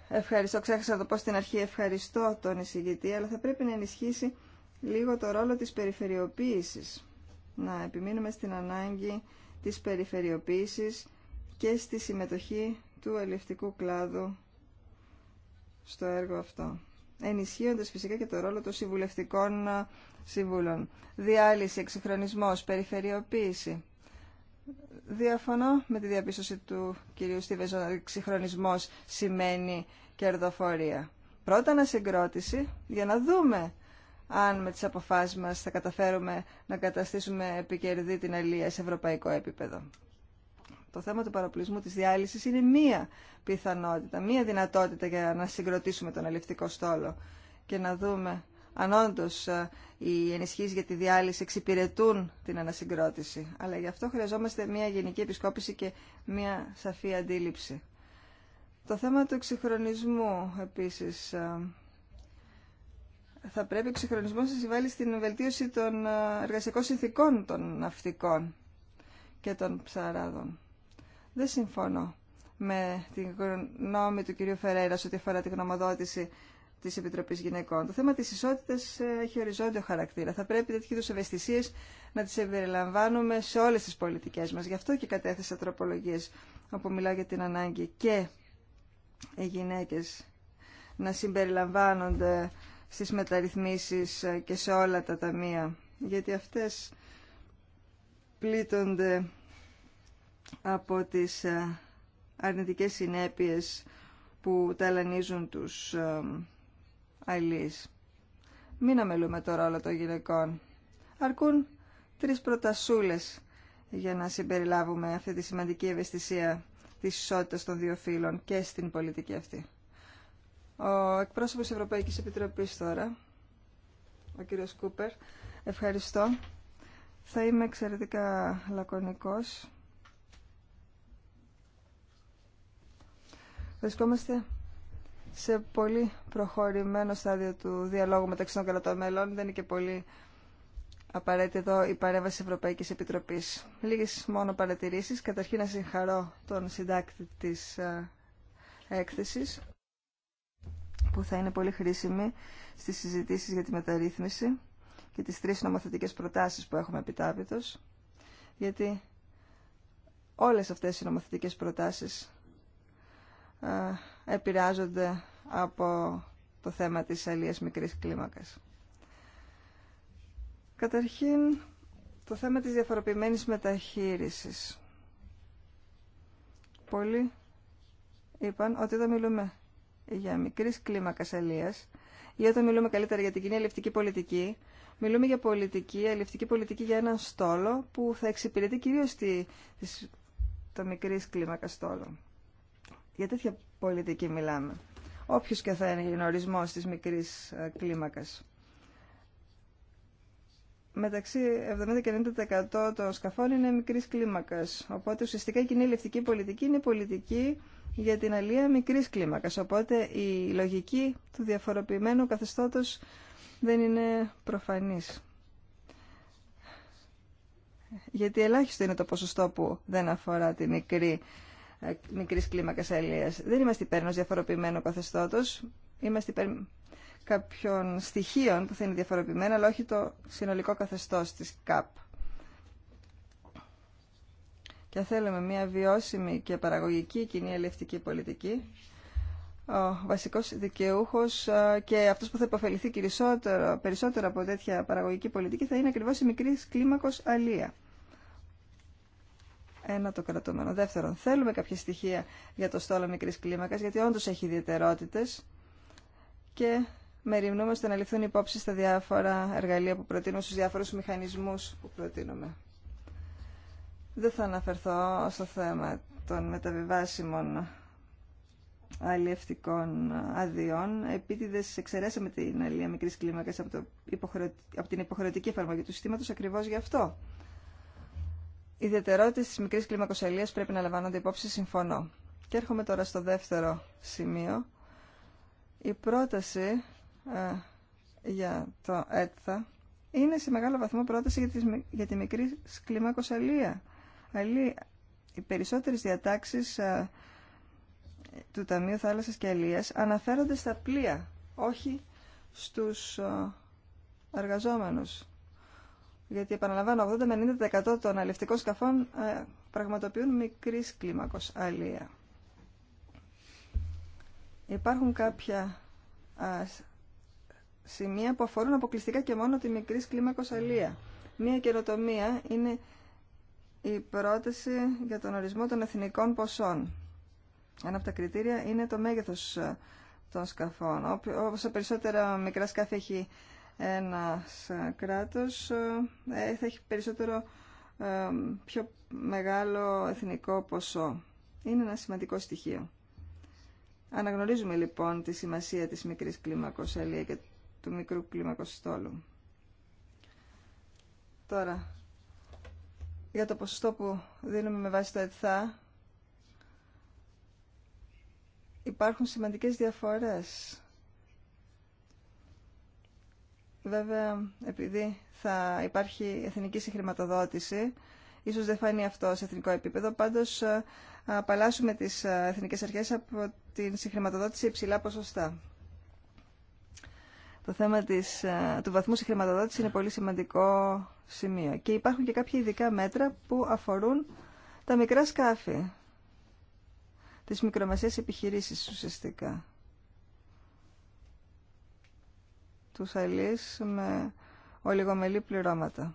Ευχαριστώ, ξέχασα το πω στην αρχή, ευχαριστώ τον εισηγητή, αλλά θα πρέπει να ενισχύσει λίγο το ρόλο της περιφερειοποίησης. Να επιμείνουμε στην ανάγκη της περιφερειοποίησης και στη συμμετοχή του ελευτικού κλάδου στο έργο αυτό. Ενισχύοντας φυσικά και το ρόλο των συμβουλευτικών ε, συμβούλων. Διάλυση, εξυγχρονισμός, περιφερειοποίηση. Διαφωνώ με τη διαπίστωση του κυρίου Στίβεζον ότι εξυγχρονισμός σημαίνει κερδοφορία. Πρώτα συγκρότηση για να δούμε αν με τις αποφάσεις μας θα καταφέρουμε να καταστήσουμε επικερδή την αλληλεία σε ευρωπαϊκό επίπεδο. Το θέμα του παροπλισμού της διάλυσης είναι μία πιθανότητα, μία δυνατότητα για να συγκροτήσουμε τον ελευτικό στόλο και να δούμε αν όντω ε, οι ενισχύσει για τη διάλυση εξυπηρετούν την ανασυγκρότηση. Αλλά γι' αυτό χρειαζόμαστε μια γενική επισκόπηση και μια σαφή αντίληψη. Το θέμα του εξυγχρονισμού επίσης. Ε, θα πρέπει ο εξυγχρονισμός να συμβάλλει στην βελτίωση των ε, εργασιακών συνθήκων των ναυτικών και των ψαράδων. Δεν συμφωνώ με την γνώμη του κυρίου Φεραίρα ό,τι αφορά την γνωμοδότηση τη Επιτροπή Γυναικών. Το θέμα τη ισότητα ε, έχει οριζόντιο χαρακτήρα. Θα πρέπει τέτοιου είδου ευαισθησίε να τι εμπεριλαμβάνουμε σε όλε τι πολιτικέ μα. Γι' αυτό και κατέθεσα τροπολογίε όπου μιλάω για την ανάγκη και οι γυναίκε να συμπεριλαμβάνονται στις μεταρρυθμίσεις ε, και σε όλα τα ταμεία. Γιατί αυτές πλήττονται από τις ε, αρνητικές συνέπειες που ταλανίζουν τους ε, αλληλείς. Μην αμελούμε το ρόλο των γυναικών. Αρκούν τρεις προτασούλες για να συμπεριλάβουμε αυτή τη σημαντική ευαισθησία της ισότητας των δύο φύλων και στην πολιτική αυτή. Ο εκπρόσωπος Ευρωπαϊκής Επιτροπής τώρα, ο κύριος Κούπερ, ευχαριστώ. Θα είμαι εξαιρετικά λακωνικός. Βρισκόμαστε σε πολύ προχωρημένο στάδιο του διαλόγου μεταξύ των κρατών μελών. Δεν είναι και πολύ απαραίτητο η παρέμβαση Ευρωπαϊκής Επιτροπής. Λίγες μόνο παρατηρήσεις. Καταρχήν να συγχαρώ τον συντάκτη της ε, έκθεσης που θα είναι πολύ χρήσιμη στις συζητήσεις για τη μεταρρύθμιση και τις τρεις νομοθετικές προτάσεις που έχουμε επιτάπητος, γιατί όλες αυτές οι νομοθετικές προτάσεις ε, επηρεάζονται από το θέμα της αλλίας μικρής κλίμακας. Καταρχήν, το θέμα της διαφοροποιημένης μεταχείρισης. Πολλοί είπαν ότι όταν μιλούμε για μικρής κλίμακας αλλίας ή όταν μιλούμε καλύτερα για την κοινή αλληλευτική πολιτική, μιλούμε για πολιτική, αλληλευτική πολιτική για έναν στόλο που θα εξυπηρετεί κυρίως τη, το μικρής κλίμακα στόλο. Για τέτοια πολιτική μιλάμε. Όποιος και θα είναι ο ορισμός της μικρής ε, κλίμακας. Μεταξύ 70 και 90% των σκαφών είναι μικρής κλίμακας. Οπότε ουσιαστικά η κοινή λευτική πολιτική είναι πολιτική για την αλία μικρής κλίμακας. Οπότε η λογική του διαφοροποιημένου καθεστώτος δεν είναι προφανής. Γιατί ελάχιστο είναι το ποσοστό που δεν αφορά τη μικρή ε, μικρή κλίμακα αλληλεία. Δεν είμαστε υπέρ ενό διαφοροποιημένου καθεστώτος, είμαστε υπέρ κάποιων στοιχείων που θα είναι διαφοροποιημένα, αλλά όχι το συνολικό καθεστώ τη ΚΑΠ. Και αν θέλουμε μια βιώσιμη και παραγωγική κοινή ελευτική πολιτική, ο βασικός δικαιούχο ε, και αυτό που θα υποφεληθεί περισσότερο, από τέτοια παραγωγική πολιτική θα είναι ακριβώ η μικρή κλίμακο αλία. Ένα το κρατούμενο. Δεύτερον, θέλουμε κάποια στοιχεία για το στόλο μικρή κλίμακα, γιατί όντω έχει ιδιαιτερότητε και μεριμνούμαστε να ληφθούν υπόψη στα διάφορα εργαλεία που προτείνουμε, στου διάφορου μηχανισμού που προτείνουμε. Δεν θα αναφερθώ στο θέμα των μεταβιβάσιμων αλλιευτικών αδειών. επειδή δεν εξαιρέσαμε την αλληλεία μικρή κλίμακα από, από την υποχρεωτική εφαρμογή του συστήματο ακριβώ γι' αυτό ιδιαιτερότητε τη μικρή κλιμακοσαλίας πρέπει να λαμβάνονται υπόψη, συμφωνώ. Και έρχομαι τώρα στο δεύτερο σημείο. Η πρόταση ε, για το ΕΤΘΑ είναι σε μεγάλο βαθμό πρόταση για τη, για μικρή κλιμακοσαλία. οι περισσότερες διατάξεις ε, του Ταμείου Θάλασσα και Αλίας αναφέρονται στα πλοία, όχι στους ε, εργαζόμενους. Γιατί επαναλαμβάνω, 80 με 90% των αλευτικών σκαφών ε, πραγματοποιούν μικρή κλίμακο αλεία. Υπάρχουν κάποια σημεία που αφορούν αποκλειστικά και μόνο τη μικρή κλίμακο αλεία. Μία καινοτομία είναι η πρόταση για τον ορισμό των εθνικών ποσών. Ένα από τα κριτήρια είναι το μέγεθος ε, των σκαφών. τα περισσότερα μικρά σκάφη έχει ένας ε, κράτος ε, ε, θα έχει περισσότερο πιο μεγάλο εθνικό ποσό. Είναι ένα σημαντικό στοιχείο. Αναγνωρίζουμε λοιπόν τη σημασία της μικρής κλίμακος e και του μικρού κλίμακος στόλου. Τώρα, για το ποσοστό που δίνουμε με βάση το ΕΤΘΑ, υπάρχουν σημαντικές διαφορές Βέβαια, επειδή θα υπάρχει εθνική συγχρηματοδότηση, ίσως δεν φανεί αυτό σε εθνικό επίπεδο, πάντως ε, απαλλάσσουμε τις ε, εθνικές αρχές από την συγχρηματοδότηση υψηλά ποσοστά. Το θέμα της, ε, του βαθμού συγχρηματοδότηση είναι πολύ σημαντικό σημείο. Και υπάρχουν και κάποια ειδικά μέτρα που αφορούν τα μικρά σκάφη, τις μικρομεσαίες επιχειρήσεις ουσιαστικά. Του αλείς με ολιγομελή πληρώματα.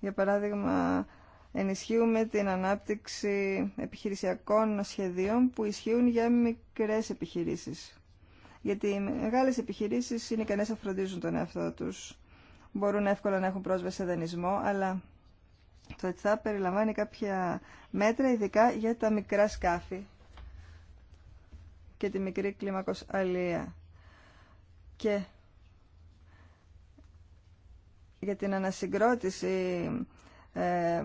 Για παράδειγμα, ενισχύουμε την ανάπτυξη επιχειρησιακών σχεδίων που ισχύουν για μικρές επιχειρήσεις. Γιατί οι μεγάλες επιχειρήσεις είναι ικανές να φροντίζουν τον εαυτό τους. Μπορούν εύκολα να έχουν πρόσβαση σε δανεισμό, αλλά το ΕΤΣΑ περιλαμβάνει κάποια μέτρα ειδικά για τα μικρά σκάφη και τη μικρή κλίμακος αλία και για την ανασυγκρότηση ε,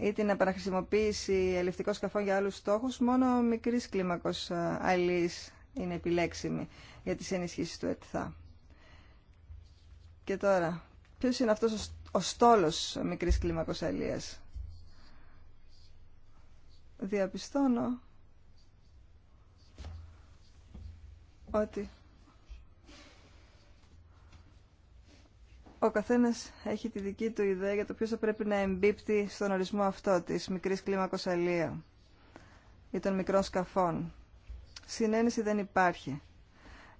ή την επαναχρησιμοποίηση ελευτικών σκαφών για άλλους στόχους, μόνο μικρής κλίμακος ε, αλής είναι επιλέξιμη για τις ενισχύσεις του ΕΤΘΑ. Και τώρα, ποιος είναι αυτός ο στόλος μικρής κλίμακος αλίας. Διαπιστώνω ότι Ο καθένα έχει τη δική του ιδέα για το ποιο θα πρέπει να εμπίπτει στον ορισμό αυτό της μικρής κλίμακος αλεία ή των μικρών σκαφών. Συνένεση δεν υπάρχει.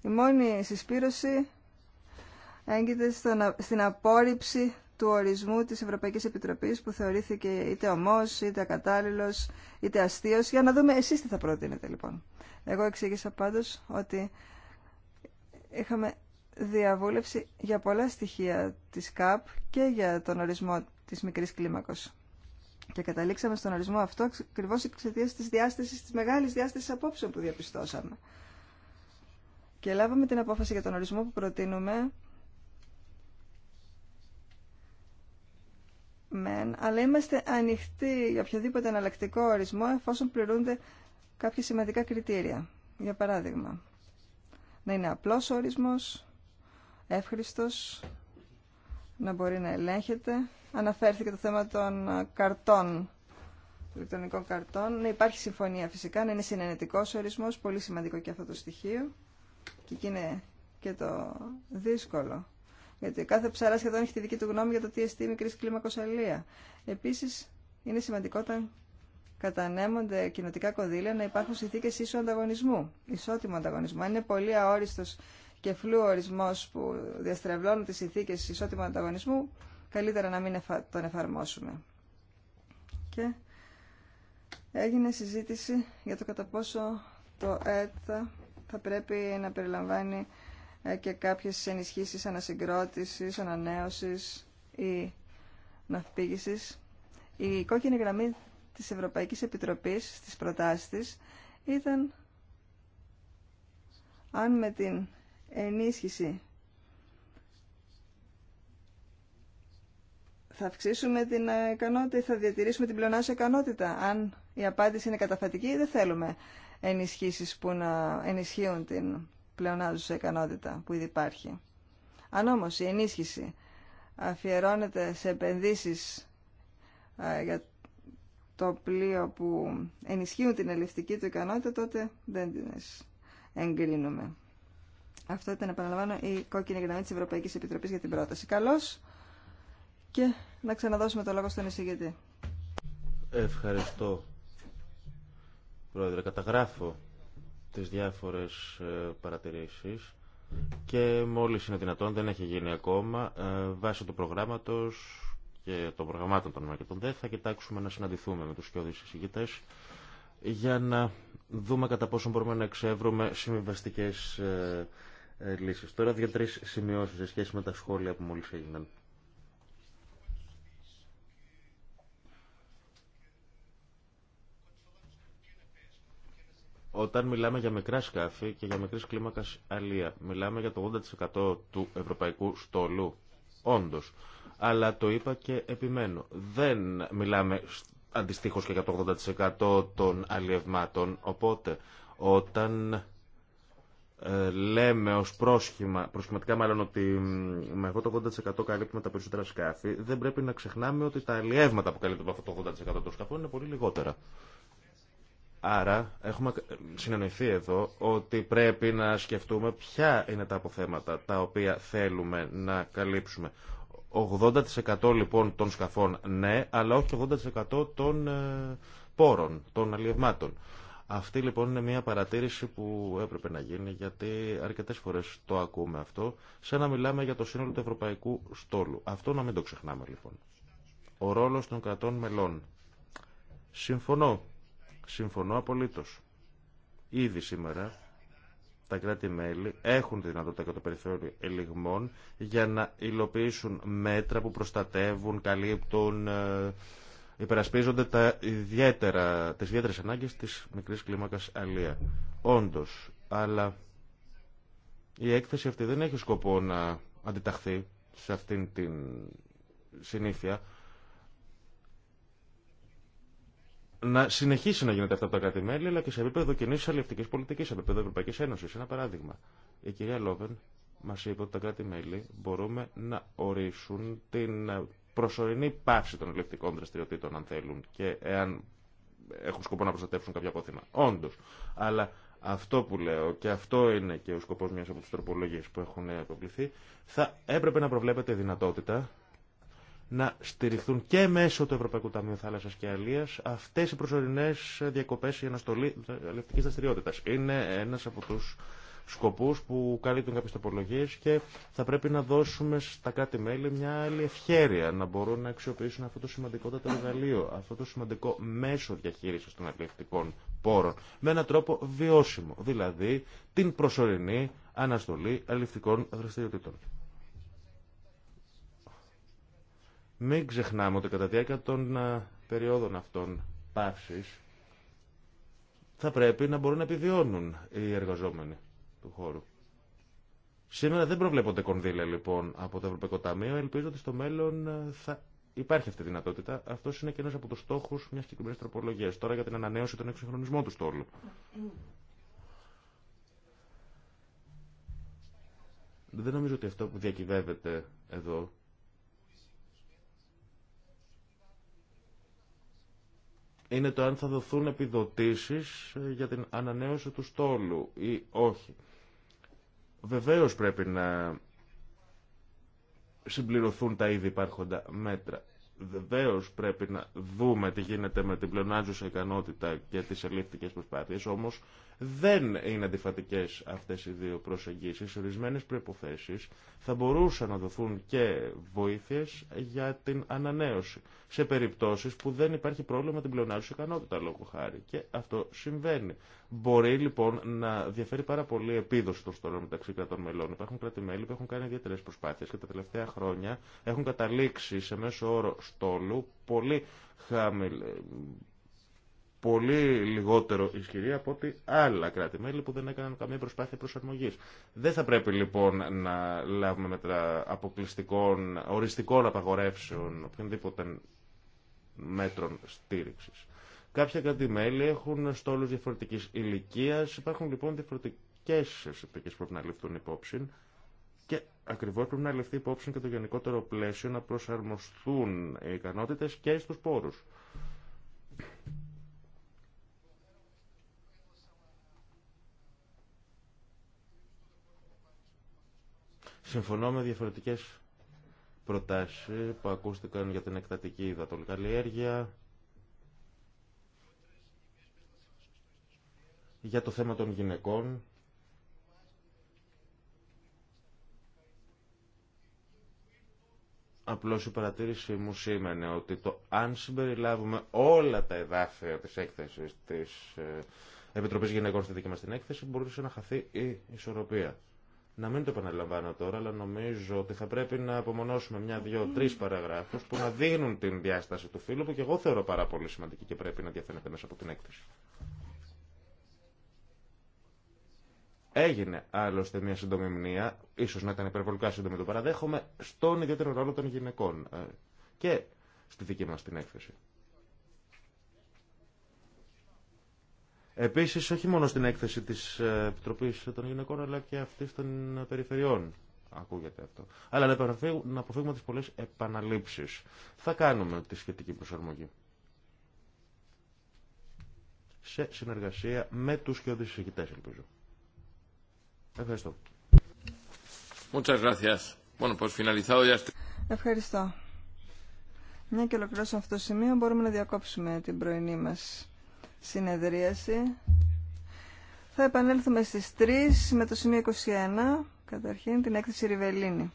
Η μόνη συσπήρωση έγκυται στην απόρριψη του ορισμού της Ευρωπαϊκής Επιτροπής που θεωρήθηκε είτε ομός, είτε ακατάλληλος, είτε αστείος. Για να δούμε εσείς τι θα προτείνετε λοιπόν. Εγώ εξήγησα πάντως ότι είχαμε διαβούλευση για πολλά στοιχεία της ΚΑΠ και για τον ορισμό της μικρής κλίμακος. Και καταλήξαμε στον ορισμό αυτό ακριβώ εξαιτία τη διάσταση, τη μεγάλη διάσταση απόψεων που διαπιστώσαμε. Και λάβαμε την απόφαση για τον ορισμό που προτείνουμε μεν, αλλά είμαστε ανοιχτοί για οποιοδήποτε εναλλακτικό ορισμό εφόσον πληρούνται κάποια σημαντικά κριτήρια. Για παράδειγμα, να είναι απλός ο ορισμός, εύχριστος, να μπορεί να ελέγχεται. Αναφέρθηκε το θέμα των καρτών, ηλεκτρονικών καρτών. Να υπάρχει συμφωνία φυσικά, να είναι συνενετικός ορισμός, πολύ σημαντικό και αυτό το στοιχείο. Και εκεί είναι και το δύσκολο. Γιατί κάθε ψαρά σχεδόν έχει τη δική του γνώμη για το τι εστί μικρή κλίμακο αλεία. Επίση, είναι σημαντικό όταν κατανέμονται κοινοτικά κονδύλια να υπάρχουν συνθήκε ίσου ανταγωνισμού, ισότιμου ανταγωνισμού. είναι πολύ αόριστο φλου ορισμό που διαστρεβλώνουν τις συνθήκε ισότιμου ανταγωνισμού, καλύτερα να μην τον εφαρμόσουμε. Και έγινε συζήτηση για το κατά πόσο το ΕΤΑ θα πρέπει να περιλαμβάνει ε, και κάποιες ενισχύσεις ανασυγκρότησης, ανανέωσης ή ναυπήγησης. Η κόκκινη γραμμή της Ευρωπαϊκής Επιτροπής στις προτάσεις της ήταν αν με την ενίσχυση. Θα αυξήσουμε την ικανότητα ή θα διατηρήσουμε την πλεονάσια ικανότητα. Αν η απάντηση είναι καταφατική, δεν θέλουμε ενισχύσεις που να ενισχύουν την πλεονάζουσα ικανότητα που ήδη υπάρχει. Αν όμως η ενίσχυση αφιερώνεται σε επενδύσεις για το πλοίο που ενισχύουν την ελευτική του ικανότητα, τότε δεν την εγκρίνουμε. Αυτό ήταν, επαναλαμβάνω, η κόκκινη γραμμή τη Ευρωπαϊκή Επιτροπή για την πρόταση. Καλώ και να ξαναδώσουμε το λόγο στον εισηγητή. Ευχαριστώ, Πρόεδρε. Καταγράφω τι διάφορε παρατηρήσει και μόλι είναι δυνατόν, δεν έχει γίνει ακόμα, ε, βάσει του προγράμματο και των προγραμμάτων των Μακετών ΔΕ θα κοιτάξουμε να συναντηθούμε με τους σκιώδεις εισηγητές για να δούμε κατά πόσο μπορούμε να εξεύρουμε συμβιβαστικέ. Ε, ε, λύσεις. Τώρα τρει σημειώσει σε σχέση με τα σχόλια που μόλις έγιναν. Όταν μιλάμε για μικρά σκάφη και για μικρή κλίμακας αλεία, μιλάμε για το 80% του ευρωπαϊκού στόλου. όντω. Αλλά το είπα και επιμένω. Δεν μιλάμε αντιστοίχω και για το 80% των αλλιευμάτων. Οπότε, όταν ε, λέμε ως πρόσχημα, προσχηματικά μάλλον ότι με αυτό το 80% καλύπτουμε τα περισσότερα σκάφη, δεν πρέπει να ξεχνάμε ότι τα αλλιεύματα που καλύπτουν από αυτό το 80% των σκαφών είναι πολύ λιγότερα. Άρα έχουμε συνεννοηθεί εδώ ότι πρέπει να σκεφτούμε ποια είναι τα αποθέματα τα οποία θέλουμε να καλύψουμε. 80% λοιπόν των σκαφών ναι, αλλά όχι 80% των ε, πόρων, των αλλιευμάτων. Αυτή λοιπόν είναι μια παρατήρηση που έπρεπε να γίνει γιατί αρκετές φορές το ακούμε αυτό σαν να μιλάμε για το σύνολο του ευρωπαϊκού στόλου. Αυτό να μην το ξεχνάμε λοιπόν. Ο ρόλος των κρατών μελών. Συμφωνώ. Συμφωνώ απολύτως. Ήδη σήμερα τα κράτη-μέλη έχουν τη δυνατότητα και το περιθώριο ελιγμών για να υλοποιήσουν μέτρα που προστατεύουν, καλύπτουν, ε, υπερασπίζονται τα ιδιαίτερα, τις ιδιαίτερες ανάγκες της μικρής κλίμακας αλία. Όντως, αλλά η έκθεση αυτή δεν έχει σκοπό να αντιταχθεί σε αυτήν την συνήθεια. Να συνεχίσει να γίνεται αυτά από τα κράτη-μέλη, αλλά και σε επίπεδο κοινή αλληλευτική πολιτική, σε επίπεδο Ευρωπαϊκή Ένωση. Ένα παράδειγμα. Η κυρία Λόβεν μα είπε ότι τα κράτη-μέλη μπορούμε να ορίσουν την προσωρινή πάυση των ελεκτικών δραστηριοτήτων, αν θέλουν, και εάν έχουν σκοπό να προστατεύσουν κάποια απόθυμα. Όντω. Αλλά αυτό που λέω, και αυτό είναι και ο σκοπό μια από τι τροπολογίε που έχουν αποκληθεί, θα έπρεπε να προβλέπεται δυνατότητα να στηριχθούν και μέσω του Ευρωπαϊκού Ταμείου Θάλασσα και Αλία αυτέ οι προσωρινέ διακοπέ ή αναστολή ελευτική δραστηριότητα. Είναι ένα από του σκοπούς που καλύπτουν κάποιες τοπολογίες και θα πρέπει να δώσουμε στα κάτι μέλη μια άλλη ευχέρεια να μπορούν να αξιοποιήσουν αυτό το σημαντικότατο εργαλείο, αυτό το σημαντικό μέσο διαχείρισης των αλληλευτικών πόρων με έναν τρόπο βιώσιμο, δηλαδή την προσωρινή αναστολή αλληλευτικών δραστηριοτήτων. Μην ξεχνάμε ότι κατά διάρκεια των περιόδων αυτών πάυσης θα πρέπει να μπορούν να επιβιώνουν οι εργαζόμενοι του χώρου. Σήμερα δεν προβλέπονται κονδύλια λοιπόν από το Ευρωπαϊκό Ταμείο. Ελπίζω ότι στο μέλλον ε, θα υπάρχει αυτή η δυνατότητα. Αυτό είναι και ένα από του στόχου μια συγκεκριμένη τροπολογία. Τώρα για την ανανέωση των εξυγχρονισμών του στόλου. Δεν νομίζω ότι αυτό που διακυβεύεται εδώ είναι το αν θα δοθούν επιδοτήσεις ε, για την ανανέωση του στόλου ή όχι. Βεβαίως πρέπει να συμπληρωθούν τα ήδη υπάρχοντα μέτρα. Βεβαίω πρέπει να δούμε τι γίνεται με την πλεονάζουσα ικανότητα και τι ελήφθηκε προσπάθειε, όμω δεν είναι αντιφατικέ αυτέ οι δύο προσεγγίσει. Ορισμένε προποθέσει θα μπορούσαν να δοθούν και βοήθειε για την ανανέωση σε περιπτώσει που δεν υπάρχει πρόβλημα την πλεονάζωση ικανότητα λόγω χάρη. Και αυτό συμβαίνει. Μπορεί λοιπόν να διαφέρει πάρα πολύ η επίδοση των στόλων μεταξύ κρατών μελών. Υπάρχουν κράτη-μέλη που έχουν κάνει ιδιαίτερε προσπάθειε και τα τελευταία χρόνια έχουν καταλήξει σε μέσο όρο στόλου πολύ χαμηλή πολύ λιγότερο ισχυρή από ότι άλλα κράτη-μέλη που δεν έκαναν καμία προσπάθεια προσαρμογή. Δεν θα πρέπει λοιπόν να λάβουμε μέτρα αποκλειστικών, οριστικών απαγορεύσεων, οποιονδήποτε μέτρων στήριξη. Κάποια κράτη-μέλη έχουν στόλου διαφορετική ηλικία, υπάρχουν λοιπόν διαφορετικέ συνθήκε που πρέπει να ληφθούν υπόψη. Και ακριβώ πρέπει να ληφθεί υπόψη και το γενικότερο πλαίσιο να προσαρμοστούν οι ικανότητε και στου πόρου. Συμφωνώ με διαφορετικέ προτάσει που ακούστηκαν για την εκτατική υδατολικαλλιέργεια, για το θέμα των γυναικών, Απλώς η παρατήρηση μου σήμαινε ότι το αν συμπεριλάβουμε όλα τα εδάφια της έκθεσης της ε, Επιτροπής Γυναικών στη δική μας την έκθεση μπορούσε να χαθεί η ισορροπία. Να μην το επαναλαμβάνω τώρα, αλλά νομίζω ότι θα πρέπει να απομονώσουμε μια, δύο, τρει παραγράφου που να δίνουν την διάσταση του φίλου που και εγώ θεωρώ πάρα πολύ σημαντική και πρέπει να διαφαίνεται μέσα από την έκθεση. Έγινε άλλωστε μια σύντομη μνήμα, ίσω να ήταν υπερβολικά σύντομη, το παραδέχομαι, στον ιδιαίτερο ρόλο των γυναικών. Ε, και στη δική μα την έκθεση. Επίσης, όχι μόνο στην έκθεση της ε, επιτροπή των Γυναικών, αλλά και αυτή των περιφερειών ακούγεται αυτό. Αλλά να αποφύγουμε τις πολλές επαναλήψεις. Θα κάνουμε τη σχετική προσαρμογή. Σε συνεργασία με του και συγκεκριτέ ελπίζω. Ευχαριστώ. Ευχαριστώ. Μια και ολοκληρώσω αυτό το σημείο, μπορούμε να διακόψουμε την πρωινή μας συνεδρίαση. Θα επανέλθουμε στις 3 με το σημείο 21, καταρχήν την έκθεση Ριβελίνη.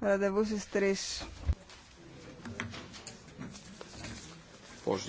Ραντεβού στις 3. Πώς